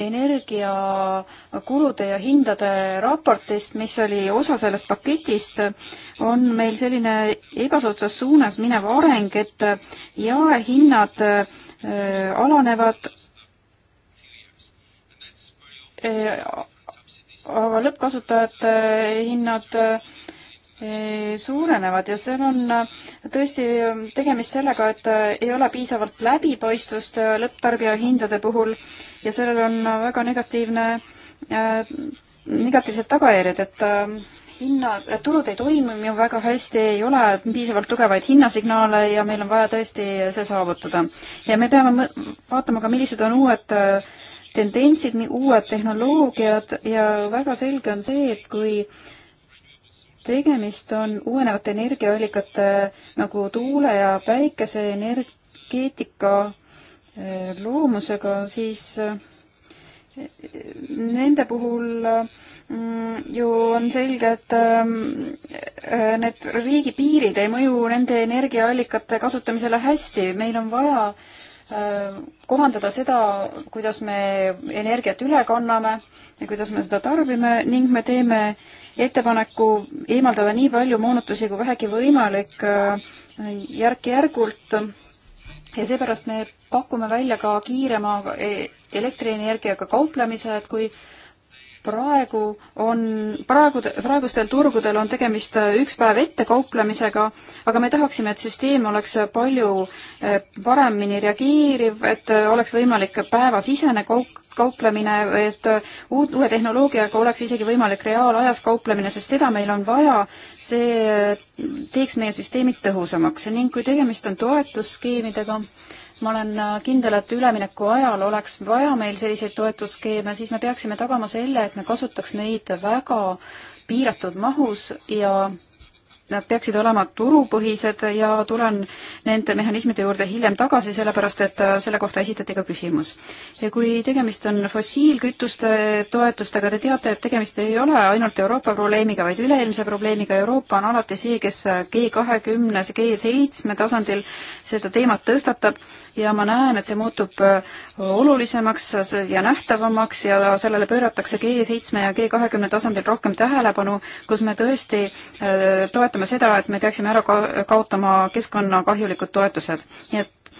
[SPEAKER 4] energiakulude ja hindade raportist, mis oli osa sellest paketist, on meil selline ebasoodsas suunas minev areng, et jaehinnad äh, alanevad äh, aga lõppkasutajate hinnad äh, Eh, suurenevad ja seal on äh, tõesti ähm, tegemist sellega, et äh, ei ole piisavalt läbipaistvust äh, lõpptarbija hindade puhul ja sellel on väga negatiivne, negatiivsed tagajärjed, et ähm, hinna, turud ei toimi ju väga hästi, ei ole piisavalt tugevaid hinnasignaale ja meil on vaja tõesti see saavutada. ja me peame vaatama ka, millised on uued tendentsid, uued tehnoloogiad ja väga selge on see, et kui äh, tegemist on uuenevate energiaallikate nagu tuule ja päikeseenergeetika eh, loomusega, siis eh, nende puhul mm, ju on selge, et eh, need riigipiirid ei mõju nende energiaallikate kasutamisele hästi, meil on vaja kohandada seda, kuidas me energiat üle kanname ja kuidas me seda tarbime ning me teeme äh, ettepaneku eemaldada nii palju moonutusi kui vähegi võimalik äh, järk-järgult ja seepärast me pakume välja ka kiirema e-, elektrienergiaga kauplemise, et kui äh, praegu on, praegu, praegustel turgudel on tegemist äh, üks päev ette kauplemisega, aga me tahaksime, et süsteem oleks palju äh, paremini reageeriv, et äh, oleks võimalik päevasisene kaup-, kauplemine, et uut, uue tehnoloogiaga oleks isegi võimalik reaalajas kauplemine, sest seda meil on vaja, see teeks meie süsteemid tõhusamaks ning kui tegemist on toetusskeemidega, ma olen äh, kindel, et ülemineku ajal oleks vaja meil selliseid toetusskeeme, siis me peaksime tagama selle, et me kasutaks neid väga piiratud mahus ja nad peaksid olema turupõhised ja tulen nende mehhanismide juurde hiljem tagasi, sellepärast et äh, selle kohta esitati ka küsimus. ja kui tegemist on fossiilkütuste toetustega, te teate, et tegemist ei ole ainult Euroopa probleemiga, vaid üleilmse probleemiga. Euroopa on alati see, kes äh, G kahekümnes, G seitsme tasandil seda teemat tõstatab ja ma näen, et see muutub äh, olulisemaks ja nähtavamaks ja sellele pööratakse G seitsme ja G kahekümne tasandil rohkem tähelepanu, kus me tõesti toetame arutame seda, et me peaksime ära kaotama keskkonnakahjulikud toetused. nii et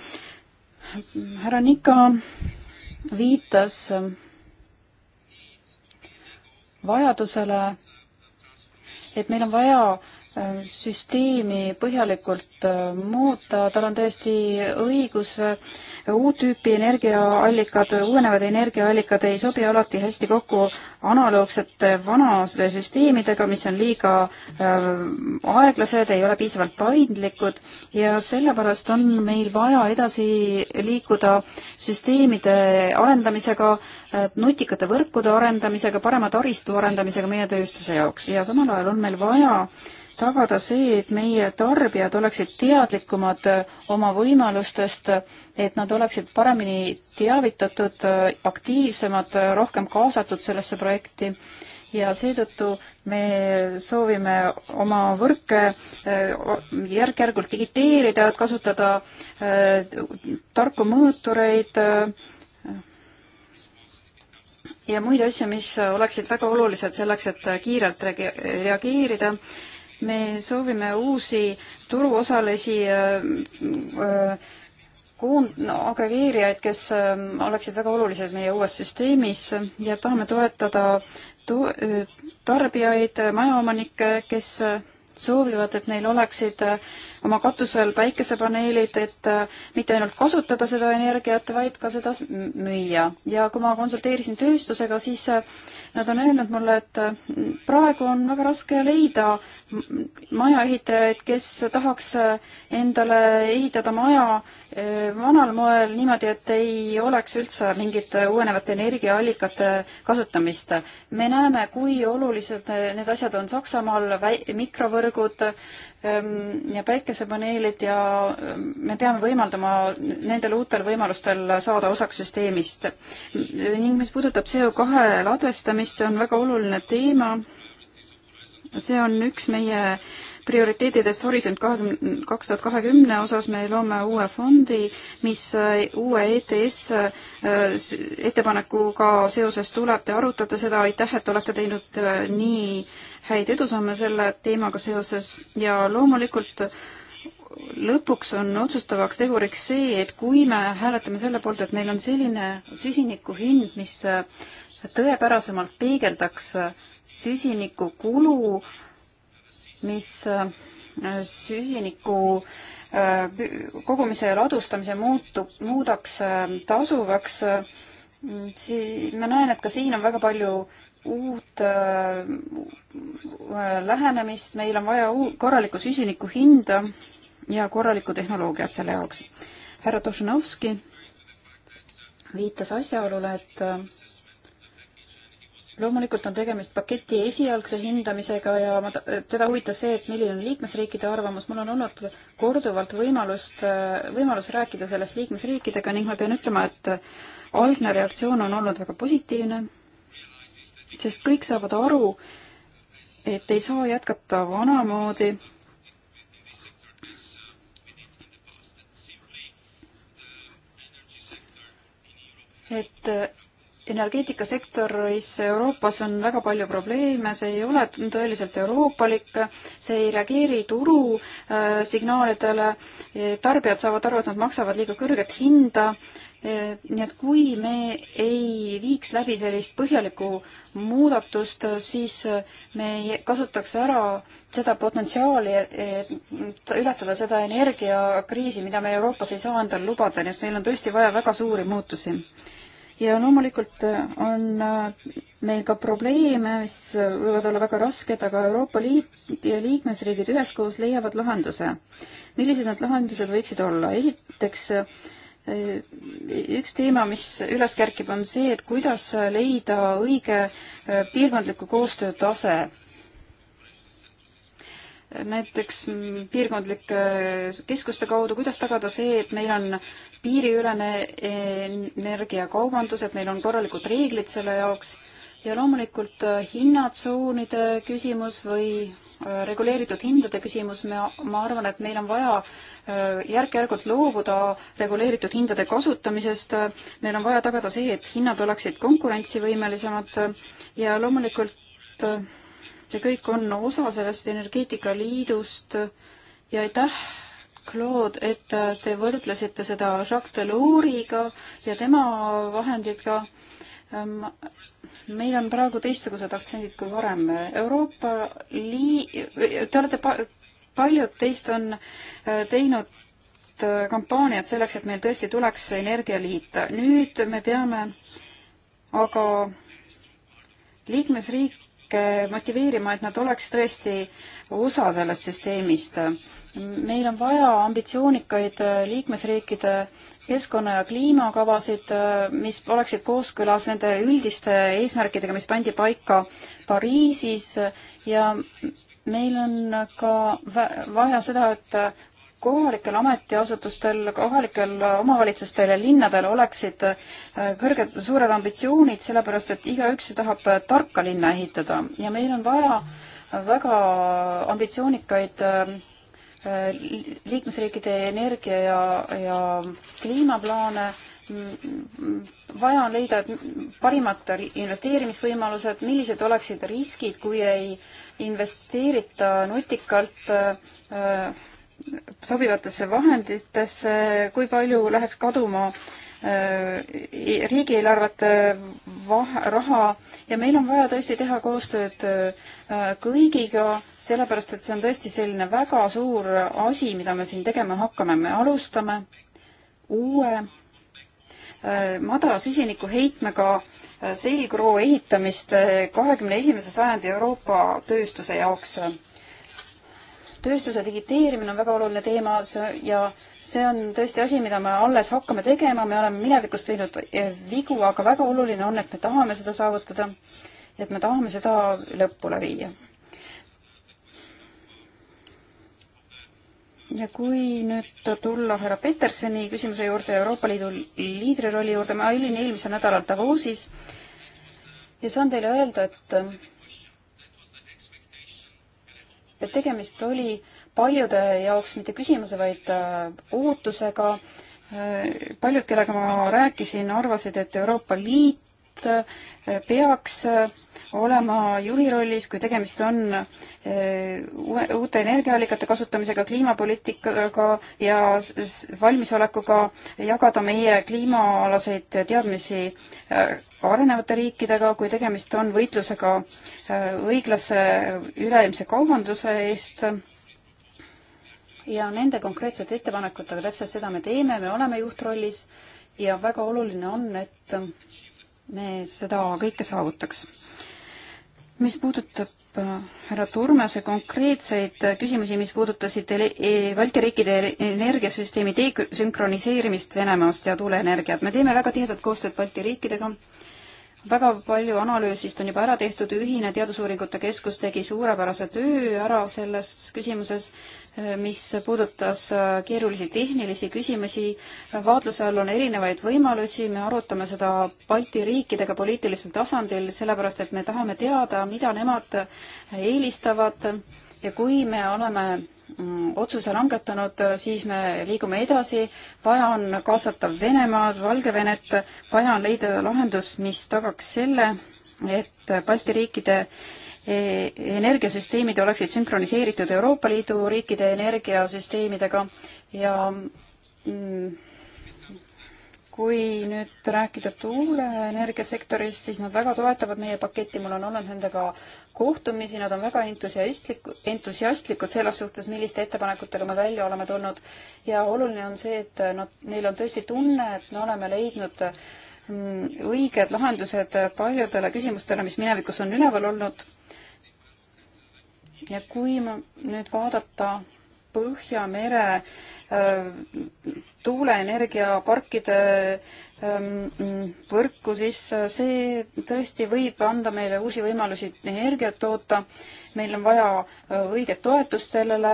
[SPEAKER 4] härra Nika viitas vajadusele, et meil on vaja äh, süsteemi põhjalikult äh, muuta, tal on täiesti õigus äh, uut tüüpi energiaallikad, uuenevad energiaallikad ei sobi alati hästi kokku analoogsete vanade süsteemidega, mis on liiga äh, aeglased, ei ole piisavalt paindlikud ja sellepärast on meil vaja edasi liikuda süsteemide arendamisega, äh, nutikate võrkude arendamisega, parema taristu arendamisega meie tööstuse jaoks ja samal ajal on meil vaja äh, tagada see, et meie tarbijad oleksid teadlikumad oma võimalustest, et nad oleksid paremini teavitatud, aktiivsemad, rohkem kaasatud sellesse projekti ja seetõttu me soovime oma võrke eh, järk-järgult digiteerida, kasutada eh, tarku mõõtureid eh, ja muid asju, mis oleksid väga olulised selleks, et kiirelt reageerida me soovime uusi turuosalisi äh, äh, koond- no,, agregeerijaid, kes äh, oleksid väga olulised meie uues süsteemis ja tahame toetada to-, tarbijaid, majaomanikke, kes soovivad, et neil oleksid oma katusel päikesepaneelid, et äh, mitte ainult kasutada seda energiat, vaid ka seda müüa. ja kui ma konsulteerisin tööstusega, siis äh, nad on öelnud mulle, et äh, praegu on väga raske leida majaehitajaid, kes tahaks endale ehitada maja vanal moel niimoodi, et ei oleks üldse mingite uuenevate energiaallikate kasutamist. me näeme, kui olulised need asjad on Saksamaal, mikrovõrgud, ja päikesepaneelid ja me peame võimaldama nendel uutel võimalustel saada osaks süsteemist. ning mis puudutab CO2 ladvestamist, see on väga oluline teema. see on üks meie prioriteetidest Horisont kahekümne, kaks tuhat kahekümne osas me loome uue fondi, mis äh, uue ETS äh, ettepanekuga seoses tuleb, te arutate seda, aitäh, et olete teinud äh, nii äh, häid edusamme selle teemaga seoses ja loomulikult lõpuks on otsustavaks teguriks see, et kui me hääletame selle poolt, et meil on selline süsiniku hind, mis tõepärasemalt peegeldaks süsiniku kulu, mis äh, süsiniku äh, kogumise ja ladustamise muutub, muudaks äh, tasuvaks, siis ma näen, et ka siin on väga palju uut, lähenemist, meil on vaja korralikku süsiniku hinda ja korralikku tehnoloogiat selle jaoks. härra Tošinovski viitas asjaolule, et äh, loomulikult on tegemist paketi esialgse hindamisega ja ma, teda huvitas see, et milline on liikmesriikide arvamus. mul on olnud korduvalt võimalust, äh, võimalus rääkida sellest liikmesriikidega ning ma pean ütlema, et äh, algne reaktsioon on olnud väga positiivne, sest kõik saavad aru, et ei saa jätkata vanamoodi et energeetikasektoris Euroopas on väga palju probleeme, see ei ole tõeliselt euroopalik, see ei reageeri turu äh, signaalidele, tarbijad saavad aru, et nad maksavad liiga kõrget hinda, nii et kui me ei viiks läbi sellist põhjalikku muudatust, siis me ei kasutaks ära seda potentsiaali, et ületada seda energiakriisi, mida me Euroopas ei saa endale lubada, nii et meil on tõesti vaja väga suuri muutusi. ja loomulikult on meil ka probleeme, mis võivad olla väga rasked, aga Euroopa Liit ja liikmesriigid üheskoos leiavad lahenduse. millised need lahendused võiksid olla? esiteks Äh, üks teema, mis üles kärkib, on see, et kuidas leida õige äh, piirkondliku koostöö tase. näiteks piirkondlike äh, keskuste kaudu, kuidas tagada see, et meil on piiriülene energiakaubandus, et meil on korralikud reeglid selle jaoks ja loomulikult äh, hinnatsoonide küsimus või äh, reguleeritud hindade küsimus, me, ma arvan, et meil on vaja äh, järk-järgult loobuda reguleeritud hindade kasutamisest, meil on vaja tagada see, et hinnad oleksid konkurentsivõimelisemad ja loomulikult see kõik on osa sellest energeetikaliidust ja aitäh, Claude, et te võrdlesite seda Jacques Delouriga ja tema vahenditega ähm, meil on praegu teistsugused aktsendid kui varem. Euroopa Lii-, te olete pa-, paljud teist on äh, teinud äh, kampaaniat selleks, et meil tõesti tuleks energialiit. nüüd me peame aga liikmesriike motiveerima, et nad oleks tõesti osa sellest süsteemist. meil on vaja ambitsioonikaid äh, liikmesriikide keskkonna- ja kliimakavasid, äh, mis oleksid kooskõlas nende üldiste eesmärkidega, mis pandi paika Pariisis äh, ja meil on ka vaja seda, et äh, kohalikel ametiasutustel, kohalikel omavalitsustel ja linnadel oleksid kõrged, suured ambitsioonid, sellepärast et igaüks ju tahab tarka linna ehitada ja meil on vaja väga ambitsioonikaid liikmesriikide energia ja, ja kliimaplaane vaja on leida parimad investeerimisvõimalused, millised oleksid riskid, kui ei investeerita nutikalt äh, sobivatesse vahenditesse, kui palju läheks kaduma Äh, e-, riigieelarvete äh, raha ja meil on vaja tõesti teha koostööd äh, kõigiga, sellepärast et see on tõesti selline väga suur asi, mida me siin tegema hakkame. me alustame uue madala süsinikuheitmega selgroo ehitamist kahekümne esimese sajandi Euroopa tööstuse jaoks tööstuse digiteerimine on väga oluline teema ja see on tõesti asi, mida me alles hakkame tegema, me oleme minevikus teinud eh, vigu, aga väga oluline on, et me tahame seda saavutada ja et me tahame seda lõpule viia. ja kui nüüd tulla härra Petersoni küsimuse juurde, Euroopa Liidu liidrirolli juurde, ma olin eelmisel nädalal Davosis ja saan teile öelda, et et tegemist oli paljude jaoks mitte küsimuse, vaid äh, ootusega. Äh, paljud, kellega ma rääkisin, arvasid, et Euroopa Liit äh, peaks olema juhi rollis, kui tegemist on uute energiaallikate kasutamisega, kliimapoliitikaga ja valmisolekuga jagada meie kliimaalaseid teadmisi arenevate riikidega, kui tegemist on võitlusega äh, õiglase üleilmse kaubanduse eest. ja nende konkreetsete ettepanekutega täpselt seda me teeme, me oleme juhtrollis ja väga oluline on, et me seda kõike saavutaks. mis puudutab härra Turmase konkreetseid küsimusi, mis puudutasid e-, Balti riikide energiasüsteemi desünkroniseerimist Venemaast ja tuuleenergiat. me teeme väga tihedat koostööd Balti riikidega väga palju analüüsist on juba ära tehtud, ühine Teadusuuringute Keskus tegi suurepärase töö ära selles küsimuses, eh, mis puudutas eh, keerulisi tehnilisi küsimusi. vaatluse all on erinevaid võimalusi, me arutame seda Balti riikidega poliitilisel tasandil, sellepärast et me tahame teada, mida nemad eh, eelistavad ja kui me oleme Mm, otsuse langetanud, äh, siis me liigume edasi, vaja on kaasata Venemaad, Valgevenet, vaja on leida lahendus, mis tagaks selle, et Balti riikide e-, energiasüsteemid oleksid sünkroniseeritud Euroopa Liidu riikide energiasüsteemidega ja mm, kui nüüd rääkida tuuleenergiasektorist, siis nad väga toetavad meie paketti, mul on olnud nendega kohtumisi, nad on väga entusiastlik, entusiastlikud selles suhtes, milliste ettepanekutega me välja oleme tulnud ja oluline on see, et nad, neil on tõesti tunne, et me oleme leidnud mm, õiged lahendused paljudele küsimustele, mis minevikus on üleval olnud. ja kui ma nüüd vaadata Põhjamere äh, tuuleenergiaparkide ähm, võrku, siis äh, see tõesti võib anda meile uusi võimalusi energiat toota. meil on vaja äh, õiget toetust sellele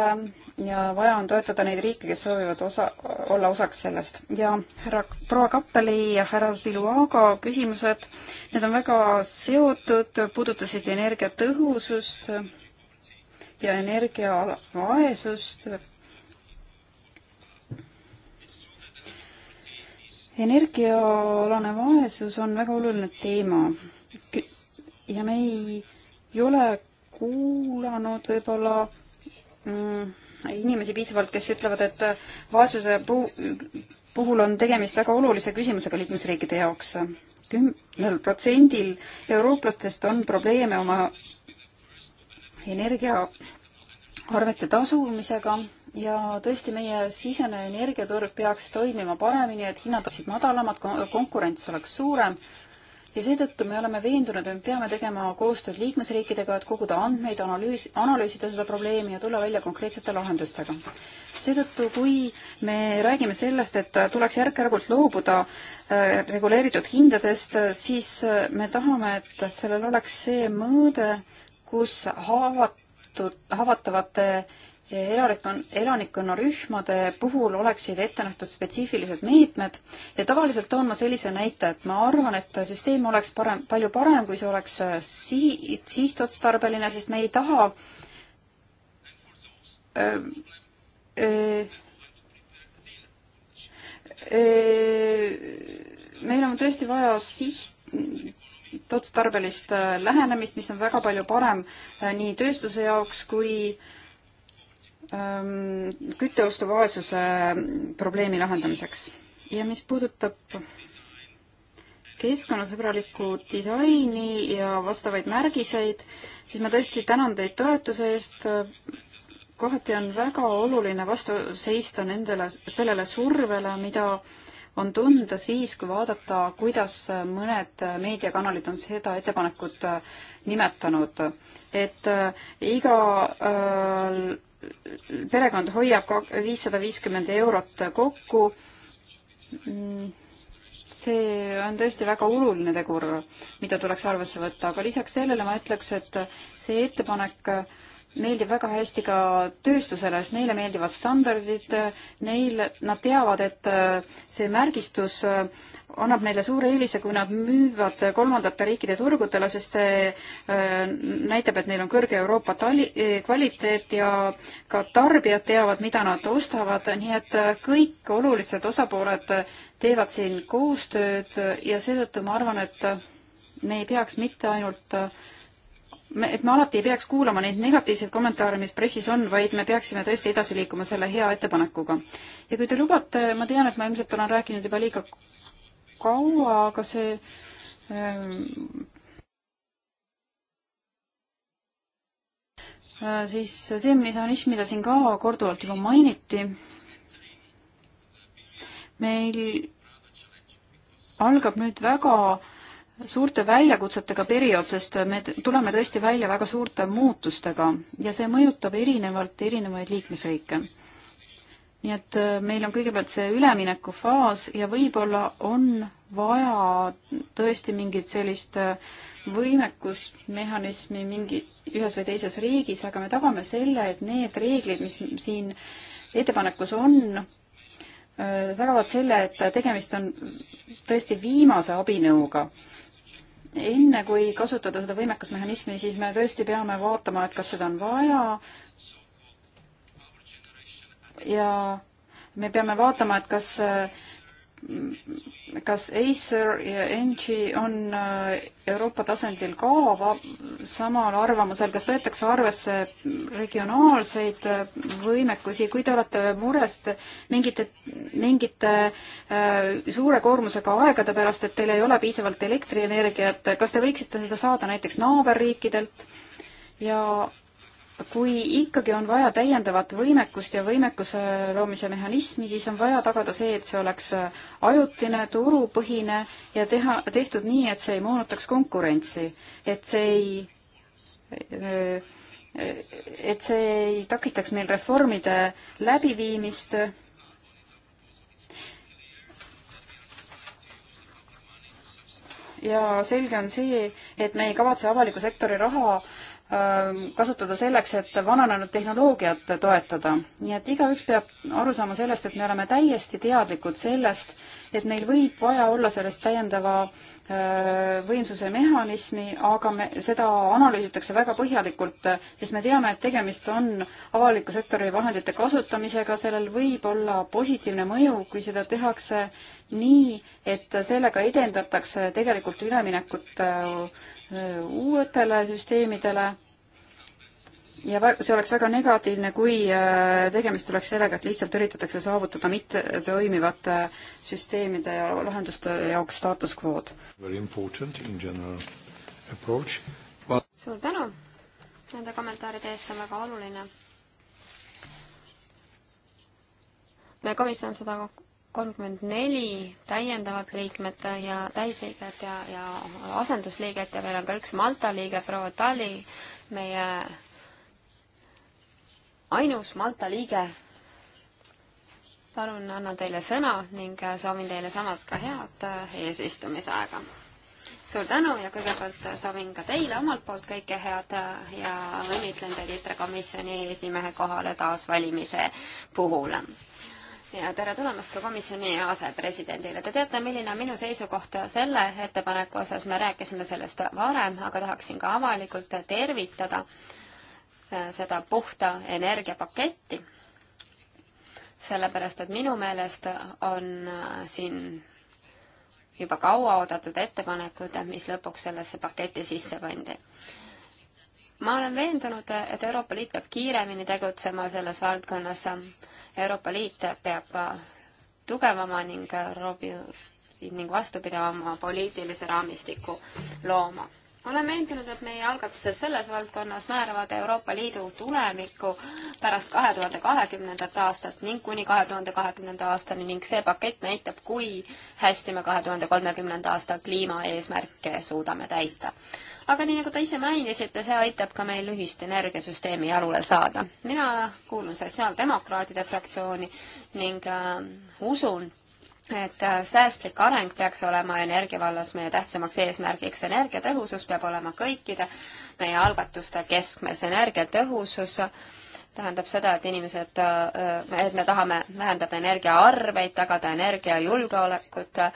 [SPEAKER 4] ja vaja on toetada neid riike, kes soovivad osa, olla osaks sellest. ja härra proua Kappeli ja härra Siluaga küsimused, need on väga seotud, puudutasid energiatõhusust ja energiavaesust. energiaalane vaesus on väga oluline teema ja me ei, ei ole kuulanud võib-olla mm, inimesi piisavalt, kes ütlevad, et vaesuse puhul on tegemist väga olulise küsimusega liikmesriikide jaoks küm-, protsendil eurooplastest on probleeme oma energiaarvete tasumisega ja tõesti, meie sisene energiaturg peaks toimima paremini, et hinnad oleksid madalamad, konkurents oleks suurem ja seetõttu me oleme veendunud, et me peame tegema koostööd liikmesriikidega, et koguda andmeid, analüüs, analüüsida seda probleemi ja tulla välja konkreetsete lahendustega. seetõttu, kui me räägime sellest, et tuleks järk-järgult loobuda äh, reguleeritud hindadest, siis äh, me tahame, et sellel oleks see mõõde, kus haavatud, haavatavate elanikkon-, elanikkonnarühmade puhul oleksid ette nähtud spetsiifilised meetmed ja tavaliselt toon ma sellise näite, et ma arvan, et süsteem oleks parem, palju parem, kui see oleks äh, sihi-, sihtotstarbeline, sest me ei taha öö, öö, öö, meil on tõesti vaja siht, sihtotstarbelist äh, lähenemist, mis on väga palju parem äh, nii tööstuse jaoks kui ähm, kütteostu vaesuse ähm, probleemi lahendamiseks. ja mis puudutab keskkonnasõbralikku disaini ja vastavaid märgiseid, siis ma tõesti tänan teid toetuse eest. kohati on väga oluline vastu seista nendele, sellele survele, mida äh, on tunda siis, kui vaadata, kuidas mõned meediakanalid on seda ettepanekut äh, nimetanud, et äh, iga äh, perekond hoiab viissada viiskümmend eurot kokku. Mm, see on tõesti väga oluline tegur, mida tuleks arvesse võtta, aga lisaks sellele ma ütleks, et see ettepanek äh, meeldib väga hästi ka tööstusele, sest neile meeldivad standardid, neil, nad teavad, et äh, see märgistus äh, annab neile suure eelise, kui nad müüvad kolmandate riikide turgudele, sest see äh, näitab, et neil on kõrge Euroopa tali-, kvaliteet ja ka tarbijad teavad, mida nad ostavad, nii et kõik olulised osapooled teevad siin koostööd ja seetõttu ma arvan, et me ei peaks mitte ainult äh, me, et me alati ei peaks kuulama neid negatiivseid kommentaare, mis pressis on, vaid me peaksime tõesti edasi liikuma selle hea ettepanekuga. ja kui te lubate, ma tean, et ma ilmselt olen rääkinud juba liiga kaua, aga see ähm, äh, siis see mehhanism, mida siin ka korduvalt juba mainiti, meil algab nüüd väga äh, suurte väljakutsetega periood, sest me tuleme tõesti välja väga suurte muutustega ja see mõjutab erinevalt erinevaid liikmesriike. nii et äh, meil on kõigepealt see üleminekufaas ja võib-olla on vaja tõesti mingit sellist äh, võimekusmehhanismi mingi, ühes või teises riigis, aga me tagame selle, et need reeglid, mis siin ettepanekus on, äh, tagavad selle, et tegemist on tõesti viimase abinõuga enne kui kasutada seda võimekusmehhanismi, siis me tõesti peame vaatama, et kas seda on vaja. ja me peame vaatama, et kas kas Acer ja Engie on äh, Euroopa tasandil ka samal arvamusel, kas võetakse arvesse regionaalseid äh, võimekusi, kui te olete murest mingite, mingite äh, suure koormusega aegade pärast, et teil ei ole piisavalt elektrienergiat, kas te võiksite seda saada näiteks naaberriikidelt ja kui ikkagi on vaja täiendavat võimekust ja võimekuse loomise mehhanismi, siis on vaja tagada see, et see oleks ajutine, turupõhine ja teha, tehtud nii, et see ei moonutaks konkurentsi, et see ei et see ei takistaks meil reformide läbiviimist. ja selge on see, et me ei kavatse avaliku sektori raha äh, Ähm, kasutada selleks, et vananenud tehnoloogiat toetada. nii et igaüks peab aru saama sellest, et me oleme täiesti teadlikud sellest, et meil võib vaja olla sellest täiendava äh, võimsuse mehhanismi, aga me, seda analüüsitakse väga põhjalikult, sest me teame, et tegemist on avaliku sektori vahendite kasutamisega, sellel võib olla positiivne mõju, kui seda tehakse nii, et sellega edendatakse tegelikult üleminekut äh, uuetele süsteemidele ja see oleks väga negatiivne, kui äh, tegemist oleks sellega, et lihtsalt üritatakse saavutada mitte toimivate äh, süsteemide ja lahenduste jaoks status
[SPEAKER 3] quo'd. But... suur tänu
[SPEAKER 1] nende kommentaaride eest, see on väga oluline. meie komisjon seda kolmkümmend neli täiendavat liikmet ja täisliiget ja, ja asendusliiget ja meil on ka üks Malta liige, proua Tali, meie ainus Malta liige. palun annan teile sõna ning soovin teile samas ka head äh, eesistumisaega. suur tänu ja kõigepealt soovin ka teile omalt poolt kõike head äh, ja õnnitlen teid ITRE komisjoni esimehe kohale taasvalimise puhul ja tere tulemast ka komisjoni asepresidendile. Te teate, milline on minu seisukoht selle ettepaneku osas, me rääkisime sellest varem, aga tahaksin ka avalikult tervitada äh, seda puhta energiapaketti, sellepärast et minu meelest on äh, siin juba kaua oodatud ettepanekud, mis lõpuks sellesse paketti sisse pandi ma olen veendunud, et Euroopa Liit peab kiiremini tegutsema selles valdkonnas Euroopa Liit peab äh, tugevama ning äh, robi-, ning vastupidavama poliitilise raamistiku looma. olen veendunud, et meie algatused selles valdkonnas määravad Euroopa Liidu tulevikku pärast kahe tuhande kahekümnendat aastat ning kuni kahe tuhande kahekümnenda aastani ning see pakett näitab, kui hästi me kahe tuhande kolmekümnenda aasta kliimaeesmärke suudame täita aga nii, nagu te ise mainisite, see aitab ka meil ühist energiasüsteemi jalule saada. mina kuulun Sotsiaaldemokraatide fraktsiooni ning äh, usun, et äh, säästlik areng peaks olema energia vallas meie tähtsamaks eesmärgiks. energiatõhusus peab olema kõikide meie algatuste keskmes. energiatõhusus äh, tähendab seda, et inimesed, äh, et me tahame vähendada energiaarveid, tagada energiajulgeolekut, äh,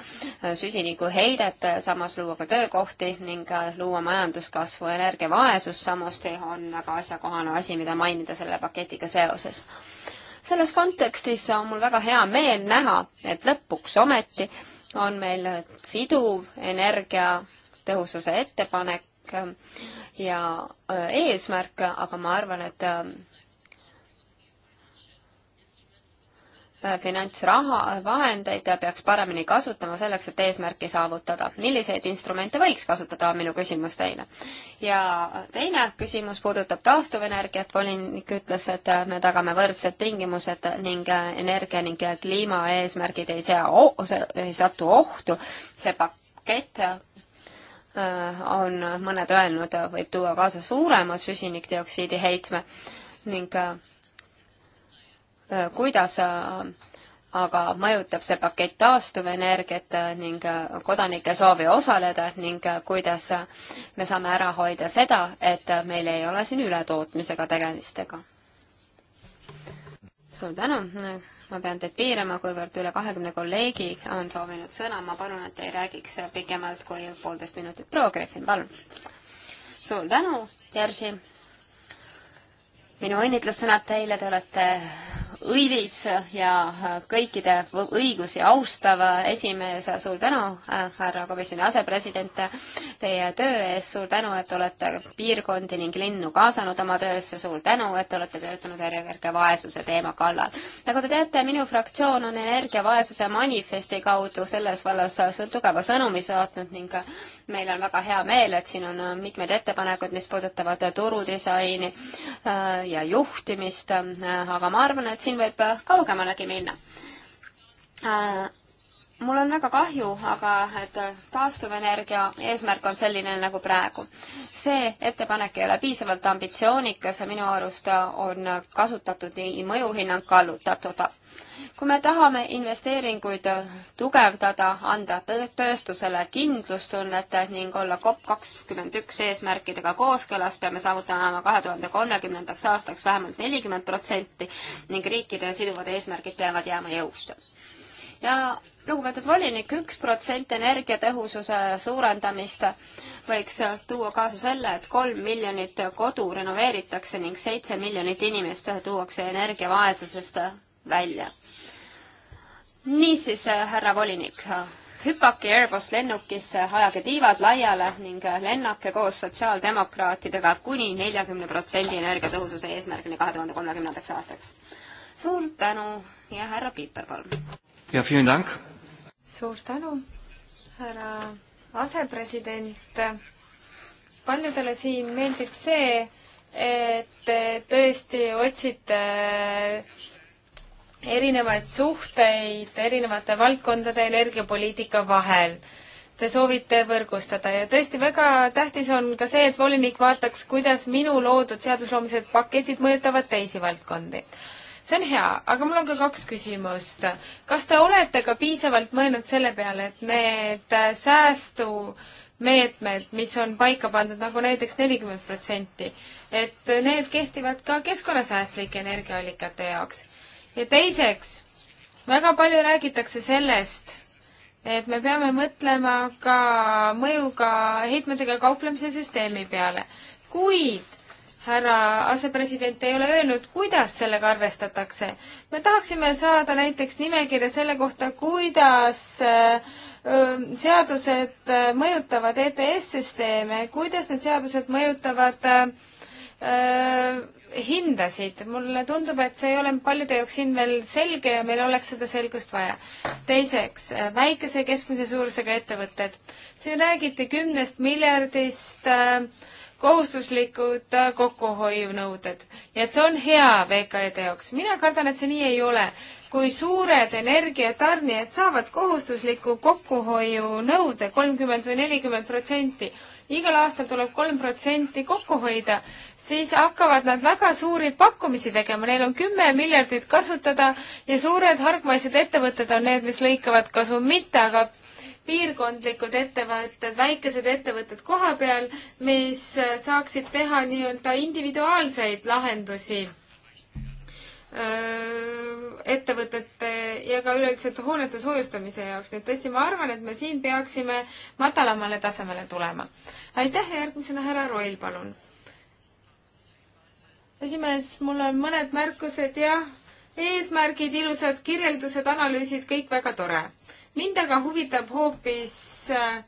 [SPEAKER 1] süsinikuheidet, samas luua ka töökohti ning äh, luua majanduskasvu, energiavaesus samuti on väga asjakohane asi, mida mainida selle paketiga seoses selles kontekstis on mul väga hea meel näha, et lõpuks ometi on meil siduv energiatõhususe ettepanek ja eesmärk, aga ma arvan, et Äh, finantsraha, äh, vahendeid peaks paremini kasutama selleks, et eesmärki saavutada. milliseid instrumente võiks kasutada, on minu küsimus teile. ja teine küsimus puudutab taastuvenergiat, volinik ütles, et äh, me tagame võrdsed tingimused ning energia ning kliimaeesmärgid ei sea oh,, ei satu ohtu, see pakett on mõned öelnud, võib tuua kaasa suurema süsinikdioksiidi heitme ning Äh, kuidas äh, aga mõjutab see pakett taastuvenergiat äh, ning kodanike soovi osaleda ning kuidas me saame ära hoida seda, et meil ei ole siin ületootmisega tegemist ega. suur tänu, ma pean teid piirama, kuivõrd üle kahekümne kolleegi on soovinud sõna, ma palun, et ei räägiks pikemalt kui poolteist minutit. proua Griffin, palun. suur tänu, Jerzy minu õnnitlussõnad teile, te olete õilis ja äh, kõikide õigusi austav äh, esimees, suur tänu, äh, härra komisjoni asepresident, teie töö eest, suur tänu, et olete piirkondi ning linnu kaasanud oma töösse, suur tänu, et olete töötanud energiavaesuse teema kallal. nagu te teate, minu fraktsioon on energiavaesuse manifesti kaudu selles vallas tugeva sõnumi saatnud ning meil on väga hea meel, et siin on äh, mitmed ettepanekud, mis puudutavad äh, turudisaini äh, ja juhtimist, aga ma arvan, et siin võib kaugemalegi minna mul on väga kahju, aga et taastuvenergia eesmärk on selline nagu praegu. see ettepanek ei ole piisavalt ambitsioonikas ja minu arust on kasutatud nii mõjuhinnang kallutatud kui me tahame investeeringuid tugevdada, anda tööstusele kindlustunnet ning olla COP kakskümmend üks eesmärkidega kooskõlas, peame saavutama kahe tuhande kolmekümnendaks aastaks vähemalt nelikümmend protsenti ning riikide siduvad eesmärgid peavad jääma jõusse. ja lugupeetud volinik, üks protsent energiatõhususe suurendamist võiks tuua kaasa selle, et kolm miljonit kodu renoveeritakse ning seitse miljonit inimest tuuakse energiavaesusest välja niisiis, äh, härra volinik, äh, hüpake Airbus lennukisse, ajage tiivad laiale ning äh, lennake koos sotsiaaldemokraatidega kuni neljakümne protsendi energiatõhususe eesmärgini kahe tuhande kolmekümnendaks aastaks. suur tänu ja
[SPEAKER 2] härra Piiper,
[SPEAKER 3] palun!
[SPEAKER 2] suur tänu, härra asepresident! paljudele siin meeldib see, et te tõesti otsite erinevaid suhteid erinevate valdkondade energiapoliitika vahel. Te soovite võrgustada ja tõesti väga tähtis on ka see, et volinik vaataks, kuidas minu loodud seadusloomised paketid mõjutavad teisi valdkondi. see on hea, aga mul on ka kaks küsimust. kas te olete ka piisavalt mõelnud selle peale, et need säästu meetmed, mis on paika pandud nagu näiteks nelikümmend protsenti, et need kehtivad ka keskkonnasäästlike energiaallikate jaoks ja teiseks, väga palju räägitakse sellest, et me peame mõtlema ka mõjuga heitmetega kauplemise süsteemi peale, kuid härra asepresident ei ole öelnud, kuidas sellega arvestatakse. me tahaksime saada näiteks nimekirja selle kohta, kuidas äh, seadused äh, mõjutavad ETS-süsteeme, kuidas need seadused mõjutavad äh, Äh, hindasid. mulle tundub, et see ei ole paljude jaoks siin veel selge ja meil oleks seda selgust vaja. teiseks, äh, väikese ja keskmise suurusega ettevõtted. siin räägiti kümnest miljardist äh, kohustuslikud kokkuhoiunõuded ja et see on hea VKE-de jaoks. mina kardan, et see nii ei ole. kui suured energiatarnijad saavad kohustusliku kokkuhoiunõude kolmkümmend või nelikümmend protsenti, igal aastal tuleb kolm protsenti kokku hoida, siis hakkavad nad väga suuri pakkumisi tegema, neil on kümme miljardit kasutada ja suured hargmaised ettevõtted on need, mis lõikavad kasumit, aga piirkondlikud ettevõtted, väikesed ettevõtted koha peal, mis saaksid teha nii-öelda individuaalseid lahendusi Äh, ettevõtete ja ka üleüldiselt hoonete soojustamise jaoks, nii et tõesti, ma arvan, et me siin peaksime madalamale tasemele tulema. aitäh ja järgmisena härra Roil, palun. esimees, mul on mõned märkused, jah, eesmärgid, ilusad kirjeldused, analüüsid, kõik väga tore. mind aga huvitab hoopis äh,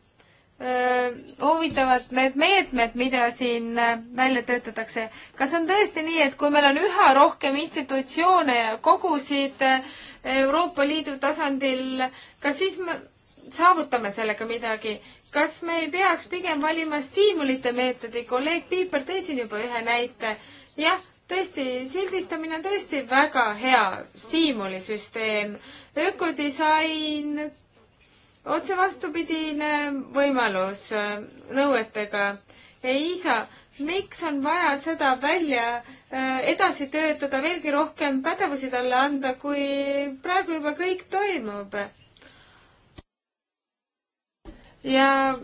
[SPEAKER 2] huvitavad need meetmed, mida siin äh, välja töötatakse. kas on tõesti nii, et kui meil on üha rohkem institutsioone ja kogusid äh, Euroopa Liidu tasandil, kas siis me saavutame sellega midagi? kas me ei peaks pigem valima stiimulite meetodi? kolleeg Piiper tõi siin juba ühe näite. jah tõesti, sildistamine on tõesti väga hea stiimulisüsteem. ökodisain otse vastupidine võimalus äh, nõuetega. Liisa, miks on vaja seda välja äh, edasi töötada, veelgi rohkem pädevusi talle anda, kui praegu juba kõik toimub? ja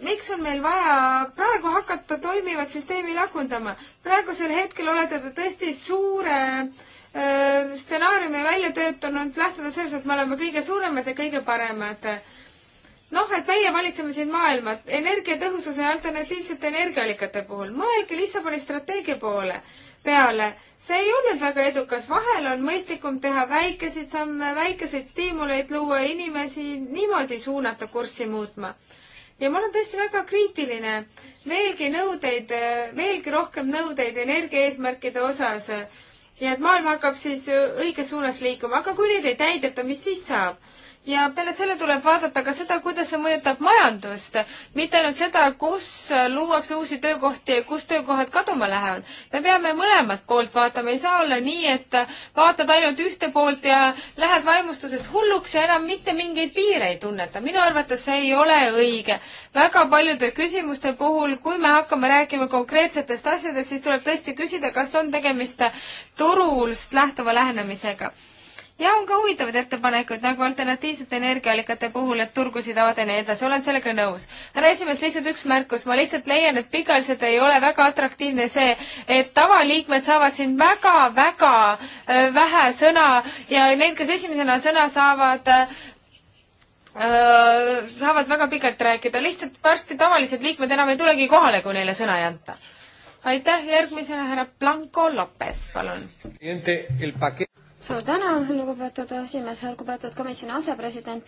[SPEAKER 2] miks on meil vaja praegu hakata toimivat süsteemi lagundama? praegusel hetkel olete te tõesti suure äh, Ehm, stsenaariumi välja töötanud, lähtuda sellest, et me oleme kõige suuremad ja kõige paremad. noh, et meie valitseme siin maailma energiatõhususe ja alternatiivsete energiaallikate puhul. mõelge Lissaboni strateegia poole peale. see ei olnud väga edukas, vahel on mõistlikum teha väikeseid samme, väikeseid stiimuleid luua, inimesi niimoodi suunata kurssi muutma ja ma olen tõesti väga kriitiline. veelgi nõudeid, veelgi rohkem nõudeid energiaeesmärkide osas nii et maailm hakkab siis õiges suunas liikuma, aga kui neid ei täideta, mis siis saab? ja peale selle tuleb vaadata ka seda, kuidas see mõjutab majandust. mitte ainult seda, kus luuakse uusi töökohti ja kus töökohad kaduma lähevad. me peame mõlemat poolt vaatama, ei saa olla nii, et vaatad ainult ühte poolt ja lähed vaimustusest hulluks ja enam mitte mingeid piire ei tunneta. minu arvates see ei ole õige. väga paljude küsimuste puhul, kui me hakkame rääkima konkreetsetest asjadest, siis tuleb tõesti küsida, kas on tegemist turust lähtuva lähenemisega ja on ka huvitavaid ettepanekuid nagu alternatiivsete energiaallikate puhul, et turgusid avada ja nii edasi, olen sellega nõus. härra esimees, lihtsalt üks märkus, ma lihtsalt leian, et pikaajaliselt ei ole väga atraktiivne see, et tavaliikmed saavad siin väga-väga äh, vähe sõna ja need, kes esimesena sõna saavad, äh, saavad väga pikalt rääkida, lihtsalt varsti tavalised liikmed enam ei tulegi kohale, kui neile sõna ei anta. aitäh, järgmisena härra Blanco Lopes, palun suur tänu,
[SPEAKER 1] lugupeetud esimees, lugupeetud komisjoni asepresident.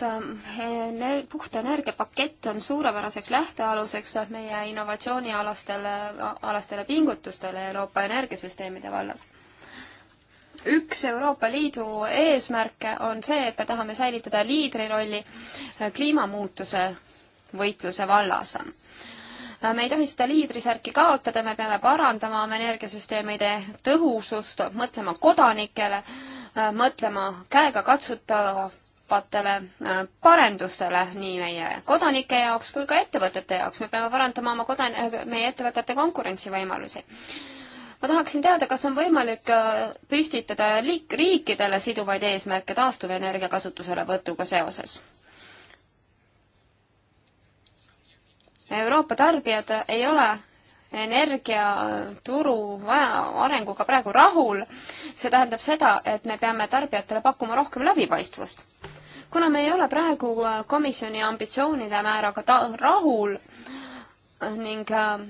[SPEAKER 1] puhta energiapakett on suurepäraseks lähtealuseks meie innovatsioonialastele, alastele pingutustele Euroopa energiasüsteemide vallas. üks Euroopa Liidu eesmärke on see, et me tahame säilitada liidrirolli kliimamuutuse võitluse vallas me ei tohi seda liidrisärki kaotada, me peame parandama oma energiasüsteemide tõhusust, mõtlema kodanikele Äh, mõtlema käegakatsutavatele äh, parendustele nii meie kodanike jaoks kui ka ettevõtete jaoks. me peame parandama oma kodan-, äh, meie ettevõtete konkurentsivõimalusi ma tahaksin teada, kas on võimalik püstitada liik-, riikidele siduvaid eesmärke taastuvenergia kasutuselevõtuga seoses? Euroopa tarbijad ei ole energiaturu arenguga praegu rahul. see tähendab seda, et me peame tarbijatele pakkuma rohkem läbipaistvust. kuna me ei ole praegu äh, komisjoni ambitsioonide määraga ta-, rahul ning äh,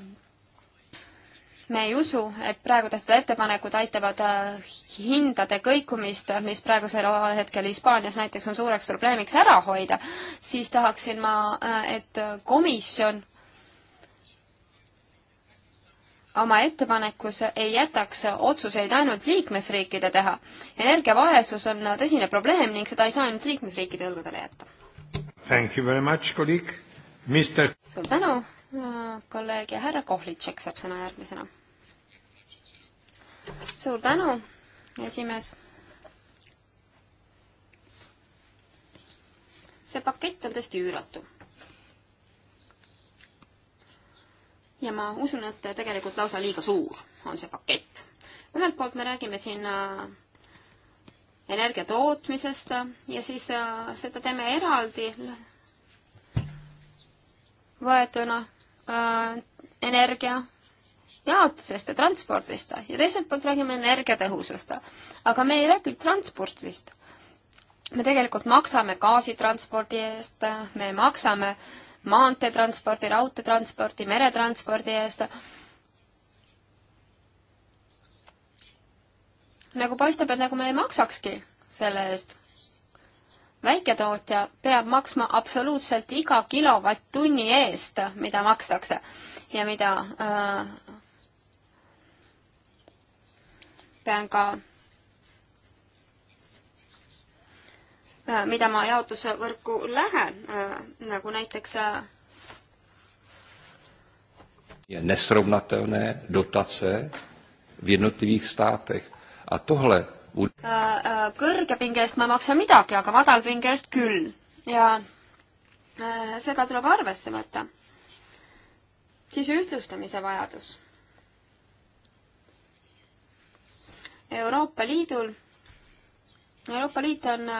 [SPEAKER 1] me ei usu, et praegu tehtud ettepanekud aitavad äh, hindade kõikumist, mis praegusel hetkel Hispaanias näiteks on suureks probleemiks, ära hoida, siis tahaksin ma, et komisjon oma ettepanekus ei jätaks otsuseid ainult liikmesriikide teha. energiavaesus on tõsine probleem ning seda ei saa ainult liikmesriikide õlgadele jätta.
[SPEAKER 3] Thank you very much, kolleeg. Mister.
[SPEAKER 1] suur tänu, kolleeg ja härra Kohlitšek saab sõna järgmisena. suur tänu, esimees. see pakett on tõesti üüratu ja ma usun, et tegelikult lausa liiga suur on see pakett. ühelt poolt me räägime siin äh, energia tootmisest ja siis äh, seda teeme eraldi võetuna äh, energia jaotusest ja transpordist ja teiselt poolt räägime energiatõhusust. aga me ei räägi transpordist. me tegelikult maksame gaasitranspordi eest, me maksame äh, maanteetranspordi, raudteetranspordi, meretranspordi eest. nagu paistab, et nagu me ei maksakski selle eest. väiketootja peab maksma absoluutselt iga kilovatt-tunni eest, mida makstakse ja mida äh, pean ka Äh, mida ma jaotusvõrku lähen, äh, nagu näiteks äh,
[SPEAKER 3] je nesrovnatelné dotace v jednotlivých státech. A tohle...
[SPEAKER 1] Kõrge pinge eest ma ei maksa midagi, aga madalpinge eest küll. Ja seda tuleb arvesse võtta. Siis ühtlustamise vajadus. Euroopa Liidul Euroopa Liit on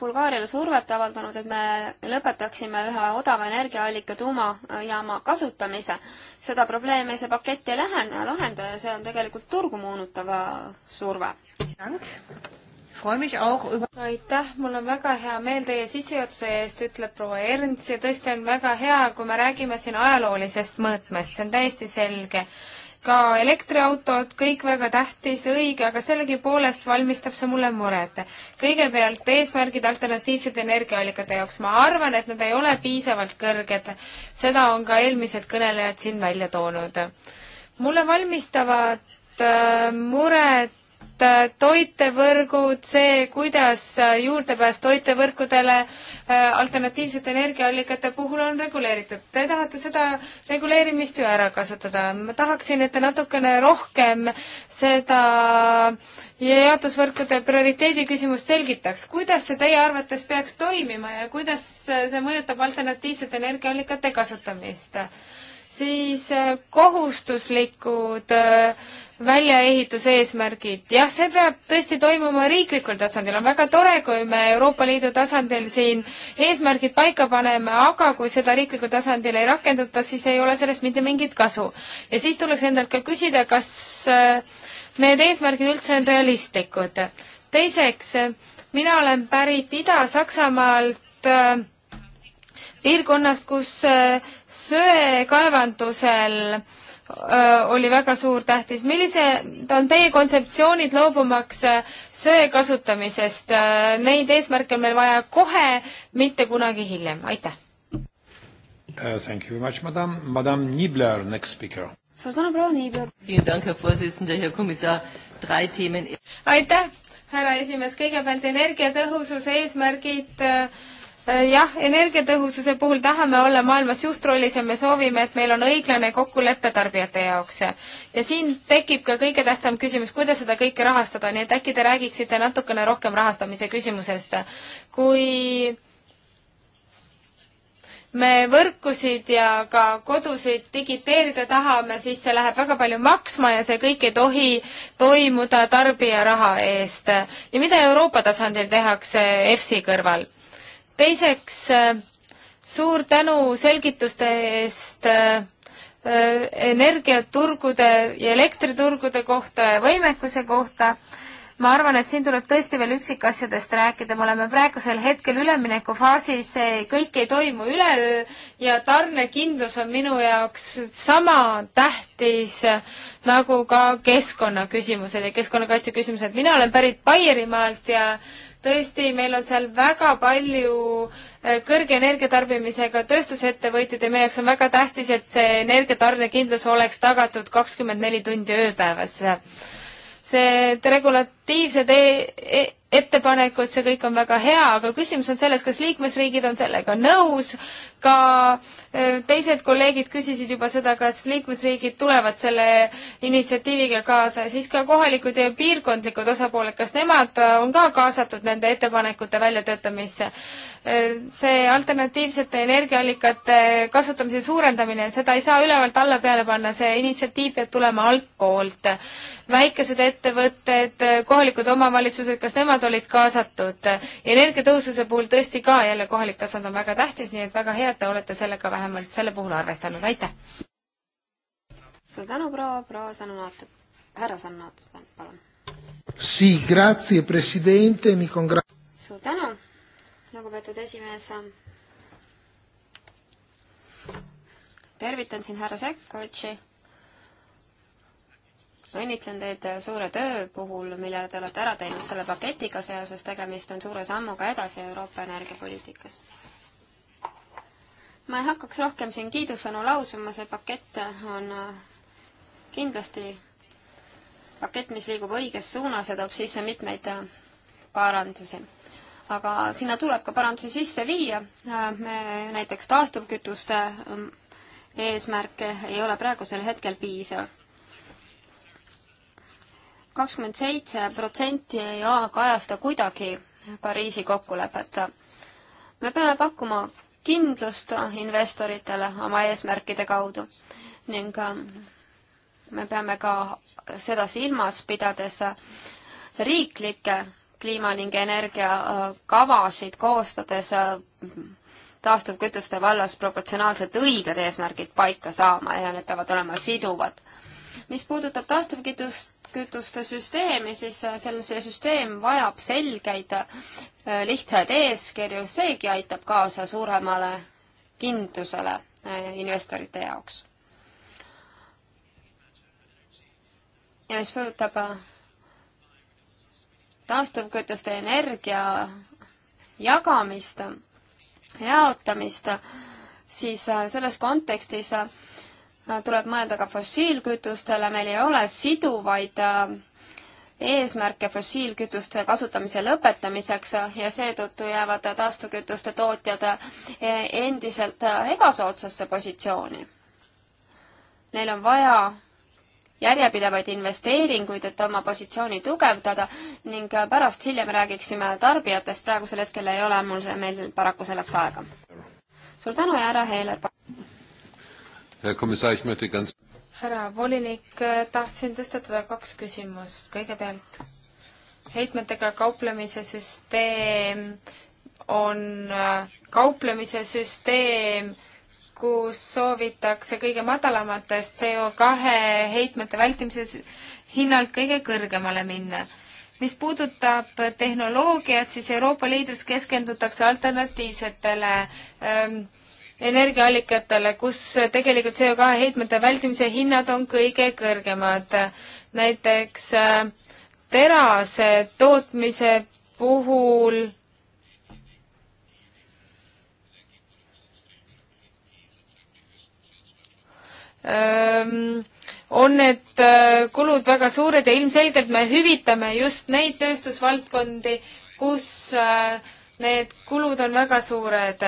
[SPEAKER 1] Bulgaariale survet avaldanud, et me lõpetaksime ühe odava energiaallika tuumajaama kasutamise. seda probleemi see pakett ei lähenda, lahenda ja see on tegelikult turgu moonutav surve.
[SPEAKER 2] aitäh, mul on väga hea meel teie sissejuhatuse eest, ütleb proua Ernts ja tõesti on väga hea, kui me räägime siin ajaloolisest mõõtmest, see on täiesti selge ka elektriautod, kõik väga tähtis, õige, aga sellegipoolest valmistab see mulle muret. kõigepealt eesmärgid alternatiivsete energiaallikate jaoks, ma arvan, et nad ei ole piisavalt kõrged. seda on ka eelmised kõnelejad siin välja toonud. mulle valmistavad äh, mured Äh, toitevõrgud, see, kuidas äh, juurdepääs toitevõrkudele äh, alternatiivsete energiaallikate puhul on reguleeritud. Te tahate seda reguleerimist ju ära kasutada. ma tahaksin, et te natukene rohkem seda jaotusvõrkude prioriteedi küsimust selgitaks. kuidas see teie arvates peaks toimima ja kuidas see mõjutab alternatiivsete energiaallikate kasutamist? siis kohustuslikud äh, väljaehituse eesmärgid, jah, see peab tõesti toimuma riiklikul tasandil, on väga tore, kui me Euroopa Liidu tasandil siin eesmärgid paika paneme, aga kui seda riiklikul tasandil ei rakendata, siis ei ole sellest mitte mingit kasu. ja siis tuleks endalt ka küsida, kas äh, need eesmärgid üldse on realistlikud. teiseks, äh, mina olen pärit Ida-Saksamaalt äh, piirkonnast, kus äh, söekaevandusel äh, Äh, oli väga suur tähtis. millised on teie kontseptsioonid loobumaks äh, söe kasutamisest? Äh, neid eesmärke on meil vaja kohe, mitte kunagi hiljem. aitäh uh,!
[SPEAKER 3] Thank you very much, madam. Madam Niebler, next speaker.
[SPEAKER 2] suur tänu, proua Niibler! aitäh, härra esimees, kõigepealt energiatõhususe eesmärgid äh, Äh, jah, energiatõhususe puhul tahame olla maailmas juhtrollis ja me soovime, et meil on õiglane kokkulepe tarbijate jaoks. ja siin tekib ka kõige tähtsam küsimus, kuidas seda kõike rahastada, nii et äkki te räägiksite natukene rohkem rahastamise küsimusest. kui me võrkusid ja ka kodusid digiteerida tahame, siis see läheb väga palju maksma ja see kõik ei tohi toimuda tarbija raha eest. ja mida Euroopa tasandil tehakse EFSI kõrval? teiseks, äh, suur tänu selgituste eest äh, äh, energiaturgude ja elektriturgude kohta ja võimekuse kohta. ma arvan, et siin tuleb tõesti veel üksikasjadest rääkida, me oleme praegusel hetkel üleminekufaasis, kõik ei toimu üleöö ja tarnekindlus on minu jaoks sama tähtis nagu ka keskkonnaküsimused ja keskkonnakaitse küsimused. mina olen pärit Baierimaalt ja tõesti, meil on seal väga palju eh, kõrge energiatarbimisega tööstusettevõtjaid ja meie jaoks on väga tähtis, et see energiatarnekindlus oleks tagatud kakskümmend neli tundi ööpäevas. see regula-, alternatiivsed e e ettepanekud, see kõik on väga hea, aga küsimus on selles, kas liikmesriigid on sellega nõus, ka e, teised kolleegid küsisid juba seda, kas liikmesriigid tulevad selle initsiatiiviga kaasa ja siis ka kohalikud ja piirkondlikud osapooled, kas nemad on ka kaasatud nende ettepanekute väljatöötamisse? E, see alternatiivsete energiaallikate kasutamise suurendamine, seda ei saa ülevalt alla peale panna, see initsiatiiv peab tulema altpoolt. väikesed ettevõtted, kohalikud omavalitsused, kas nemad olid kaasatud? energiatõhususe puhul tõesti ka jälle kohalik tasand on väga tähtis, nii et väga hea, et te olete sellega vähemalt selle puhul arvestanud, aitäh!
[SPEAKER 1] suur tänu, proua, proua Sannaat, härra Sannaat, palun!
[SPEAKER 3] Sì, grazie Presidente, mi congra-.
[SPEAKER 1] suur tänu, lugupeetud esimees. tervitan siin härra Sekkovitši õnnitlen teid suure töö puhul, mille te olete ära teinud selle paketiga seoses, tegemist on suure sammuga edasi Euroopa energiapoliitikas. ma ei hakkaks rohkem siin kiidusõnu lausuma, see pakett on kindlasti pakett, mis liigub õiges suunas ja toob sisse mitmeid parandusi aga sinna tuleb ka parandusi sisse viia, me näiteks taastuvkütuste eesmärk ei ole praegusel hetkel piisav kakskümmend seitse protsenti ei kajasta kuidagi Pariisi kokkulepet. me peame pakkuma kindlust investoritele oma eesmärkide kaudu ning ähm, me peame ka seda silmas pidades riiklikke kliima ning energiakavasid koostades äh, taastuvkütuste vallas proportsionaalselt õiged eesmärgid paika saama ja need peavad olema siduvad. mis puudutab taastuvkütust, kütuste süsteemi, siis äh, selle, see süsteem vajab selgeid äh, lihtsaid eeskirju, seegi aitab kaasa suuremale kindlusele äh, investorite jaoks. ja mis puudutab taastuvkütuste energia jagamist, jaotamist, siis selles kontekstis tuleb mõelda ka fossiilkütustele, meil ei ole siduvaid äh, eesmärke fossiilkütuste kasutamise lõpetamiseks äh, ja seetõttu jäävad taastuvkütuste tootjad äh, endiselt ebasoodsasse positsiooni. Neil on vaja järjepidevaid investeeringuid, et oma positsiooni tugevdada ning pärast hiljem räägiksime tarbijatest, praegusel hetkel ei ole mul see, meil paraku selleks
[SPEAKER 2] aega. suur tänu ja härra Heiler! härra volinik, tahtsin tõstatada kaks küsimust. kõigepealt, heitmetega kauplemise süsteem on äh, kauplemise süsteem, kus soovitakse kõige madalamatest CO2 heitmete vältimise hinnalt kõige kõrgemale minna mis puudutab tehnoloogiat, siis Euroopa Liidus keskendutakse alternatiivsetele ähm, energiaallikatele, kus tegelikult CO2 heitmete vältimise hinnad on kõige kõrgemad. näiteks äh, terase tootmise puhul öö, ähm, on need äh, kulud väga suured ja ilmselgelt me hüvitame just neid tööstusvaldkondi, kus äh, need kulud on väga suured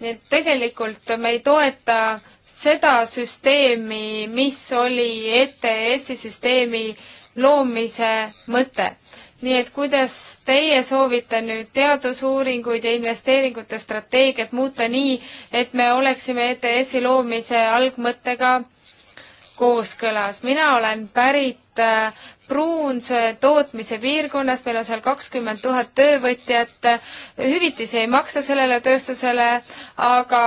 [SPEAKER 2] nii et tegelikult me ei toeta seda süsteemi, mis oli ETS-i süsteemi loomise mõte. nii et kuidas teie soovite nüüd teadusuuringuid ja investeeringute strateegiat muuta nii, et me oleksime ETS-i loomise algmõttega kooskõlas. mina olen pärit äh, pruunsöe tootmise piirkonnas, meil on seal kakskümmend tuhat töövõtjat, hüvitisi ei maksta sellele tööstusele, aga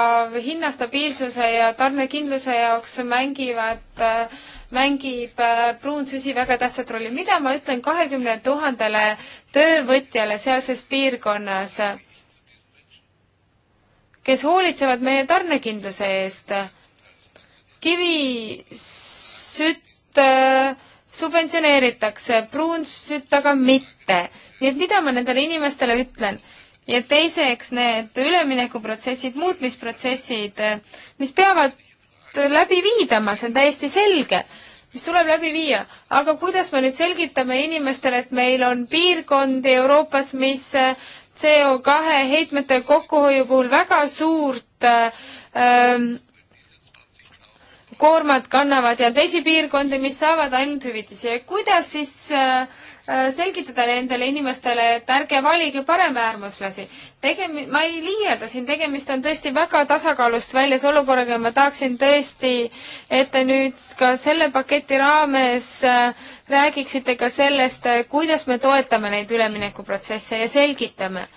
[SPEAKER 2] hinnastabiilsuse ja tarnekindluse jaoks mängivad, mängib äh, pruunsüsi väga tähtsat rolli. mida ma ütlen kahekümne tuhandele töövõtjale sealses piirkonnas, kes hoolitsevad meie tarnekindluse eest? kivisütt äh, subventsioneeritakse, pruunsütt aga mitte. nii et mida ma nendele inimestele ütlen? ja teiseks need üleminekuprotsessid, muutmisprotsessid, mis peavad läbi viidama, see on täiesti selge, mis tuleb läbi viia. aga kuidas me nüüd selgitame inimestele, et meil on piirkondi Euroopas, mis äh, CO2 heitmete kokkuhoiu puhul väga suurt äh, ähm, koormat kannavad ja on teisi piirkondi, mis saavad ainult hüvitisi ja kuidas siis äh, äh, selgitada nendele inimestele, et ärge valige paremäärmuslasi. tegemi-, ma ei liialda siin, tegemist on tõesti väga tasakaalust väljas olukorraga ja ma tahaksin tõesti, et te nüüd ka selle paketi raames äh, räägiksite ka sellest, kuidas me toetame neid üleminekuprotsesse ja selgitame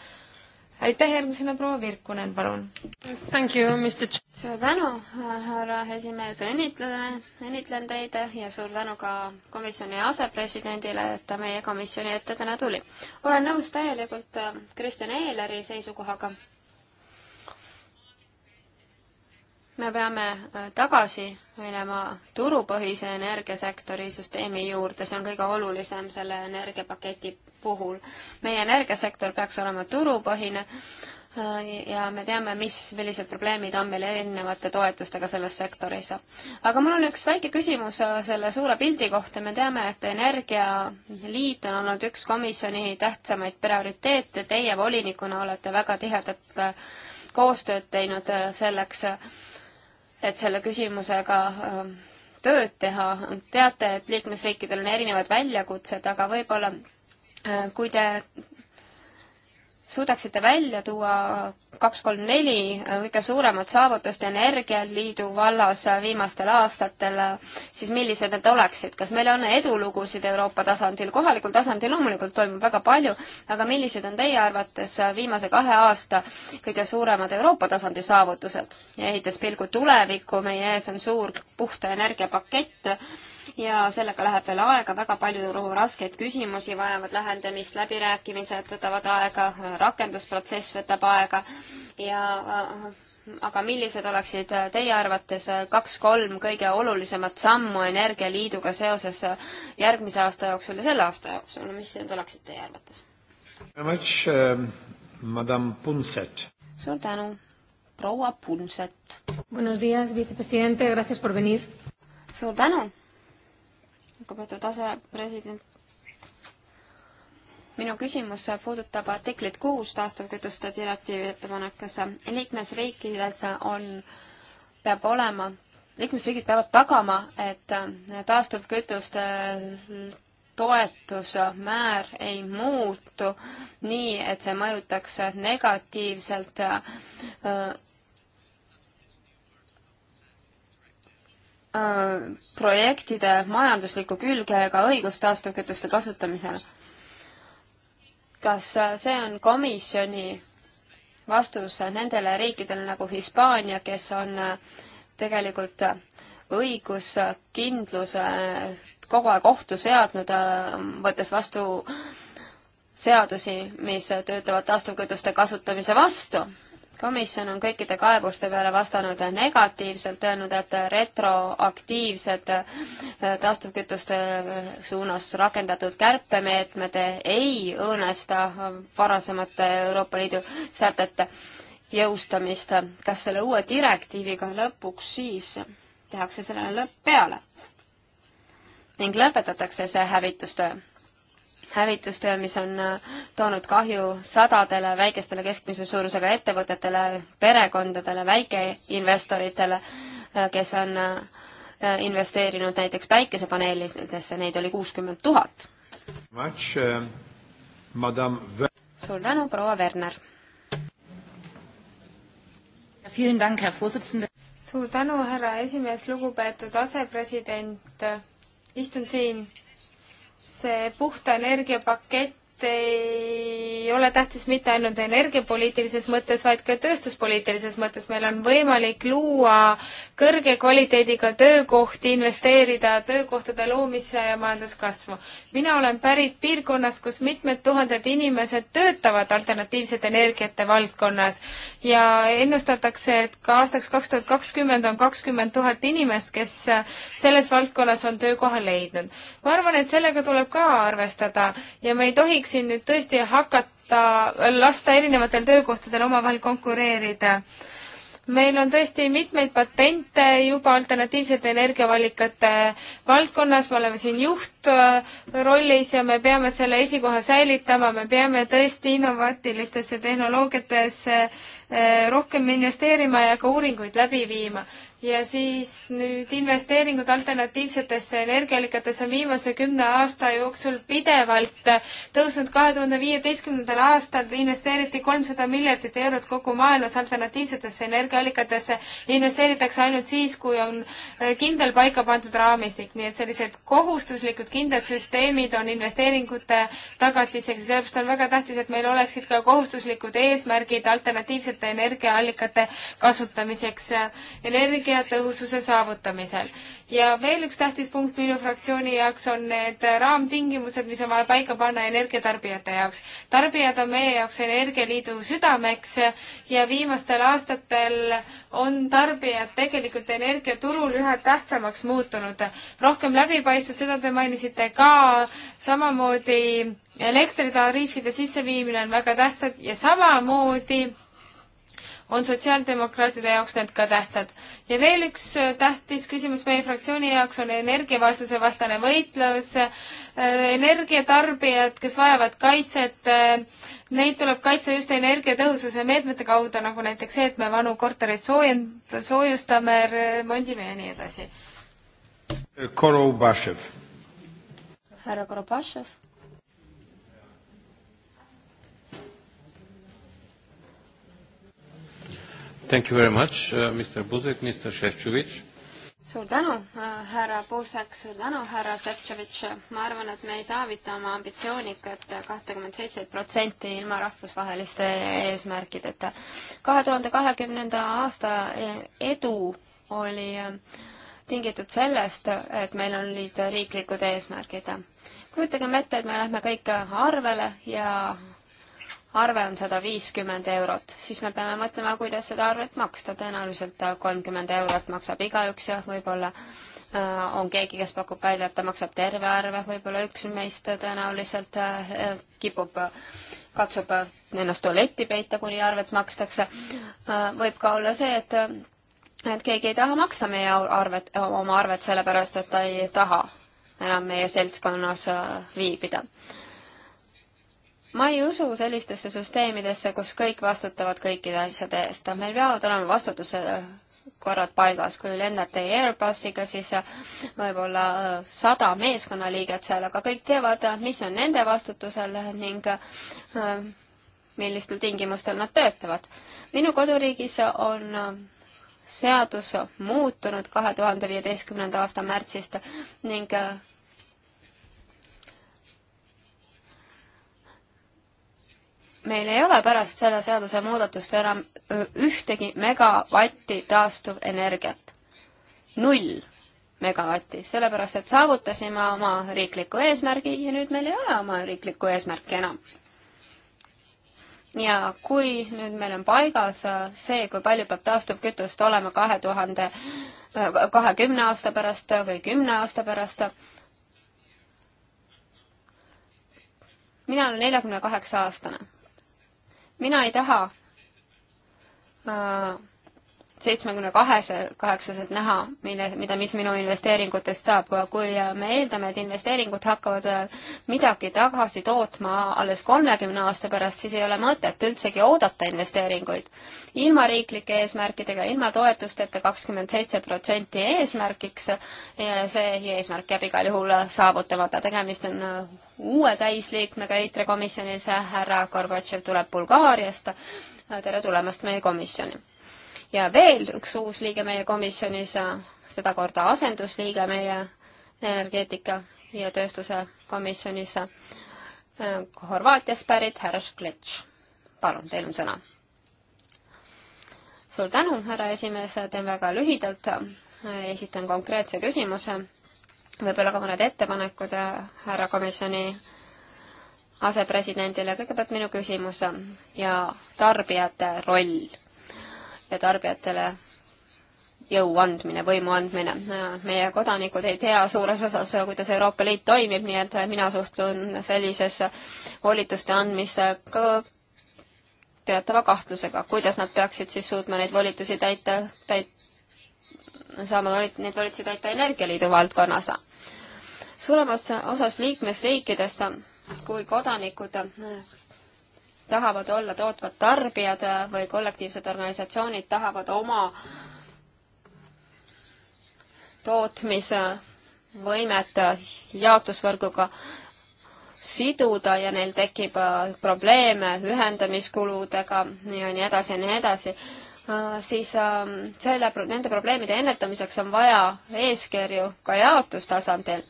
[SPEAKER 2] aitäh, järgmisena proua Virkunen, palun. Thank you, Mr.
[SPEAKER 1] suur tänu, härra esimees, õnnitleme, õnnitlen teid ja suur tänu ka komisjoni asepresidendile, et ta meie komisjoni ette täna tuli. olen nõus täielikult äh, Kristjan Eeleri seisukohaga me peame äh, tagasi minema turupõhise energiasektori süsteemi juurde, see on kõige olulisem selle energiapaketi puhul. meie energiasektor peaks olema turupõhine äh, ja me teame, mis, millised probleemid on meil erinevate toetustega selles sektoris. aga mul on üks väike küsimus äh, selle suure pildi kohta, me teame, et Energialiit on olnud üks komisjoni tähtsamaid prioriteete, teie volinikuna olete väga tihedat koostööd teinud selleks, et selle küsimusega ähm, tööd teha. teate, et liikmesriikidel on erinevad väljakutsed, aga võib-olla äh, kui te suudaksite välja tuua kaks, kolm, neli äh, kõige suuremat saavutust Energialiidu vallas äh, viimastel aastatel, äh, siis millised need oleksid? kas meil on edulugusid Euroopa tasandil? kohalikul tasandil loomulikult toimub väga palju, aga millised on teie arvates viimase kahe aasta kõige suuremad Euroopa tasandi saavutused? ehitas pilgu tulevikku, meie ees on suur puhta energiapakett ja sellega läheb veel aega, väga palju raskeid küsimusi vajavad lähendamist, läbirääkimised võtavad aega, rakendusprotsess võtab aega ja äh, aga millised oleksid teie arvates kaks-kolm kõige olulisemat sammu Energialiiduga seoses järgmise aasta jooksul ja selle aasta jooksul, mis need oleksid teie arvates?
[SPEAKER 3] Um,
[SPEAKER 1] suur tänu, proua Punset. suur tänu lugupeetud asepresident. minu küsimus puudutab artiklit kuus taastuvkütuste direktiivi ettepanekus. liikmesriikides on, peab olema, liikmesriigid peavad tagama, et taastuvkütuste toetuse määr ei muutu nii, et see mõjutaks negatiivselt Äh, projektide majanduslikku külge ega õigust taastuvkütuste kasutamisele. kas äh, see on komisjoni vastus nendele riikidele nagu Hispaania, kes on äh, tegelikult õiguskindluse kogu aeg ohtu seadnud, võttes vastu seadusi, mis töötavad taastuvkütuste kasutamise vastu komisjon on kõikide kaebuste peale vastanud negatiivselt, öelnud, et retroaktiivsed äh, taastuvkütuste äh, suunas rakendatud kärpemeetmed ei õõnesta varasemate Euroopa Liidu sätete jõustamist. kas selle uue direktiiviga lõpuks siis tehakse sellele lõpp peale ning lõpetatakse see hävitustöö? hävitustöö, mis on äh, toonud kahju sadadele väikestele keskmise suurusega ettevõtetele, perekondadele, väikeinvestoritele, äh, kes on äh, investeerinud näiteks päikesepaneelidesse, neid oli kuuskümmend tuhat.
[SPEAKER 2] suur tänu, proua Werner! suur tänu, härra esimees, lugupeetud asepresident, istun siin see puhta energia pakett ei ole tähtis mitte ainult energiapoliitilises mõttes, vaid ka tööstuspoliitilises mõttes. meil on võimalik luua kõrge kvaliteediga töökohti, investeerida töökohtade loomisse ja majanduskasvu. mina olen pärit piirkonnast, kus mitmed tuhanded inimesed töötavad alternatiivsete energiate valdkonnas ja ennustatakse, et ka aastaks kaks tuhat kakskümmend on kakskümmend tuhat inimest, kes selles valdkonnas on töökoha leidnud. ma arvan, et sellega tuleb ka arvestada ja me ei tohiks sooviksin nüüd tõesti hakata, lasta erinevatel töökohtadel omavahel konkureerida. meil on tõesti mitmeid patente juba alternatiivsete energiavalikate valdkonnas, me oleme siin juhtrollis äh, ja me peame selle esikoha säilitama, me peame tõesti innovaatilistesse tehnoloogiatesse äh, rohkem investeerima ja ka uuringuid läbi viima ja siis nüüd investeeringud alternatiivsetesse energiaallikatesse on viimase kümne aasta jooksul pidevalt tõusnud. kahe tuhande viieteistkümnendal aastal investeeriti kolmsada miljardit eurot kogu maailmas alternatiivsetesse energiaallikatesse. investeeritakse ainult siis, kui on äh, kindel paika pandud raamistik, nii et sellised kohustuslikud kindlad süsteemid on investeeringute tagatiseks ja sellepärast on väga tähtis, et meil oleksid ka kohustuslikud eesmärgid alternatiivsete energiaallikate kasutamiseks. energia energiatõhususe saavutamisel. ja veel üks tähtis punkt minu fraktsiooni jaoks on need raamtingimused, mis on vaja paika panna energiatarbijate jaoks. tarbijad on meie jaoks Energialiidu südameks ja viimastel aastatel on tarbijad tegelikult energiaturul üha tähtsamaks muutunud. rohkem läbipaistvust, seda te mainisite ka, samamoodi elektritariifide sisseviimine on väga tähtsad ja samamoodi on sotsiaaldemokraatide jaoks need ka tähtsad. ja veel üks äh, tähtis küsimus meie fraktsiooni jaoks on energiavaesuse vastane võitlus, äh, energiatarbijad, kes vajavad kaitset, äh, neid tuleb kaitsta just energiatõhususe meetmete kaudu, nagu näiteks see, et me vanu kortereid soojend-, soojustame, remondime ja nii edasi.
[SPEAKER 3] Korobašev.
[SPEAKER 2] härra Korobašev
[SPEAKER 3] Thank you very much uh,, Mr Buzek, Mr Šefčovitš.
[SPEAKER 1] suur tänu äh,, härra Buzek, suur tänu, härra Šefčovitš. ma arvan, et me ei saavuta oma ambitsioonikat kahtekümmend seitse protsenti ilma rahvusvaheliste eesmärkideta. kahe tuhande kahekümnenda aasta e, edu oli uh, tingitud sellest, et meil olid riiklikud eesmärgid. kujutagem ette, et me lähme kõik arvele ja arve on sada viiskümmend eurot, siis me peame mõtlema, kuidas seda arvet maksta, tõenäoliselt kolmkümmend eurot maksab igaüks ja võib-olla äh, on keegi, kes pakub välja, et ta maksab terve arve, võib-olla üks meist tõenäoliselt äh, kipub, katsub ennast tualetti peita, kuni arvet makstakse. Äh, võib ka olla see, et et keegi ei taha maksta meie arvet, oma arvet sellepärast, et ta ei taha enam meie seltskonnas viibida ma ei usu sellistesse süsteemidesse, kus kõik vastutavad kõikide asjade eest. meil peavad olema vastutuse korrad paigas, kui lennate Airbusiga, siis võib-olla äh, sada meeskonnaliiget seal, aga kõik teavad, mis on nende vastutusel ning äh, millistel tingimustel nad töötavad. minu koduriigis on äh, seadus muutunud kahe tuhande viieteistkümnenda aasta märtsist ning meil ei ole pärast selle seadusemuudatust enam ühtegi megavatti taastuvenergiat. null megavatti, sellepärast et saavutasime oma riikliku eesmärgi ja nüüd meil ei ole oma riiklikku eesmärki enam. ja kui nüüd meil on paigas äh, see, kui palju peab taastuvkütust olema kahe tuhande äh, kahekümne aasta pärast või kümne aasta pärast, mina olen neljakümne kaheksa aastane mina ei taha äh, seitsmekümne kahese, kaheksaselt näha, mille, mida, mis minu investeeringutest saab, kui me eeldame, et investeeringud hakkavad äh, midagi tagasi tootma alles kolmekümne aasta pärast, siis ei ole mõtet üldsegi oodata investeeringuid. ilma riiklike eesmärkidega, ilma toetusteta kakskümmend seitse protsenti eesmärgiks, see eesmärk jääb igal juhul saavutamata, tegemist on äh, uue täisliikmega EITRE komisjonis, härra Gorbatšev tuleb Bulgaariast. tere tulemast meie komisjoni. ja veel üks uus liige meie komisjonis, sedakorda asendusliige meie energeetika ja tööstuse komisjonis, Horvaatiast pärit härra Škletš. palun, teil on sõna suur tänu, härra esimees, teen väga lühidalt, esitan konkreetse küsimuse võib-olla ka mõned ettepanekud äh, härra komisjoni asepresidendile. kõigepealt minu küsimus ja tarbijate roll ja tarbijatele jõu andmine, võimu andmine. Äh, meie kodanikud ei tea suures osas, kuidas Euroopa Liit toimib, nii et mina suhtun sellisesse volituste andmisse ka teatava kahtlusega, kuidas nad peaksid siis suutma neid volitusi täita, täit-, saame neid volitusi täita Energialiidu valdkonnas. suuremas osas liikmesriikidest, kui kodanikud eh, tahavad olla tootvad tarbijad eh, või kollektiivsed organisatsioonid tahavad oma tootmisvõimet eh, jaotusvõrguga siduda ja neil tekib probleeme ühendamiskuludega ja nii edasi ja nii edasi Äh, siis ähm, selle, nende probleemide ennetamiseks on vaja eeskirju ka jaotustasandil.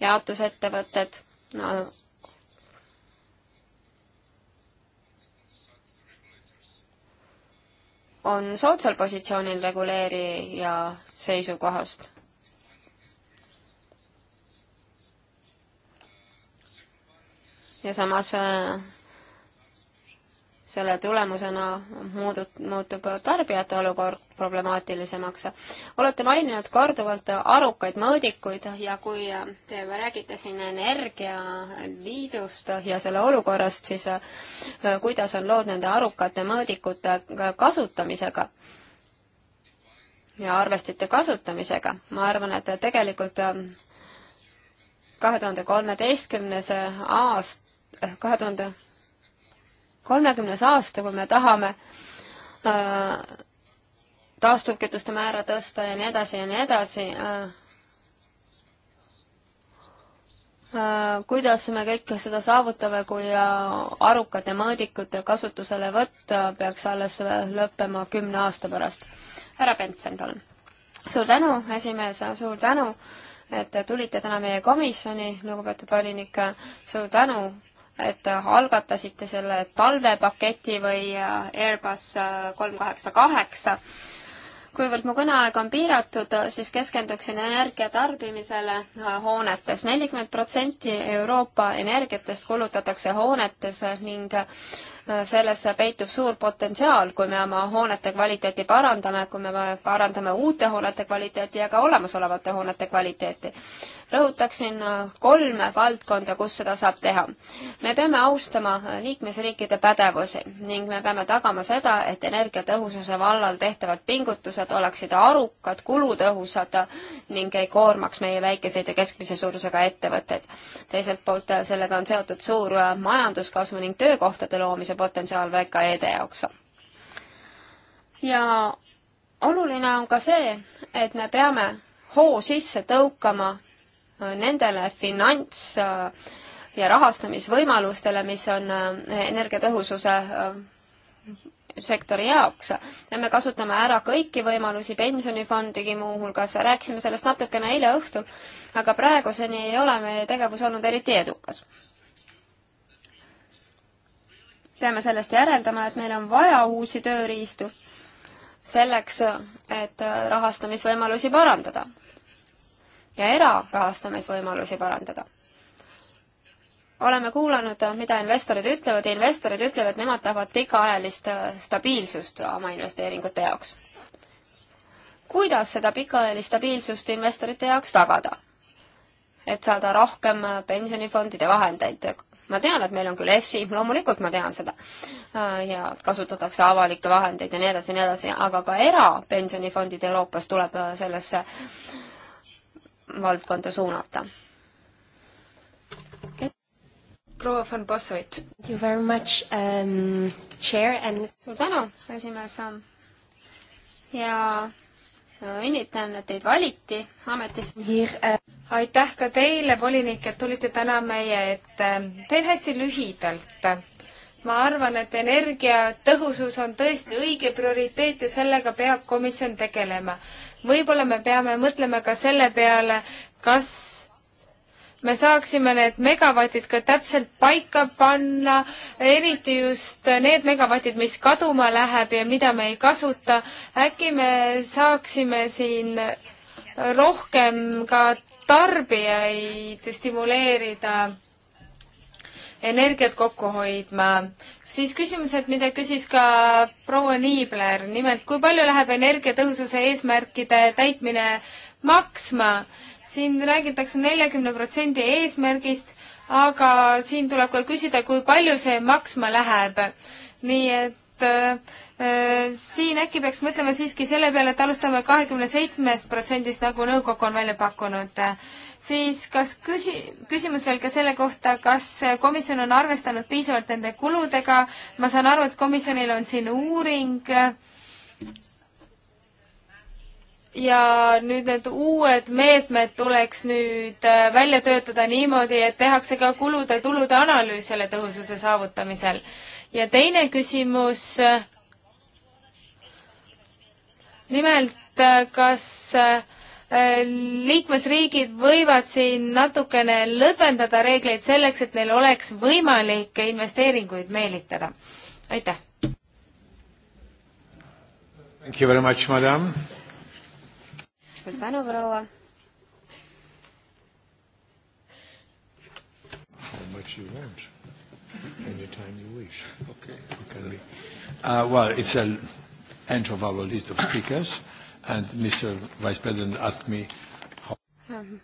[SPEAKER 1] jaotusettevõtted no, on soodsal positsioonil reguleerija seisukohast ja samas äh, selle tulemusena muudut-, muutub tarbijate olukord problemaatilisemaks. olete maininud korduvalt arukaid mõõdikuid ja kui te räägite siin Energialiidust ja selle olukorrast, siis äh, kuidas on lood nende arukate mõõdikute kasutamisega? ja arvestite kasutamisega, ma arvan, et tegelikult äh, kahe tuhande kolmeteistkümnes aast-, kahe tuhande 2000 kolmekümnes aasta, kui me tahame äh, taastuvkütuste määra tõsta ja nii edasi ja nii edasi äh,, äh, kuidas me kõike seda saavutame, kui äh, arukate mõõdikute kasutuselevõtt peaks alles lõppema kümne aasta pärast? härra Bentsen, palun. suur tänu, esimees, suur tänu, et tulite täna meie komisjoni, lugupeetud volinik, suur tänu et äh, algatasite selle talvepaketi või äh, Airbus äh, kolm kaheksa kaheksa. kuivõrd mu kõneaeg on piiratud, siis keskenduksin energia tarbimisele hoonetes. nelikümmend protsenti Euroopa energiatest kulutatakse hoonetes ning selles peitub suur potentsiaal, kui me oma hoonete kvaliteeti parandame, kui me parandame uute hoonete kvaliteeti ja ka olemasolevate hoonete kvaliteeti. rõhutaksin kolme valdkonda, kus seda saab teha. me peame austama liikmesriikide pädevusi ning me peame tagama seda, et energiatõhususe vallal tehtavad pingutused oleksid arukad, kulutõhusad ning ei koormaks meie väikeseid ja keskmise suurusega ettevõtteid. teiselt poolt sellega on seotud suur majanduskasvu ning töökohtade loomise potentsiaal VKE-de jaoks. ja oluline on ka see, et me peame hoo sisse tõukama nendele finants- ja rahastamisvõimalustele, mis on äh, energiatõhususe äh, sektori jaoks ja me kasutame ära kõiki võimalusi, pensionifondigi muuhulgas, rääkisime sellest natukene eile õhtul, aga praeguseni ei ole meie tegevus olnud eriti edukas peame sellest järeldama, et meil on vaja uusi tööriistu selleks, et rahastamisvõimalusi parandada ja erarahastamisvõimalusi parandada. oleme kuulanud, mida investorid ütlevad ja investorid ütlevad, nemad tahavad pikaajalist äh, stabiilsust oma investeeringute jaoks. kuidas seda pikaajalist stabiilsust investorite jaoks tagada? et saada rohkem pensionifondide vahendeid ma tean, et meil on küll EFSI, loomulikult ma tean seda, äh, ja kasutatakse avalikke vahendeid ja nii edasi ja nii edasi, aga ka erapensionifondid Euroopas tuleb äh, sellesse valdkonda suunata.
[SPEAKER 2] proua von Bossoit. Thank you
[SPEAKER 1] very much um,, chair and suur tänu, esimees. ja õnnitan, et teid valiti ametisse. Äh,
[SPEAKER 2] aitäh ka teile, volinik, et tulite täna meie ette. teen hästi lühidalt. ma arvan, et energiatõhusus on tõesti õige prioriteet ja sellega peab komisjon tegelema. võib-olla me peame mõtlema ka selle peale, kas me saaksime need megavatid ka täpselt paika panna, eriti just need megavatid, mis kaduma läheb ja mida me ei kasuta. äkki me saaksime siin rohkem ka tarbijaid stimuleerida energiat kokku hoidma. siis küsimused, mida küsis ka proua Niibler, nimelt kui palju läheb energiatõhususe eesmärkide täitmine maksma siin räägitakse neljakümne protsendi eesmärgist, aga siin tuleb ka küsida, kui palju see maksma läheb. nii et äh, äh, siin äkki peaks mõtlema siiski selle peale, et alustame kahekümne seitsmest protsendist, nagu nõukogu on välja pakkunud. siis kas küsi-, küsimus veel ka selle kohta, kas komisjon on arvestanud piisavalt nende kuludega, ma saan aru, et komisjonil on siin uuring äh, ja nüüd need uued meetmed tuleks nüüd äh, välja töötada niimoodi, et tehakse ka kulude-tulude analüüs selle tõhususe saavutamisel. ja teine küsimus, äh, nimelt äh, kas liikmesriigid võivad siin natukene lõdvendada reegleid selleks, et neil oleks võimalik investeeringuid meelitada? aitäh!
[SPEAKER 3] Thank you very much, madam
[SPEAKER 2] suur tänu, proua.
[SPEAKER 3] How much you want, anytime you wish. Okay. Can be. Uh, well, it's a end of our list of speakers and Mr Vice President asked me how um,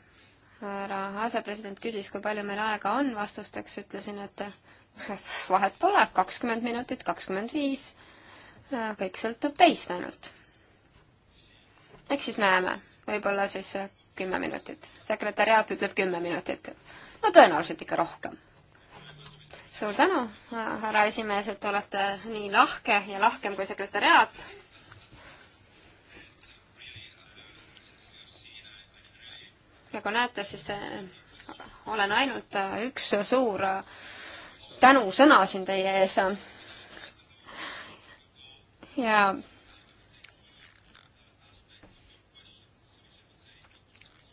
[SPEAKER 1] härra asepresident küsis, kui palju meil aega on vastusteks, ütlesin, et eh, vahet pole, kakskümmend minutit, kakskümmend viis, äh, kõik sõltub teist ainult eks siis näeme, võib-olla siis äh, kümme minutit. sekretäriaat ütleb kümme minutit. no tõenäoliselt ikka rohkem. suur tänu, äh, härra esimees, et olete nii lahke ja lahkem kui sekretäriaat. nagu näete, siis äh, olen ainult üks suur tänusõna siin teie ees. ja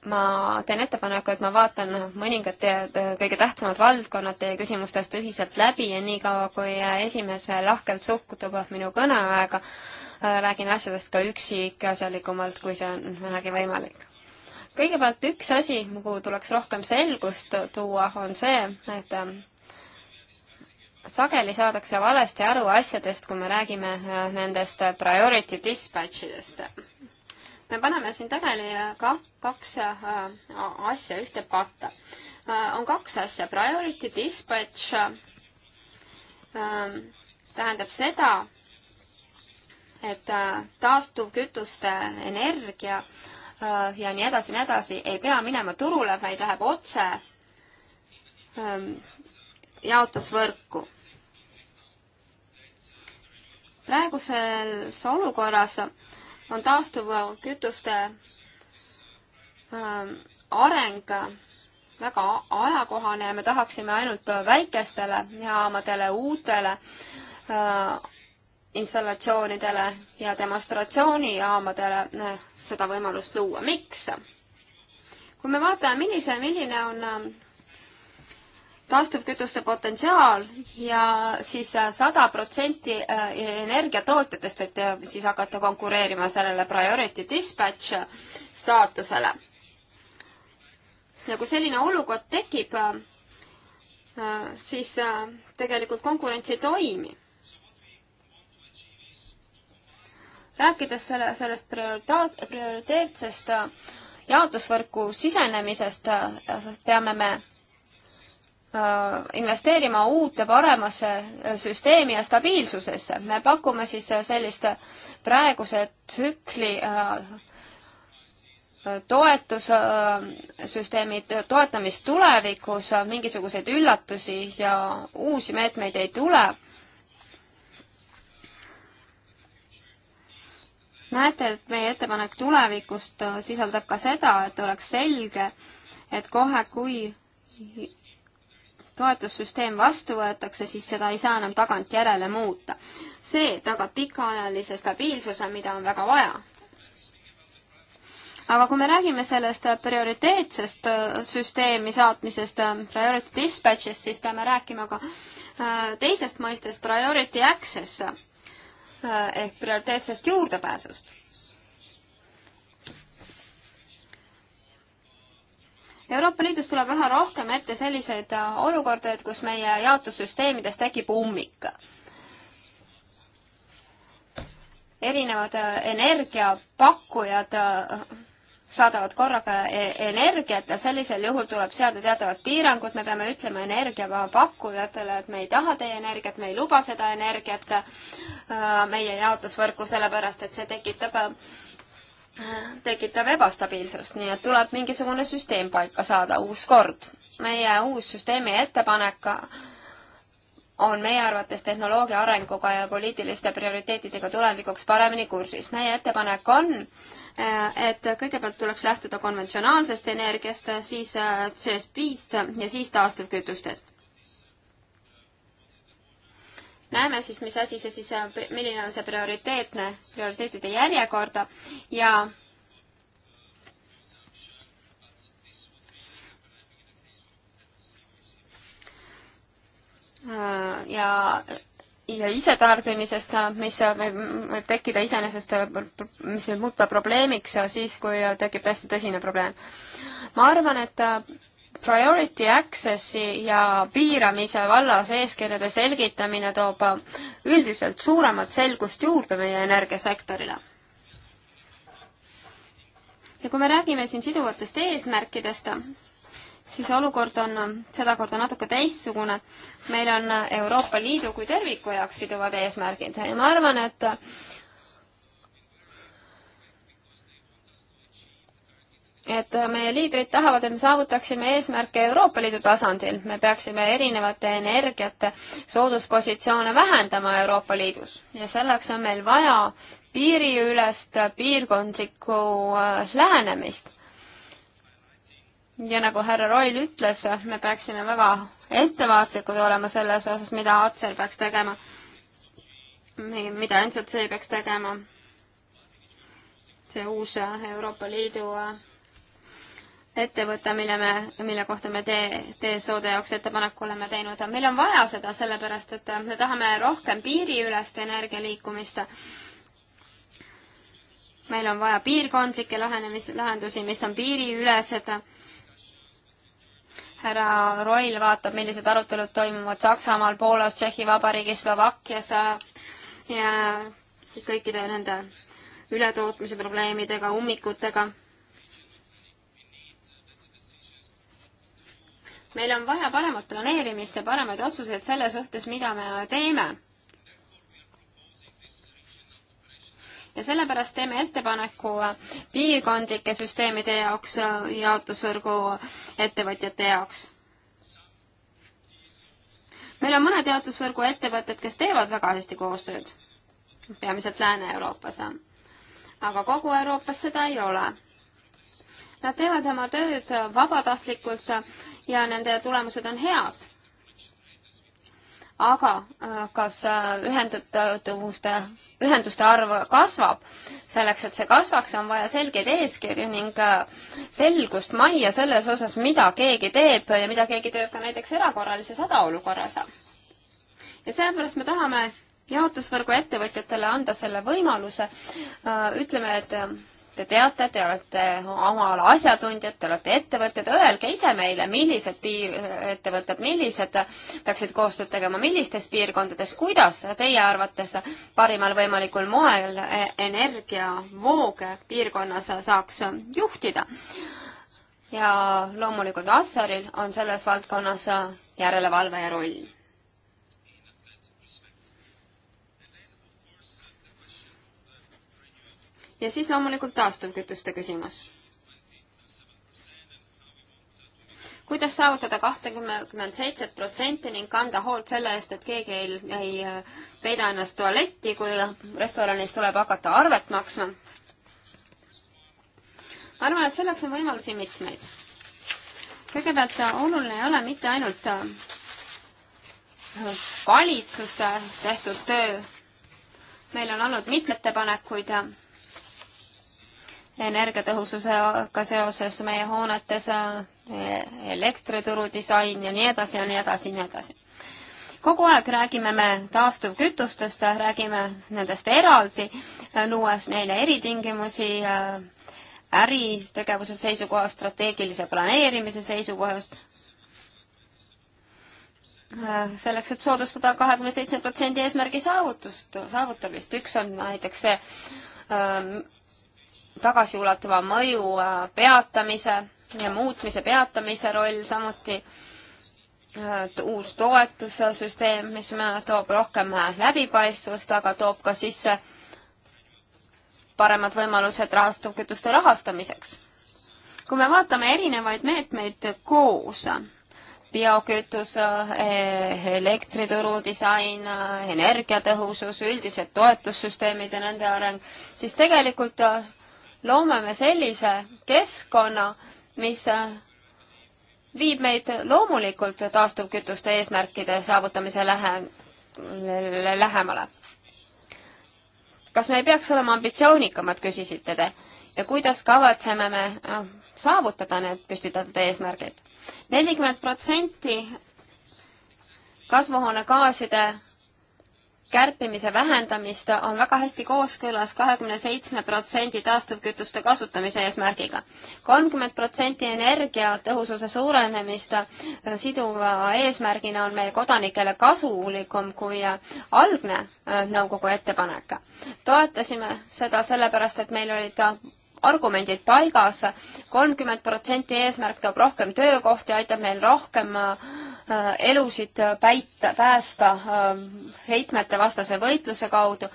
[SPEAKER 1] ma teen ettepaneku, et ma vaatan mõningad te äh, kõige tähtsamad valdkonnad teie küsimustest ühiselt läbi ja niikaua, kui äh, esimees veel lahkelt suhkutub minu kõneaega, äh, räägin asjadest ka üksikasjalikumalt, kui see on vähegi võimalik. kõigepealt üks asi, kuhu tuleks rohkem selgust tuua, on see, et sageli saadakse valesti aru asjadest, kui me räägime nendest priority dispatch idest me paneme siin tegelikult ka kaks äh, asja ühte patta. Äh, on kaks asja, priority dispatch ähm, tähendab seda, et äh, taastuvkütuste energia ja nii edasi ja nii edasi ei pea minema turule, vaid läheb otse ähm, jaotusvõrku. praeguses olukorras on taastuva kütuste ähm, areng väga ajakohane ja me tahaksime ainult väikestele jaamadele, uutele äh, installatsioonidele ja demonstratsioonijaamadele äh, seda võimalust luua. miks? kui me vaatame, millise, milline on ähm, taastuvkütuste potentsiaal ja siis äh, sada protsenti äh, energiatootjatest võib äh, siis hakata konkureerima sellele priority dispatch staatusele. ja kui selline olukord tekib, siis tegelikult konkurents ei toimi. rääkides selle, sellest prioriteet, prioriteetsest jaotusvõrku sisenemisest, peame me Äh, investeerima uute paremasse äh, süsteemi ja stabiilsusesse. me pakume siis äh, sellist praeguse tsükli toetussüsteemi toetamist tulevikus, mingisuguseid üllatusi ja uusi meetmeid ei tule. näete, et meie ettepanek tulevikust sisaldab ka seda, et oleks selge, et kohe, kui toetussüsteem vastu võetakse, siis seda ei saa enam tagantjärele muuta. see tagab pikaajalise stabiilsuse, mida on väga vaja. aga kui me räägime sellest prioriteetsest äh, süsteemi saatmisest, äh, priority dispatch'ist, siis peame rääkima ka äh, teisest mõistest, priority access ehk prioriteetsest juurdepääsust Euroopa Liidus tuleb üha rohkem ette selliseid äh, olukordi, et kus meie jaotussüsteemides tekib ummik. erinevad äh, energiapakkujad äh, saadavad korraga e-, energiat ja sellisel juhul tuleb seada teatavad piirangud, me peame ütlema energiapakkujatele, et me ei taha teie energiat, me ei luba seda energiat meie jaotusvõrku, sellepärast et see tekitab tekitab ebastabiilsust, nii et tuleb mingisugune süsteem paika saada, uus kord. meie uus süsteemi ettepanek on meie arvates tehnoloogia arenguga ja poliitiliste prioriteetidega tulevikuks paremini kursis. meie ettepanek on, eh, et kõigepealt tuleks lähtuda konventsionaalsest energiast, siis eh, CSP-st ja siis taastuvkütustest näeme siis, mis asi see siis, milline on see prioriteetne, prioriteetide järjekorda ja ja ja isetarbimisest, mis võib, võib tekkida iseenesest, mis võib muuta probleemiks siis, kui tekib täiesti tõsine probleem. ma arvan, et Priority access'i ja piiramise vallas eeskirjade selgitamine toob üldiselt suuremat selgust juurde meie energiasektorile. ja kui me räägime siin siduvatest eesmärkidest, siis olukord on sedakorda natuke teistsugune. meil on Euroopa Liidu kui terviku jaoks siduvad eesmärgid ja ma arvan, et et meie liidrid tahavad, et me saavutaksime eesmärke Euroopa Liidu tasandil. me peaksime erinevate energiate sooduspositsioone vähendama Euroopa Liidus ja selleks on meil vaja piiriülest piirkondlikku äh, lähenemist. ja nagu härra Roil ütles, me peaksime väga ettevaatlikud olema selles osas, mida Atser peaks tegema, mida NCC peaks tegema, see uus äh, Euroopa Liidu äh, ettevõte, mille me, mille kohta me tee, TSO-de jaoks ettepaneku oleme teinud, meil on vaja seda, sellepärast et me tahame rohkem piiriülest energia liikumist. meil on vaja piirkondlikke lahenemis, lahendusi, mis on piiriülesed härra Roil vaatab, millised arutelud toimuvad Saksamaal, Poolas, Tšehhi Vabariigis, Slovakkias ja siis kõikide nende ületootmise probleemidega, ummikutega. meil on vaja paremat planeerimist ja paremaid otsuseid selle suhtes, mida me teeme. ja sellepärast teeme ettepaneku piirkondlike süsteemide jaoks, jaotusvõrgu ettevõtjate jaoks. meil on mõned jaotusvõrgu ettevõtted, kes teevad väga hästi koostööd, peamiselt Lääne-Euroopas. aga kogu Euroopas seda ei ole Nad teevad oma tööd vabatahtlikult ja nende tulemused on head. aga äh, kas äh, ühendatevuste, ühenduste arv kasvab? selleks, et see kasvaks, on vaja selgeid eeskirju ning äh, selgust majja selles osas, mida keegi teeb ja mida keegi teeb ka näiteks erakorralises hädaolukorras. ja sellepärast me tahame jaotusvõrgu ettevõtjatele anda selle võimaluse, ütleme, et Te teate, te olete oma ala asjatundjad, te olete ettevõtted, öelge ise meile, millised piir, ettevõtted, millised peaksid koostööd tegema, millistes piirkondades, kuidas teie arvates parimal võimalikul moel energiavooge piirkonnas saaks juhtida ja loomulikult Assaril on selles valdkonnas järelevalveja roll. ja siis loomulikult taastuvkütuste küsimus. kuidas saavutada kahtekümmend seitset protsenti ning kanda hoolt selle eest, et keegi ei, ei peida äh, ennast tualetti, kui restoranis tuleb hakata arvet maksma? ma arvan, et selleks on võimalusi mitmeid. kõigepealt äh, oluline ei ole mitte ainult äh, valitsuste tehtud töö, meil on olnud mitmeid ettepanekuid ja energiatõhususega seoses meie hoonetes, eh, elektrituru disain ja nii edasi ja nii edasi ja nii edasi. kogu aeg räägime me taastuvkütustest, räägime nendest eraldi, luues neile eritingimusi eh, äritegevuse seisukohast, strateegilise planeerimise seisukohast, eh, selleks, et soodustada kahekümne seitsme protsendi eesmärgi saavutust, saavutamist. üks on näiteks see tagasiulatuva mõju äh, peatamise ja muutmise peatamise roll, samuti äh, uus toetussüsteem, mis toob rohkem äh, läbipaistvust, aga toob ka sisse paremad võimalused rahastuvkütuste rahastamiseks. kui me vaatame erinevaid meetmeid koos, biokütus, elektrituru disain, energiatõhusus, üldised toetussüsteemid ja nende areng, siis tegelikult loome me sellise keskkonna, mis äh, viib meid loomulikult taastuvkütuste eesmärkide saavutamise lähe, lähemale. kas me ei peaks olema ambitsioonikamad, küsisite te. ja kuidas kavatseme me äh, saavutada need püstitatud eesmärgid? nelikümmend protsenti kasvuhoonegaaside kärpimise vähendamist on väga hästi kooskõlas kahekümne seitsme protsendi taastuvkütuste kasutamise eesmärgiga. kolmkümmend protsenti energiatõhususe suurenemist siduva eesmärgina on meie kodanikele kasulikum kui algne äh, nõukogu ettepanek. toetasime seda sellepärast, et meil olid argumendid paigas, kolmkümmend protsenti eesmärk toob rohkem töökohti, aitab meil rohkem äh, Äh, elusid päita, päästa äh, heitmete vastase võitluse kaudu.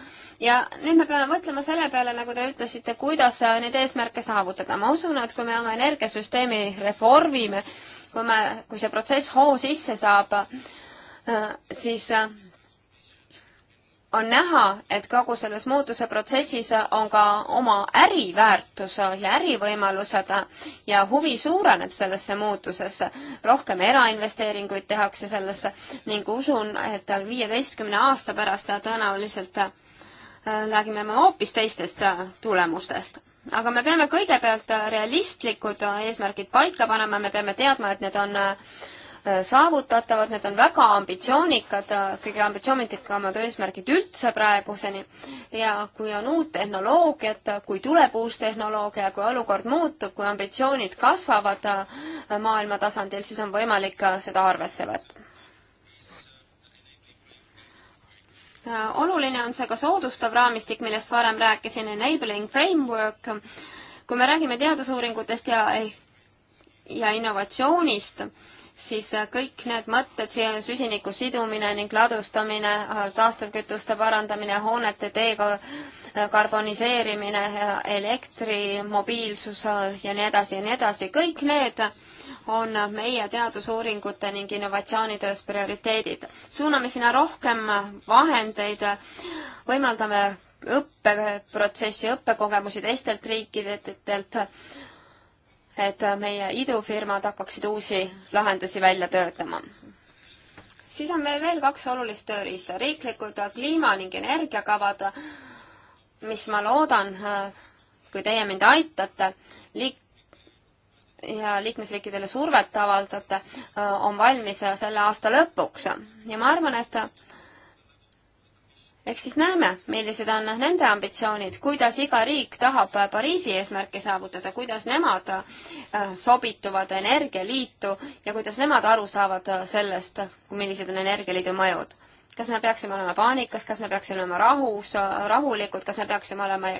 [SPEAKER 1] ja nüüd me peame mõtlema selle peale, nagu te ütlesite, kuidas neid eesmärke saavutada. ma usun, et kui me oma energiasüsteemi reformime, kui me, kui see protsess hoo sisse saab, äh, siis on näha, et kogu selles muutuse protsessis on ka oma äriväärtus ja ärivõimalused ja huvi suureneb sellesse muutusesse. rohkem erainvesteeringuid tehakse sellesse ning usun, et viieteistkümne aasta pärast tõenäoliselt äh, räägime me hoopis teistest äh, tulemustest aga me peame kõigepealt äh, realistlikud eesmärgid paika panema, me peame teadma, et need on äh, Äh, saavutatavad, need on väga ambitsioonikad, äh, kõige ambitsioonikamad eesmärgid üldse praeguseni. ja kui on uut tehnoloogiat, kui tuleb uus tehnoloogia, kui olukord muutub, kui ambitsioonid kasvavad äh, maailma tasandil, siis on võimalik seda arvesse võtta. oluline on see ka soodustav raamistik, millest varem rääkisin, enabling framework. kui me räägime teadusuuringutest ja, ja innovatsioonist, siis äh, kõik need mõtted, süsiniku sidumine ning ladustamine, äh, taastuvkütuste parandamine, hoonete teega karboniseerimine, äh, elektri, mobiilsus ja nii edasi ja nii edasi, kõik need on meie teadusuuringute ning innovatsioonitöös prioriteedid. suuname sinna rohkem vahendeid, võimaldame õppeprotsessi õppekogemusi teistelt riikidelt, et meie idufirmad hakkaksid uusi lahendusi välja töötama. siis on meil veel kaks olulist tööriista, riiklikud kliima- ning energiakavad, mis ma loodan, kui teie mind aitate, liik-, ja liikmesriikidele survet avaldate, on valmis selle aasta lõpuks. ja ma arvan, et ehk siis näeme, millised on nende ambitsioonid, kuidas iga riik tahab Pariisi eesmärke saavutada, kuidas nemad äh, sobituvad energialiitu ja kuidas nemad aru saavad äh, sellest, millised on energialiidu mõjud. kas me peaksime olema paanikas, kas me peaksime olema rahus, äh, rahulikud, kas me peaksime olema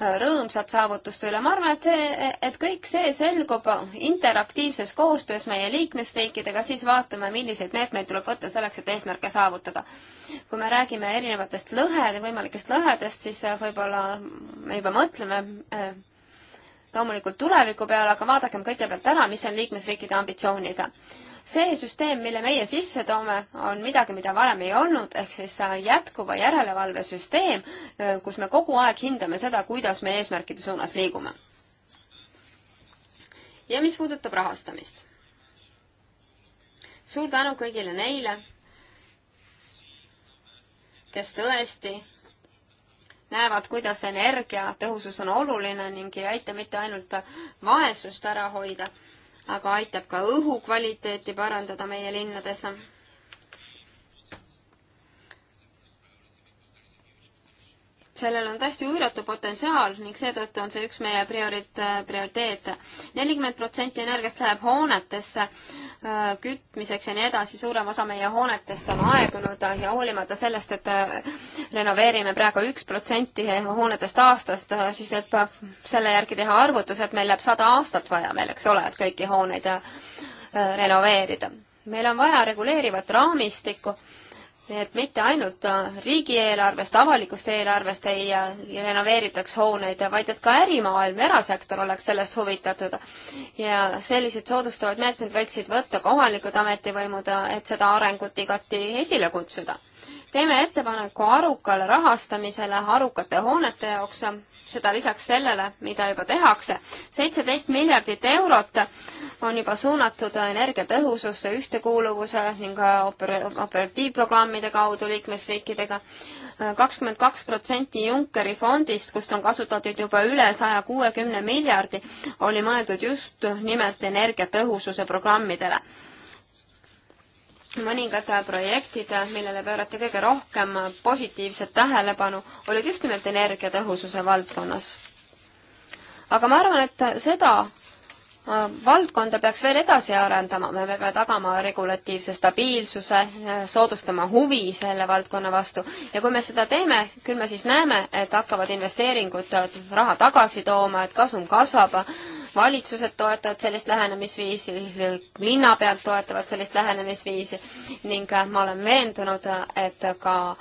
[SPEAKER 1] rõõmsad saavutuste üle. ma arvan, et see, et kõik see selgub interaktiivses koostöös meie liikmesriikidega, siis vaatame, milliseid meetmeid tuleb võtta selleks, et eesmärke saavutada. kui me räägime erinevatest lõhed, võimalikest lõhedest, siis võib-olla me juba mõtleme eh, loomulikult tuleviku peale, aga vaadakem kõigepealt ära, mis on liikmesriikide ambitsioonid see süsteem, mille meie sisse toome, on midagi, mida varem ei olnud, ehk siis äh, jätkuva järelevalve süsteem, äh, kus me kogu aeg hindame seda, kuidas me eesmärkide suunas liigume. ja mis puudutab rahastamist. suur tänu kõigile neile, kes tõesti näevad, kuidas energiatõhusus on oluline ning ei aita mitte ainult vaesust ära hoida aga aitab ka õhukvaliteeti parandada meie linnades sellel on tõesti üüratu potentsiaal ning seetõttu on see üks meie priorit-, prioriteete. nelikümmend protsenti energiast läheb hoonetesse äh, kütmiseks ja nii edasi, suurem osa meie hoonetest on aegunud ja hoolimata sellest, et äh, renoveerime praegu üks protsenti hoonetest aastast, äh, siis võib selle järgi teha arvutuse, et meil läheb sada aastat vaja veel, eks ole, et kõiki hooneid renoveerida. meil on vaja reguleerivat raamistikku nii et mitte ainult äh, riigieelarvest, avalikust eelarvest ei äh, renoveeritaks hooneid, vaid et ka ärimaailm, erasektor oleks sellest huvitatud. ja sellised soodustavad meetmed võiksid võtta ka omanikud, ametivõimud, äh, et seda arengut igati esile kutsuda teeme ettepaneku arukale rahastamisele arukate hoonete jaoks, seda lisaks sellele, mida juba tehakse. seitseteist miljardit eurot on juba suunatud energiatõhususse, ühtekuuluvuse ning oper-, operatiivprogrammide kaudu liikmesriikidega. kakskümmend kaks protsenti Junckeri fondist, kust on kasutatud juba üle saja kuuekümne miljardi, oli mõeldud just nimelt energiatõhususe programmidele mõningad äh, projektid, äh, millele pöörati kõige rohkem äh, positiivset tähelepanu, olid just nimelt energiatõhususe valdkonnas. aga ma arvan, et seda valdkonda peaks veel edasi arendama, me peame tagama regulatiivse stabiilsuse, soodustama huvi selle valdkonna vastu ja kui me seda teeme, küll me siis näeme, et hakkavad investeeringud raha tagasi tooma, et kasum kasvab valitsused toetavad sellist lähenemisviisi, linnapead toetavad sellist lähenemisviisi ning äh, ma olen veendunud, et ka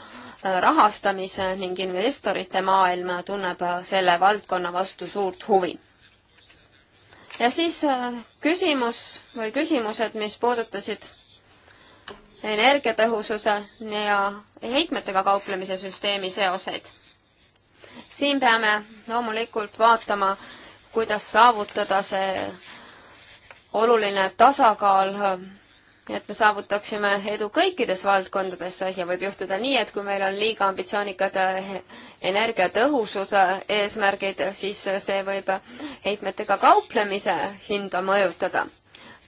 [SPEAKER 1] äh, rahastamise ning investorite maailm tunneb äh, selle valdkonna vastu suurt huvi. ja siis küsimus või küsimused, mis puudutasid energiatõhususe ja heitmetega kauplemise süsteemi seoseid. siin peame loomulikult vaatama kuidas saavutada see oluline tasakaal, et me saavutaksime edu kõikides valdkondades ja võib juhtuda nii, et kui meil on liiga ambitsioonikad energiatõhususe eesmärgid, siis see võib heitmetega kauplemise hinda mõjutada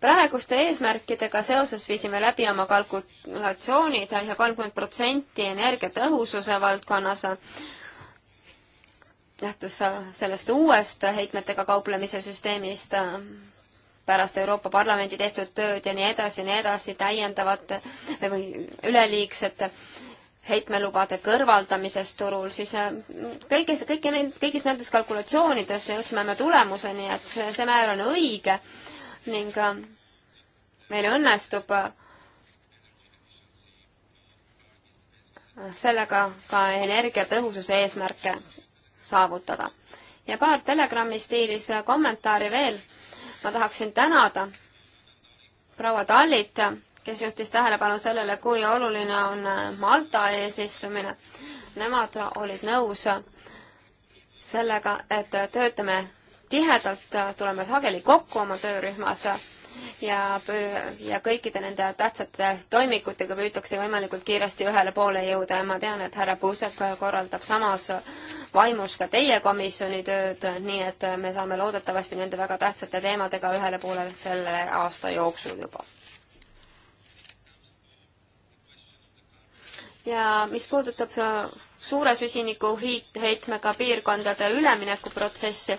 [SPEAKER 1] praeguste eesmärkidega seoses viisime läbi oma kalkulatsioonid ja kolmkümmend protsenti energiatõhususe valdkonnas lähtus sellest uuest heitmetega kauplemise süsteemist pärast Euroopa Parlamendi tehtud tööd ja nii edasi ja nii edasi täiendavate või üleliigsete heitmelubade kõrvaldamisest turul, siis äh, kõiges, kõiki neid, kõigis nendes kalkulatsioonides jõudsime me tulemuseni, et see, see määr on õige ning äh, meil õnnestub äh, sellega ka energiatõhususe eesmärke saavutada. ja paar Telegrami stiilis kommentaari veel. ma tahaksin tänada proua Tallit, kes juhtis tähelepanu sellele, kui oluline on Malta eesistumine. Nemad olid nõus sellega, et töötame tihedalt, tuleme sageli kokku oma töörühmas ja, ja kõikide nende tähtsate toimikutega püütakse võimalikult kiiresti ühele poole jõuda ja ma tean, et härra Puusek korraldab samas vaimus ka teie komisjoni tööd, nii et me saame loodetavasti nende väga tähtsate teemadega ühele poole selle aasta jooksul juba. ja mis puudutab suure süsiniku heitmega piirkondade üleminekuprotsessi,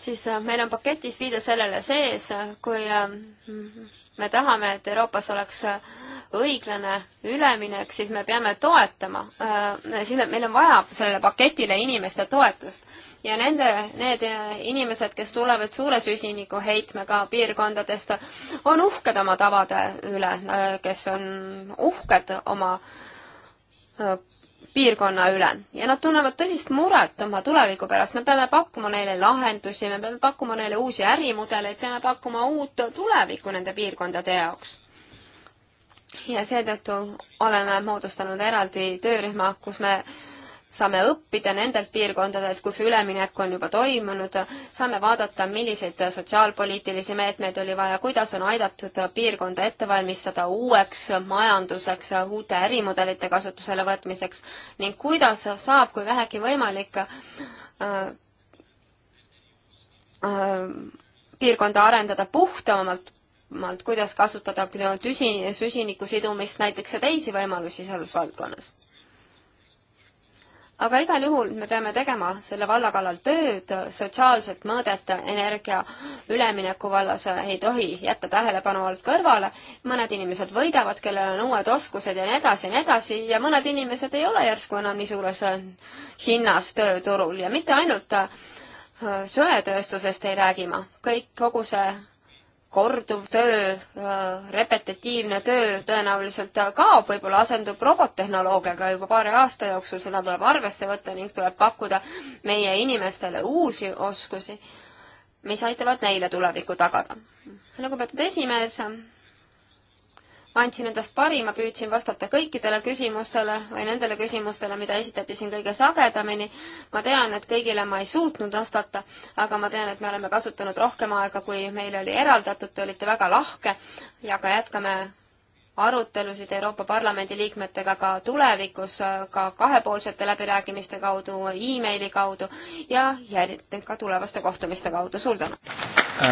[SPEAKER 1] siis äh, meil on paketis viide sellele sees, äh, kui äh, me tahame, et Euroopas oleks õiglane üleminek, siis me peame toetama, siis meil on vaja sellele paketile inimeste toetust. ja nende, need inimesed, kes tulevad suure süsinikuheitmega piirkondadest, on uhked oma tavade üle, kes on uhked oma piirkonna üle ja nad tunnevad tõsist muret oma tuleviku pärast, me peame pakkuma neile lahendusi, me peame pakkuma neile uusi ärimudeleid, peame pakkuma uut tulevikku nende piirkondade jaoks. ja seetõttu oleme moodustanud eraldi töörühma, kus me saame õppida nendelt piirkondadelt, kus üleminek on juba toimunud, saame vaadata, milliseid sotsiaalpoliitilisi meetmeid oli vaja, kuidas on aidatud piirkonda ette valmistada uueks majanduseks, uute ärimudelite kasutusele võtmiseks ning kuidas saab, kui vähegi võimalik äh,, äh, piirkonda arendada puhtamalt, kuidas kasutada tüsi, süsiniku sidumist näiteks ja teisi võimalusi selles valdkonnas aga igal juhul me peame tegema selle valla kallal tööd, sotsiaalset mõõdet energia ülemineku vallas ei tohi jätta tähelepanu alt kõrvale, mõned inimesed võidavad, kellel on uued oskused ja nii edasi ja nii edasi ja mõned inimesed ei ole järsku enam nii suures hinnas tööturul ja mitte ainult äh, söetööstusest ei räägi ma, kõik, kogu see korduv töö, äh, repetitiivne töö tõenäoliselt kaob, võib-olla asendub robottehnoloogiaga juba paari aasta jooksul, seda tuleb arvesse võtta ning tuleb pakkuda meie inimestele uusi oskusi, mis aitavad neile tulevikku tagada. lugupeetud esimees, andsin endast parima, püüdsin vastata kõikidele küsimustele või nendele küsimustele, mida esitati siin kõige sagedamini. ma tean, et kõigile ma ei suutnud vastata, aga ma tean, et me oleme kasutanud rohkem aega, kui meile oli eraldatud, te olite väga lahke ja ka jätkame arutelusid Euroopa Parlamendi liikmetega ka tulevikus, ka kahepoolsete läbirääkimiste kaudu e, emaili kaudu
[SPEAKER 2] ja järjest ka tulevaste kohtumiste kaudu. suur tänu uh,!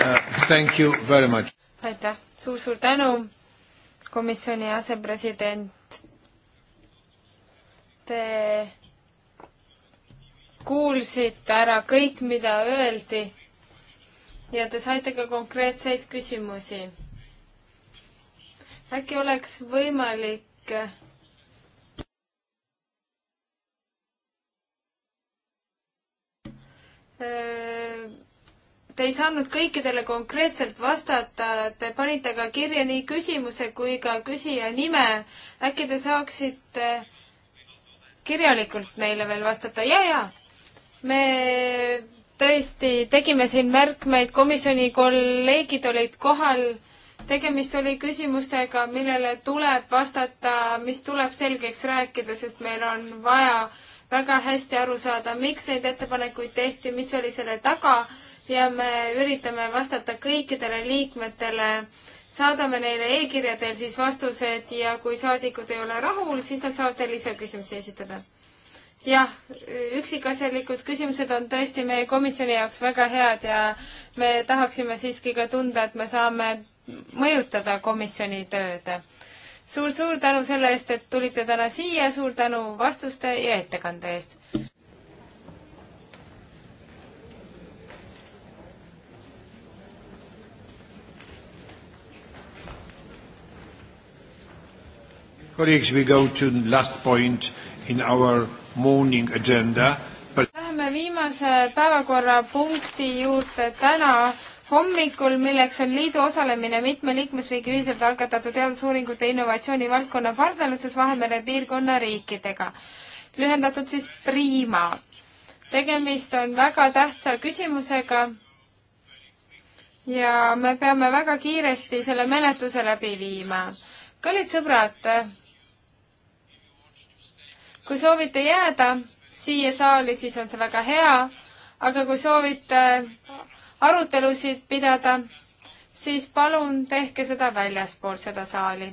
[SPEAKER 3] Uh, thank you very much!
[SPEAKER 2] aitäh suur,! suur-suur tänu! komisjoni asepresident. Te kuulsite ära kõik, mida öeldi ja te saite ka konkreetseid küsimusi. äkki oleks võimalik öö, äh, Te ei saanud kõikidele konkreetselt vastata, te panite ka kirja nii küsimuse kui ka küsija nime. äkki te saaksite kirjalikult meile veel vastata? ja, ja, me tõesti tegime siin märkmeid, komisjoni kolleegid olid kohal tegemist oli küsimustega, millele tuleb vastata, mis tuleb selgeks rääkida, sest meil on vaja väga hästi aru saada, miks neid ettepanekuid tehti, mis oli selle taga ja me üritame vastata kõikidele liikmetele, saadame neile e-kirja teel siis vastused ja kui saadikud ei ole rahul, siis nad saavad teile ise küsimusi esitada. jah, üksikasjalikud küsimused on tõesti meie komisjoni jaoks väga head ja me tahaksime siiski ka tunda, et me saame mõjutada komisjoni tööd suur,. suur-suur tänu selle eest, et tulite täna siia, suur tänu vastuste ja ettekande eest
[SPEAKER 3] Colleagues, we go to last point in our morning agenda.
[SPEAKER 2] Läheme viimase päevakorrapunkti juurde täna hommikul, milleks on liidu osalemine mitme liikmesriigi ühiselt algatatud teadusuuringute innovatsiooni valdkonna partnerluses Vahemere piirkonna riikidega, lühendatud siis PRIMA. tegemist on väga tähtsa küsimusega ja me peame väga kiiresti selle menetluse läbi viima. kallid sõbrad, kui soovite jääda siia saali, siis on see väga hea, aga kui soovite arutelusid pidada, siis palun tehke seda väljaspool seda saali.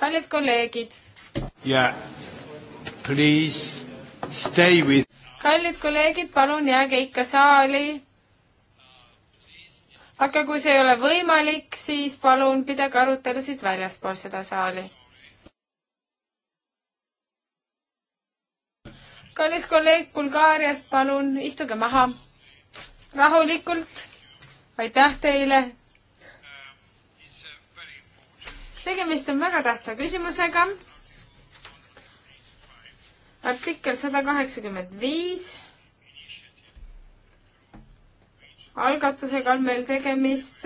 [SPEAKER 2] kallid kolleegid
[SPEAKER 3] yeah.. With...
[SPEAKER 2] kallid kolleegid, palun jääge ikka saali. aga kui see ei ole võimalik, siis palun pidage arutelusid väljaspool seda saali kallis kolleeg Bulgaariast, palun istuge maha rahulikult. aitäh teile. tegemist on väga tähtsa küsimusega. artikkel sada kaheksakümmend viis. algatusega on meil tegemist,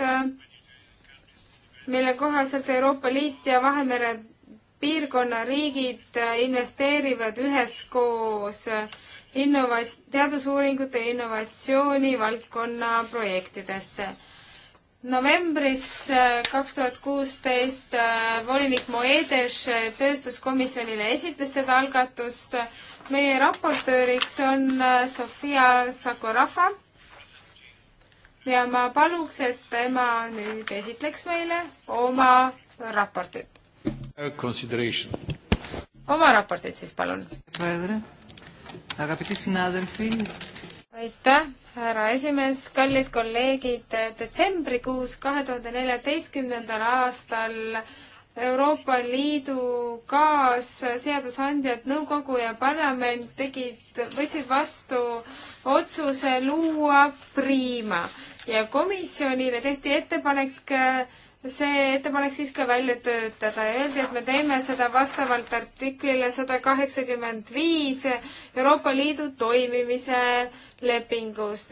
[SPEAKER 2] mille kohaselt Euroopa Liit ja Vahemere piirkonna riigid äh, investeerivad üheskoos äh, innova-, teadusuuringute ja innovatsiooni valdkonna projektidesse. novembris äh, kaks tuhat kuusteist volinik Moedes tööstuskomisjonile esitles seda algatust. meie raportööriks on Sofia Sakorafa ja ma paluks, et tema nüüd esitleks meile oma raportit oma raportit siis palun. aitäh, härra esimees, kallid kolleegid, detsembrikuus kahe tuhande neljateistkümnendal aastal Euroopa Liidu kaasseadusandjad, nõukogu ja parlament tegid, võtsid vastu otsuse luua Prima ja komisjonile tehti ettepanek äh, see ettepanek siis ka välja töötada ja öeldi, et me teeme seda vastavalt artiklile sada kaheksakümmend viis Euroopa Liidu toimimise lepingus.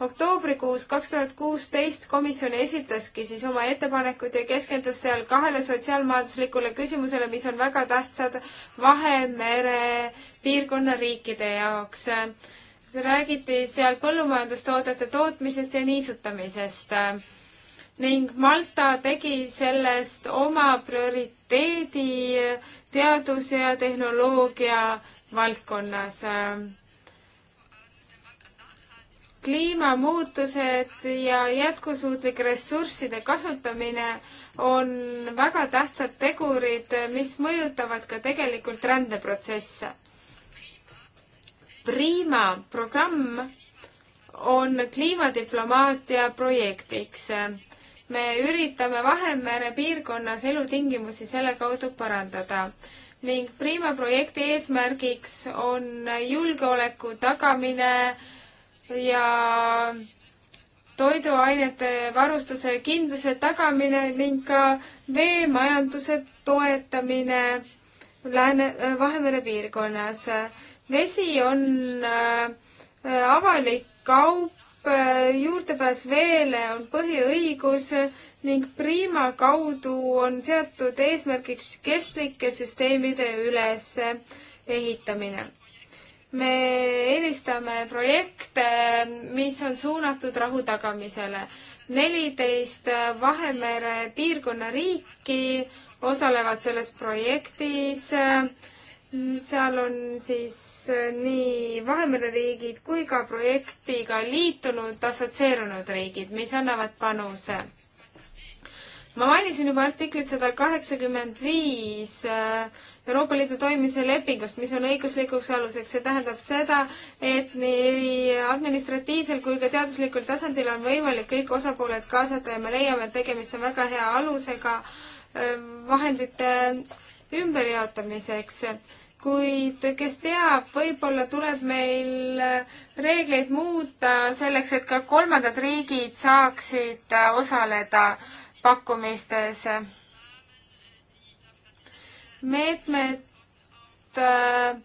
[SPEAKER 2] oktoobrikuus kaks tuhat kuusteist komisjon esitaski siis oma ettepanekud ja keskendus seal kahele sotsiaalmajanduslikule küsimusele, mis on väga tähtsad Vahemere piirkonna riikide jaoks. räägiti seal põllumajandustoodete tootmisest ja niisutamisest ning Malta tegi sellest oma prioriteedi teadus- ja tehnoloogia valdkonnas. kliimamuutused ja jätkusuutlik ressursside kasutamine on väga tähtsad tegurid, mis mõjutavad ka tegelikult rändeprotsesse. Prima programm on kliimadiplomaatia projektiks me üritame Vahemere piirkonnas elutingimusi selle kaudu parandada ning Prima projekti eesmärgiks on julgeoleku tagamine ja toiduainete varustuse kindluse tagamine ning ka veemajanduse toetamine Lääne, Vahemere piirkonnas. vesi on äh, avalik kaup Äh, juurdepääs veele on põhiõigus ning Prima kaudu on seatud eesmärgiks kestlike süsteemide ülesehitamine. me eelistame projekte, mis on suunatud rahu tagamisele. neliteist Vahemere piirkonna riiki osalevad selles projektis äh, seal on siis äh, nii Vahemere riigid kui ka projektiga liitunud assotsieerunud riigid, mis annavad panuse. ma mainisin juba artiklit sada kaheksakümmend viis äh, Euroopa Liidu toimimise lepingust, mis on õiguslikuks aluseks, see tähendab seda, et nii administratiivsel kui ka teaduslikul tasandil on võimalik kõik osapooled kaasata ja me leiame, et tegemist on väga hea alusega äh, vahendite ümberjaotamiseks kuid kes teab, võib-olla tuleb meil reegleid muuta selleks, et ka kolmandad riigid saaksid osaleda pakkumistes. meetmed, äh,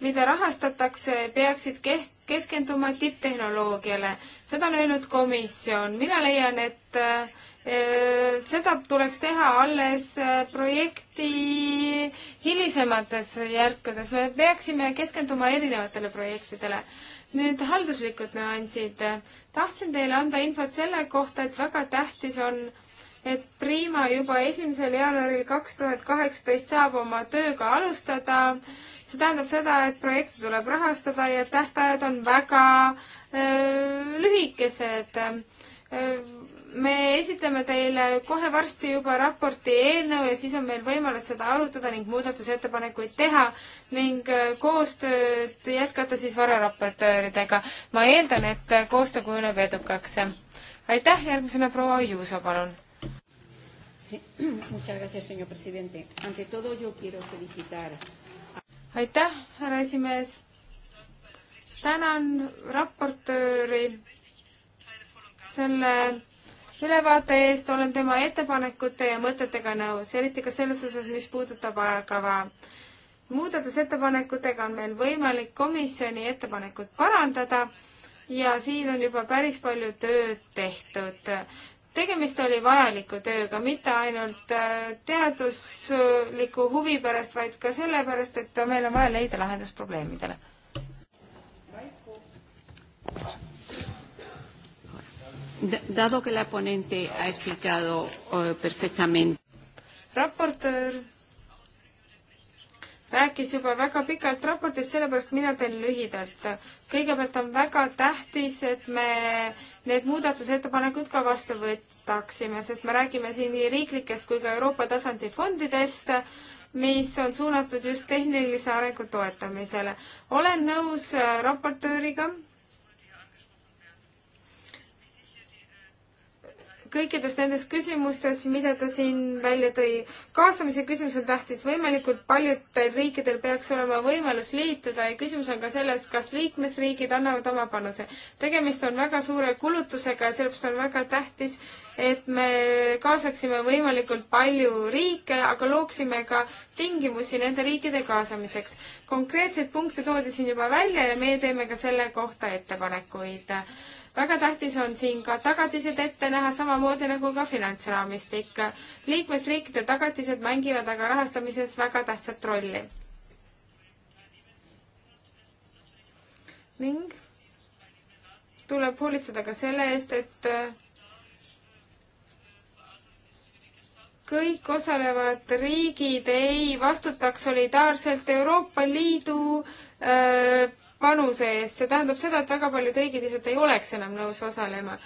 [SPEAKER 2] mida rahastatakse, peaksid keht-, keskenduma tipptehnoloogiale. seda on öelnud komisjon. mina leian, et äh, Äh, seda tuleks teha alles äh, projekti hilisemates järkudes, me peaksime keskenduma erinevatele projektidele. nüüd halduslikud nüansid. tahtsin teile anda infot selle kohta, et väga tähtis on et Prima juba esimesel jaanuaril kaks tuhat kaheksateist saab oma tööga alustada. see tähendab seda, et projekti tuleb rahastada ja tähtajad on väga öö, äh, lühikesed me esitleme teile kohe varsti juba raporti eelnõu ja siis on meil võimalus seda arutada ning muudatusettepanekuid teha ning äh, koostööd jätkata siis vararaportööridega. ma eeldan, et koostöö kujuneb edukaks. aitäh, järgmisena proua Juuso, palun. aitäh, härra esimees. tänan raportööri selle ülevaate eest, olen tema ettepanekute ja mõtetega nõus, eriti ka selles osas, mis puudutab ajakava. muudatusettepanekutega on meil võimalik komisjoni ettepanekut parandada ja siin on juba päris palju tööd tehtud. tegemist oli vajaliku tööga, mitte ainult äh, teadusliku huvi pärast, vaid ka sellepärast, et meil on vaja leida lahendus probleemidele. Thank you. Dado que
[SPEAKER 4] la ponente ha explicado uh, perfectamente.
[SPEAKER 2] raportöör rääkis juba väga pikalt raportist, sellepärast mina teen lühidalt. kõigepealt on väga tähtis, et me need muudatusettepanekud ka vastu võtaksime, sest me räägime siin nii riiklikest kui ka Euroopa tasandi fondidest, mis on suunatud just tehnilise arengu toetamisele. olen nõus äh, raportööriga kõikides nendes küsimustes, mida ta siin välja tõi. kaasamise küsimus on tähtis, võimalikult paljudel riikidel peaks olema võimalus liituda ja küsimus on ka selles, kas liikmesriigid annavad oma panuse. tegemist on väga suure kulutusega ja sellepärast on väga tähtis, et me kaasaksime võimalikult palju riike, aga looksime ka tingimusi nende riikide kaasamiseks. konkreetseid punkte toodi siin juba välja ja meie teeme ka selle kohta ettepanekuid väga tähtis on siin ka tagatised ette näha, samamoodi nagu ka finantsraamistik. liikmesriikide tagatised mängivad aga rahastamises väga tähtsat rolli. ning tuleb hoolitseda ka selle eest, et äh, kõik osalevad riigid ei vastutaks solidaarselt Euroopa Liidu öö, äh, panuse eest, see tähendab seda, et väga paljud riigid lihtsalt ei oleks enam nõus osalema.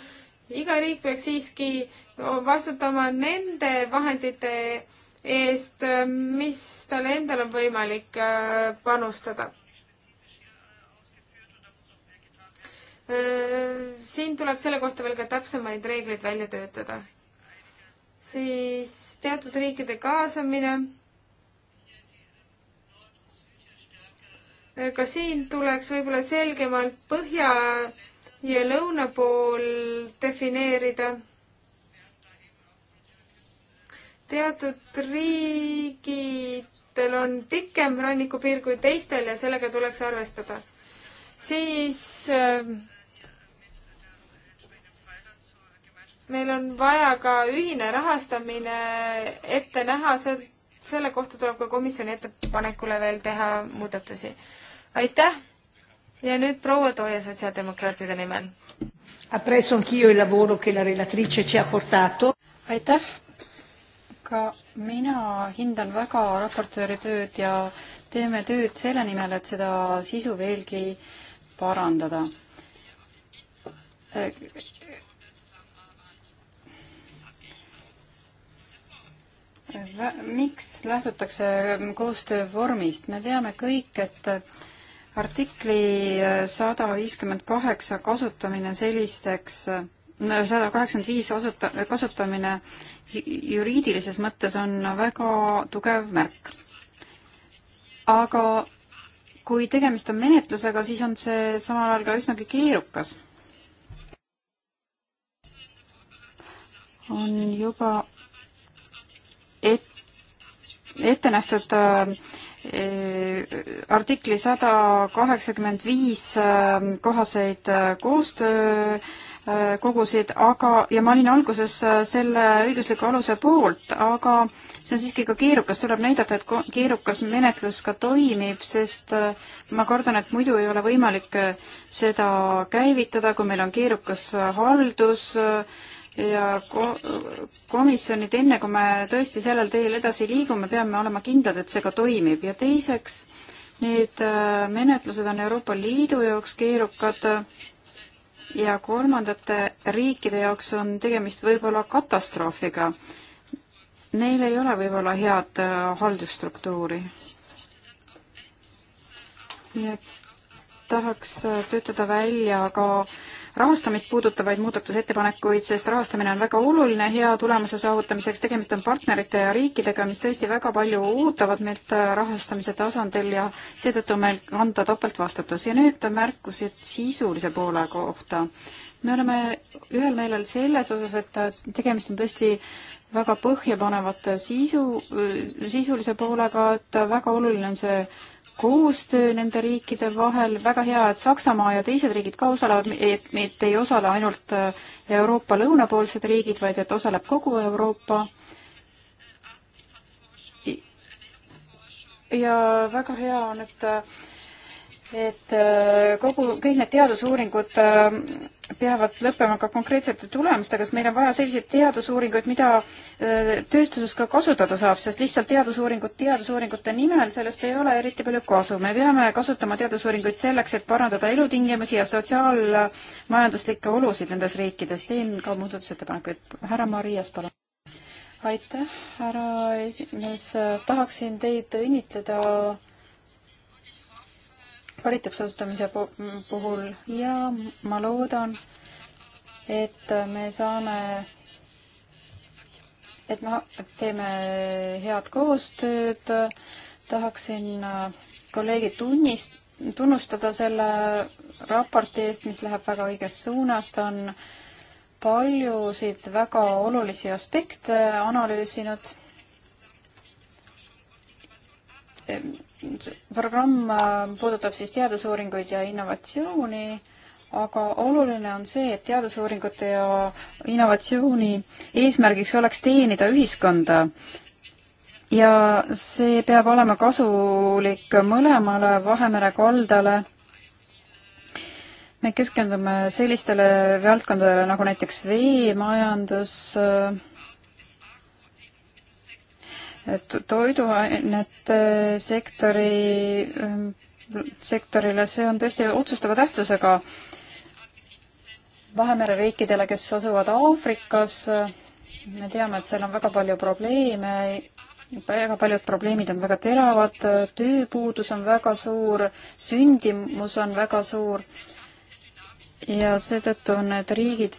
[SPEAKER 2] iga riik peaks siiski vastutama nende vahendite eest, mis talle endal on võimalik äh, panustada. Äh, siin tuleb selle kohta veel ka täpsemaid reegleid välja töötada. siis teatud riikide kaasamine ka siin tuleks võib-olla selgemalt põhja ja lõuna pool defineerida. teatud riigidel on pikem rannikupiir kui teistel ja sellega tuleks arvestada. siis äh, meil on vaja ka ühine rahastamine ette näha, selle kohta tuleb ka komisjoni ettepanekule veel teha muudatusi aitäh ja nüüd proua Toie sotsiaaldemokraatide nimel. aitäh, ka mina hindan väga
[SPEAKER 4] raportööri tööd ja teeme tööd selle nimel, et seda sisu veelgi parandada. miks lähtutakse koostöö vormist, me teame kõik, et artikli äh, sada viiskümmend kaheksa kasutamine sellisteks, äh, sada kaheksakümmend viis asuta-, kasutamine juriidilises mõttes on väga tugev märk. aga kui tegemist on menetlusega, siis on see samal ajal ka üsnagi keerukas. on juba et, ette nähtud äh, artikli sada kaheksakümmend viis ähm, kohaseid äh, koostöö kogusid, aga, ja ma olin alguses äh, selle õigusliku aluse poolt, aga see on siiski ka keerukas, tuleb näidata, et keerukas menetlus ka toimib, sest äh, ma kardan, et muidu ei ole võimalik seda käivitada, kui meil on keerukas haldus, ja ko-, komisjon nüüd enne, kui me tõesti sellel teel edasi liigume, peame olema kindlad, et see ka toimib ja teiseks, need äh, menetlused on Euroopa Liidu jaoks keerukad ja kolmandate riikide jaoks on tegemist võib-olla katastroofiga. Neil ei ole võib-olla head äh, haldusstruktuuri. nii et tahaks äh, töötada välja ka äh, rahastamist puudutavaid muudatusettepanekuid, sest rahastamine on väga oluline hea tulemuse saavutamiseks. tegemist on partnerite ja riikidega, mis tõesti väga palju ootavad meilt äh, rahastamise tasandil ja seetõttu on meil anda topeltvastutus. ja nüüd märkused sisulise poole kohta. me oleme ühel meelel selles osas, et äh, tegemist on tõesti väga põhjapanevat sisu, äh, sisulise poolega, et väga oluline on see koostöö nende riikide vahel, väga hea, et Saksamaa ja teised riigid ka osalevad, et, et ei osale ainult äh, Euroopa lõunapoolsed riigid, vaid et osaleb kogu Euroopa. ja väga hea on, et äh, et äh, kogu, kõik need teadusuuringud äh, peavad lõppema ka konkreetsete tulemustega, sest meil on vaja selliseid teadusuuringuid, mida äh, tööstuses ka kasutada saab, sest lihtsalt teadusuuringud teadusuuringute nimel, sellest ei ole eriti palju kasu. me peame kasutama teadusuuringuid selleks, et parandada elutingimusi ja sotsiaalmajanduslikke olusid nendes riikides. teen ka muudatusettepanekuid. härra Marias, palun. aitäh, härra esimees. tahaksin teid õnnitleda valituks osutumise puhul ja ma loodan, et me saame, et me teeme head koostööd, tahaksin äh, kolleegid tunnist-, tunnustada selle raporti eest, mis läheb väga õiges suunas, ta on paljusid väga olulisi aspekte analüüsinud programm äh, puudutab siis teadusuuringuid ja innovatsiooni, aga oluline on see, et teadusuuringute ja innovatsiooni eesmärgiks oleks teenida ühiskonda ja see peab olema kasulik mõlemale Vahemere kaldale. me keskendume sellistele valdkondadele nagu näiteks veemajandus äh,, toiduainete sektori, ähm, sektorile, see on tõesti otsustava tähtsusega Vahemere riikidele, kes asuvad Aafrikas. me teame, et seal on väga palju probleeme, väga paljud probleemid on väga teravad, tööpuudus on väga suur, sündimus on väga suur ja seetõttu on need riigid,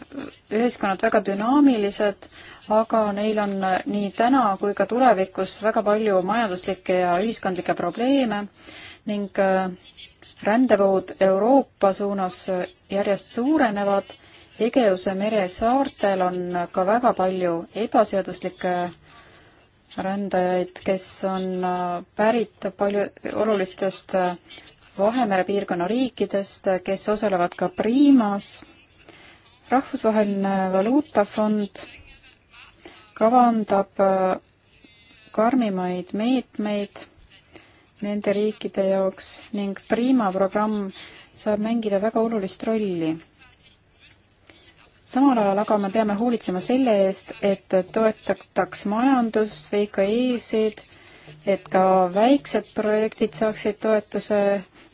[SPEAKER 4] ühiskonnad väga dünaamilised, aga neil on nii täna kui ka tulevikus väga palju majanduslikke ja ühiskondlikke probleeme ning äh, rändevood Euroopa suunas järjest suurenevad. Egeuse mere saartel on ka väga palju ebaseaduslikke rändajaid, kes on äh, pärit palju olulistest äh, Vahemere piirkonna riikidest, kes osalevad ka Priimas. rahvusvaheline Valuutafond kavandab äh, karmimaid meetmeid nende riikide jaoks ning Prima programm saab mängida väga olulist rolli. samal ajal aga me peame hoolitsema selle eest, et toetataks majandust, VKE-sid, et ka väiksed projektid saaksid toetuse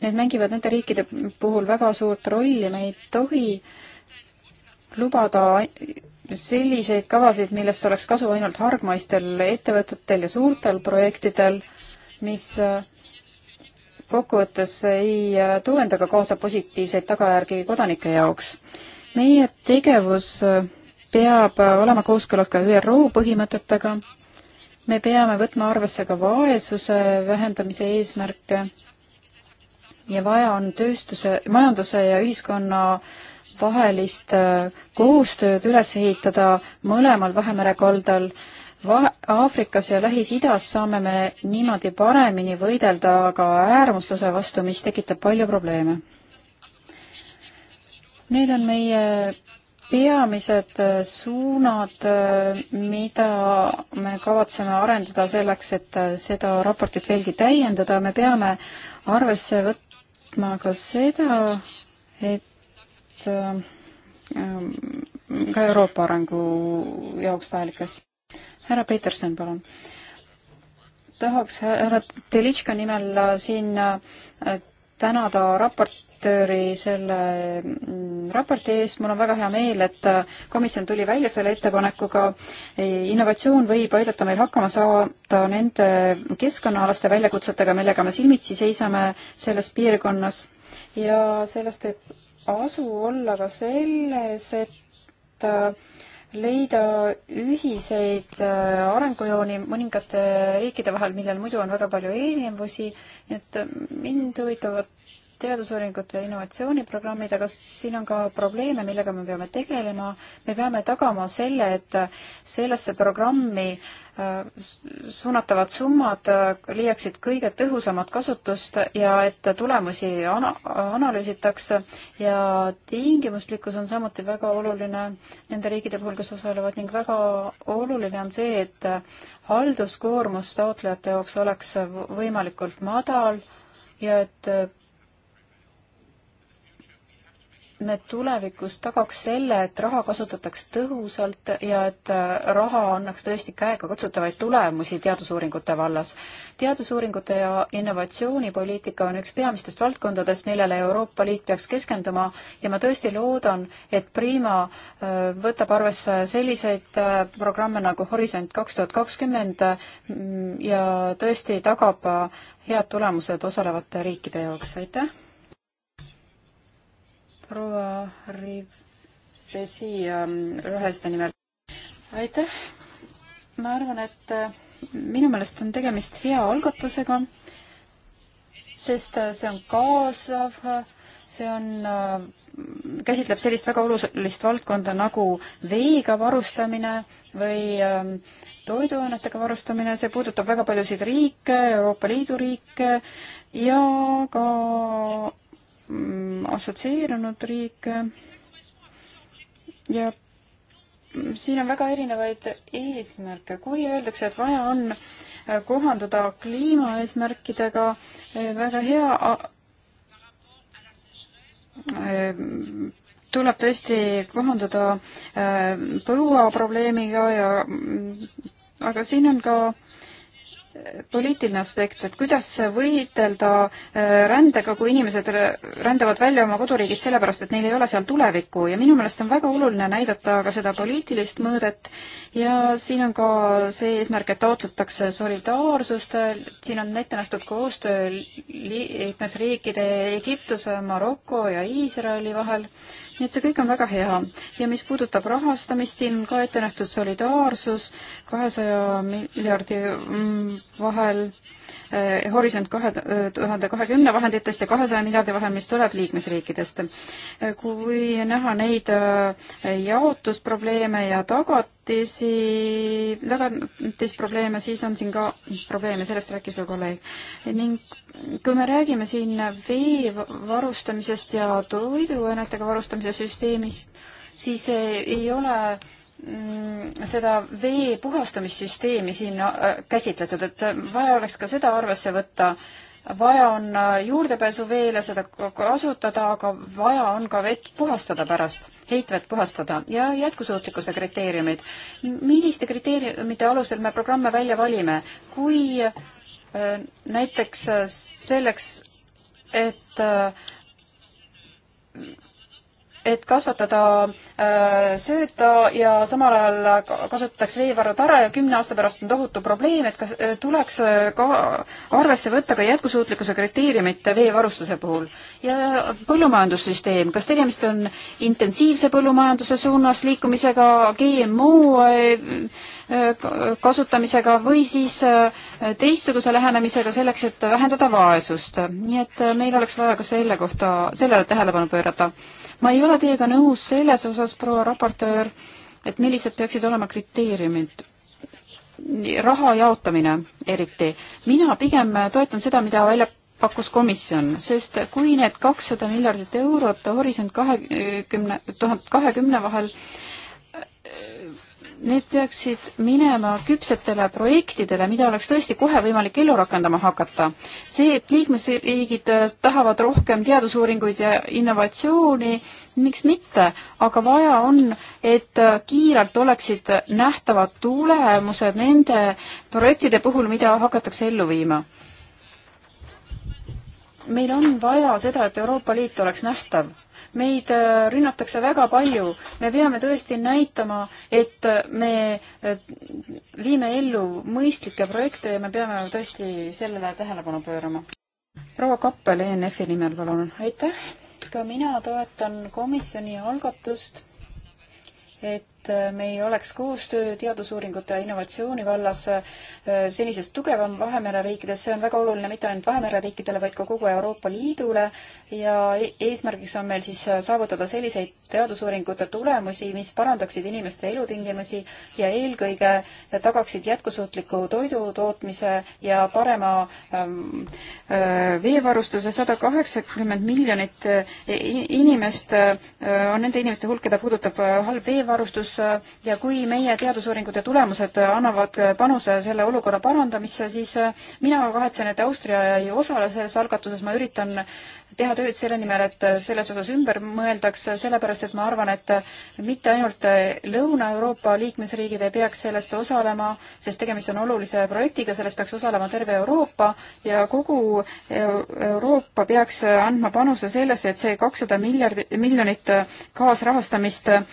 [SPEAKER 4] need mängivad nende riikide puhul väga suurt rolli, me ei tohi lubada selliseid kavasid, millest oleks kasu ainult hargmaistel ettevõtetel ja suurtel projektidel, mis äh, kokkuvõttes ei äh, too endaga kaasa positiivseid tagajärgi kodanike jaoks. meie tegevus äh, peab olema kooskõlas ka ÜRO põhimõtetega, me peame võtma arvesse ka vaesuse vähendamise eesmärke ja vaja on tööstuse, majanduse ja ühiskonna vahelist äh, koostööd üles ehitada mõlemal Vahemere kaldal. Aafrikas ja Lähis-Idas saame me niimoodi paremini võidelda ka äärmusluse vastu, mis tekitab palju probleeme. Need on meie peamised äh, suunad, äh, mida me kavatseme arendada selleks, et seda raportit veelgi täiendada, me peame arvesse võtma võtma ka seda, et ähm, ka Euroopa arengu jaoks vajalik asi. härra Peterson, palun. tahaks härra Telitška nimel siin äh, tänada raport raportööri selle mm, raporti eest, mul on väga hea meel, et äh, komisjon tuli välja selle ettepanekuga. innovatsioon võib aidata meil hakkama saada nende keskkonnaalaste väljakutsetega, millega me silmitsi seisame selles piirkonnas ja sellest võib asu olla ka selles, et äh, leida ühiseid äh, arengujooni mõningate riikide vahel, millel muidu on väga palju erinevusi, nii et mind huvitavad teadusuuringute ja innovatsiooniprogrammid, aga siin on ka probleeme, millega me peame tegelema. me peame tagama selle, et sellesse programmi äh, suunatavad summad äh, leiaksid kõige tõhusamat kasutust ja et tulemusi ana-, analüüsitakse ja tingimuslikkus on samuti väga oluline nende riikide puhul, kes osalevad ning väga oluline on see, et halduskoormus taotlejate jaoks oleks võimalikult madal ja et me tulevikus tagaks selle, et raha kasutataks tõhusalt ja et äh, raha annaks tõesti käegakatsutavaid tulemusi teadusuuringute vallas. teadusuuringute ja innovatsioonipoliitika on üks peamistest valdkondadest, millele Euroopa Liit peaks keskenduma ja ma tõesti loodan, et Prima äh, võtab arvesse selliseid äh, programme nagu Horisont kaks tuhat kakskümmend mm, ja tõesti tagab head tulemused osalevate riikide jaoks, aitäh! proua Rivesi ähm, roheliste nimel. aitäh! ma arvan, et äh, minu meelest on tegemist hea algatusega, sest äh, see on kaasav, see on, äh, käsitleb sellist väga olulist valdkonda nagu veega varustamine või ähm, toiduainetega varustamine, see puudutab väga paljusid riike, Euroopa Liidu riike ja ka Mm, assotsieerunud riike ja siin on väga erinevaid eesmärke, kui öeldakse, et vaja on äh, kohanduda kliimaeesmärkidega, äh, väga hea, äh, tuleb tõesti kohanduda põua probleemiga ja mm, aga siin on ka äh, poliitiline aspekt, et kuidas võidelda äh, rändega, kui inimesed rändavad välja oma koduriigist sellepärast, et neil ei ole seal tulevikku ja minu meelest on väga oluline näidata ka seda poliitilist mõõdet ja siin on ka see eesmärk, et taotletakse solidaarsust, siin on ette nähtud koostöö liikmesriikide Egiptuse, Maroko ja Iisraeli vahel nii et see kõik on väga hea. ja mis puudutab rahastamist, siin on ka ette nähtud solidaarsus kahesaja miljardi mm, vahel Eh, horisont kahe eh, tuhande kahekümne vahenditest ja kahesaja miljardi vahel, mis tuleb liikmesriikidest. Eh, kui näha neid jaotusprobleeme ja tagatisi, tagatisprobleeme, siis on siin ka probleeme, sellest rääkis veel kolleeg. ning kui me räägime siin vee varustamisest ja toiduainetega varustamise süsteemist, siis ei ole Mm, seda vee puhastamissüsteemi siin äh, käsitletud, et vaja oleks ka seda arvesse võtta. vaja on äh, juurdepääsu veele seda kasutada, aga vaja on ka vett puhastada pärast, heitvett puhastada ja jätkusuutlikkuse kriteeriumid. milliste kriteeriumite alusel me programme välja valime? kui äh, näiteks selleks, et et kasvatada äh, sööta ja samal ajal kasutatakse veevarad ära ja kümne aasta pärast on tohutu probleem, et kas äh, tuleks äh, ka arvesse võtta ka jätkusuutlikkuse kriteeriumit veevarustuse puhul. ja põllumajandussüsteem, kas tegemist on intensiivse põllumajanduse suunas liikumisega, GMO kasutamisega või siis äh, teistsuguse lähenemisega selleks, et vähendada vaesust. nii et äh, meil oleks vaja ka selle kohta, sellele tähelepanu pöörata. ma ei ole teiega nõus selles osas, proua raportöör, et millised peaksid olema kriteeriumid raha jaotamine eriti. mina pigem toetan seda, mida välja pakkus komisjon, sest kui need kakssada miljardit eurot Horisont kahekümne, tuhat kahekümne vahel äh, need peaksid minema küpsetele projektidele, mida oleks tõesti kohe võimalik ellu rakendama hakata. see, et liikmesriigid tahavad rohkem teadusuuringuid ja innovatsiooni, miks mitte, aga vaja on, et kiirelt oleksid nähtavad tulemused nende projektide puhul, mida hakatakse ellu viima. meil on vaja seda, et Euroopa Liit oleks nähtav meid äh, rünnatakse väga palju. me peame tõesti näitama, et äh, me äh, viime ellu mõistlikke projekte ja me peame tõesti sellele tähelepanu pöörama. proua Kappel ENF-i nimel, palun. aitäh. ka mina toetan komisjoni algatust, et et äh, meil oleks koostöö teadusuuringute ja innovatsiooni vallas äh, senisest tugevam Vahemere riikides, see on väga oluline mitte ainult Vahemere riikidele, vaid ka kogu Euroopa Liidule ja e-, eesmärgiks on meil siis äh, saavutada selliseid teadusuuringute tulemusi, mis parandaksid inimeste elutingimusi ja eelkõige tagaksid jätkusuutliku toidutootmise ja parema ähm, äh, veevarustuse, sada kaheksakümmend miljonit inimest äh, on nende inimeste hulk, keda puudutab halb veevarustus, tulemus ja kui meie teadusuuringute tulemused annavad panuse selle olukorra parandamisse, siis äh, mina kahetsen, et Austria ei osale selles algatuses, ma üritan teha tööd selle nimel, et selles osas ümber mõeldakse, sellepärast et ma arvan, et mitte ainult Lõuna-Euroopa liikmesriigid ei peaks sellest osalema, sest tegemist on olulise projektiga, selles peaks osalema terve Euroopa ja kogu Euroopa peaks andma panuse sellesse, et see kakssada miljardi, miljonit kaasrahastamist äh,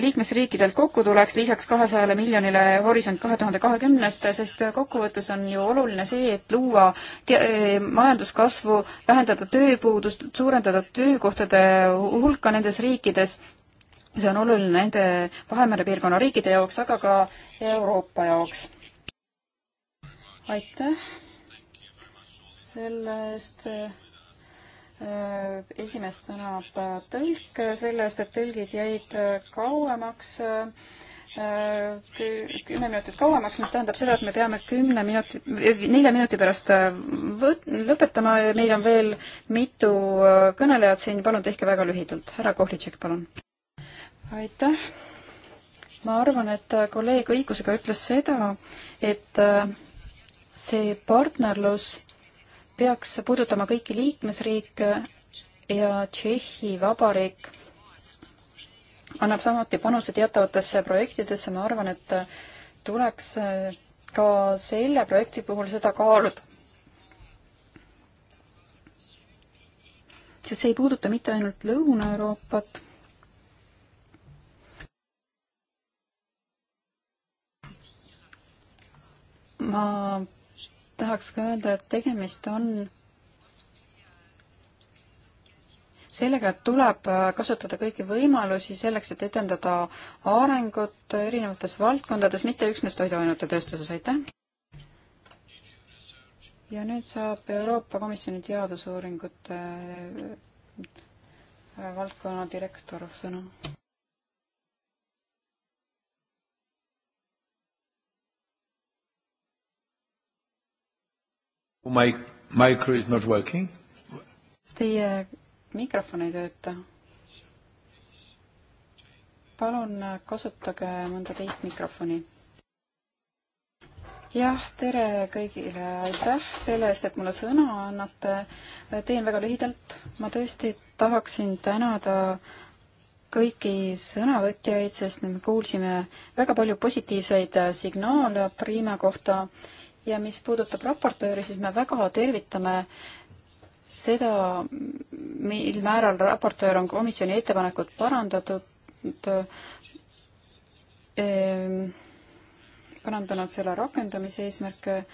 [SPEAKER 4] liikmesriikidelt kokku tuleks, lisaks kahesajale miljonile Horisont kahe tuhande kahekümnest, sest kokkuvõttes on ju oluline see, et luua äh, majanduskasvu, vähendada tööpuudust, tööpuudust, suurendada töökohtade hulka nendes riikides. see on oluline nende Vahemere piirkonna riikide jaoks, aga ka Euroopa jaoks. aitäh selle eest äh, esimest sõna tõlk, selle eest, et tõlgid jäid kauemaks kümme minutit kauemaks, mis tähendab seda, et me peame kümne minuti, nelja minuti pärast äh, võt-, lõpetama, meil on veel mitu äh, kõnelejat siin, palun tehke väga lühidalt. härra Kohlitšek, palun. aitäh. ma arvan, et äh, kolleeg õigusega ütles seda, et see partnerlus peaks puudutama kõiki liikmesriike ja Tšehhi Vabariik annab samuti panuse teatavatesse projektidesse, ma arvan, et tuleks ka selle projekti puhul seda kaaluda. sest see ei puuduta mitte ainult Lõuna-Euroopat, ma tahaks ka öelda, et tegemist on sellega tuleb äh, kasutada kõiki võimalusi selleks, et edendada arengut erinevates valdkondades, mitte üksnes toiduainete tööstuses, aitäh! ja nüüd saab Euroopa Komisjoni teadusuuringute äh, äh, valdkonna direktor sõna.
[SPEAKER 3] My micro is not working.
[SPEAKER 4] Teie mikrofon ei tööta. palun äh, kasutage mõnda teist mikrofoni. jah, tere kõigile, aitäh selle eest, et mulle sõna annate. Äh, teen väga lühidalt, ma tõesti tahaksin tänada kõiki sõnavõtjaid, sest me kuulsime väga palju positiivseid äh, signaale Prima kohta ja mis puudutab raportööri, siis me väga tervitame äh, seda, mil määral raportöör on komisjoni ettepanekut parandatud, ehm, parandanud selle rakendamise eesmärke.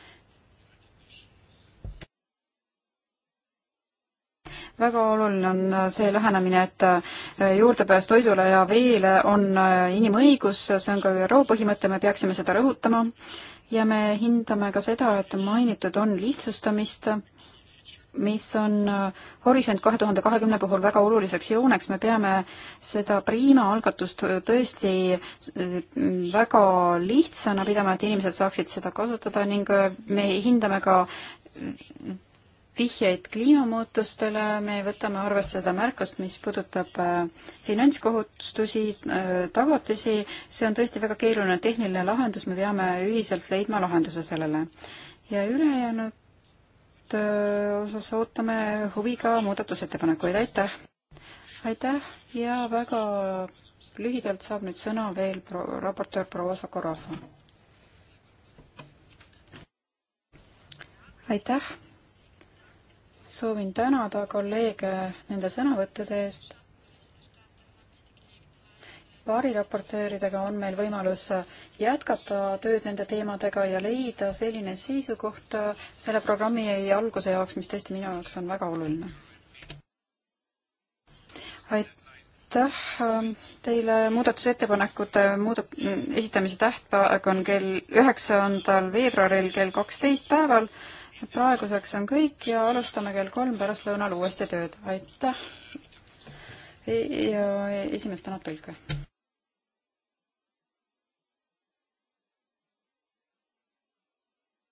[SPEAKER 4] väga oluline on see lähenemine, et eh, juurdepääs toidule ja veele on eh, inimõigus, see on ka ÜRO põhimõte, me peaksime seda rõhutama ja me hindame ka seda, et mainitud on lihtsustamist mis on äh, Horisont kahe tuhande kahekümne puhul väga oluliseks jooneks, me peame seda Prima algatust äh, tõesti äh, väga lihtsana pidama, et inimesed saaksid seda kasutada ning me hindame ka vihjeid kliimamuutustele, me võtame arvesse seda märkust, mis puudutab finantskohustusi, tagatisi, see on tõesti väga keeruline tehniline lahendus, me peame ühiselt leidma lahenduse sellele. ja ülejäänud Äh, osas ootame huviga muudatusettepanekuid, aitäh! aitäh ja väga lühidalt saab nüüd sõna veel pro-, raportöör proua Sakorova. aitäh! soovin tänada kolleege nende sõnavõttude eest variraportööridega on meil võimalus jätkata tööd nende teemadega ja leida selline seisukoht selle programmi alguse jaoks, mis tõesti minu jaoks on väga oluline. aitäh ähm, teile muudatusettepanekute muudu-, esitamise tähtpäev on kell üheksandal veebruaril kell kaksteist päeval. praeguseks on kõik ja alustame kell kolm pärastlõunal uuesti tööd. aitäh!
[SPEAKER 3] E-, ja esimees tänab tõlke.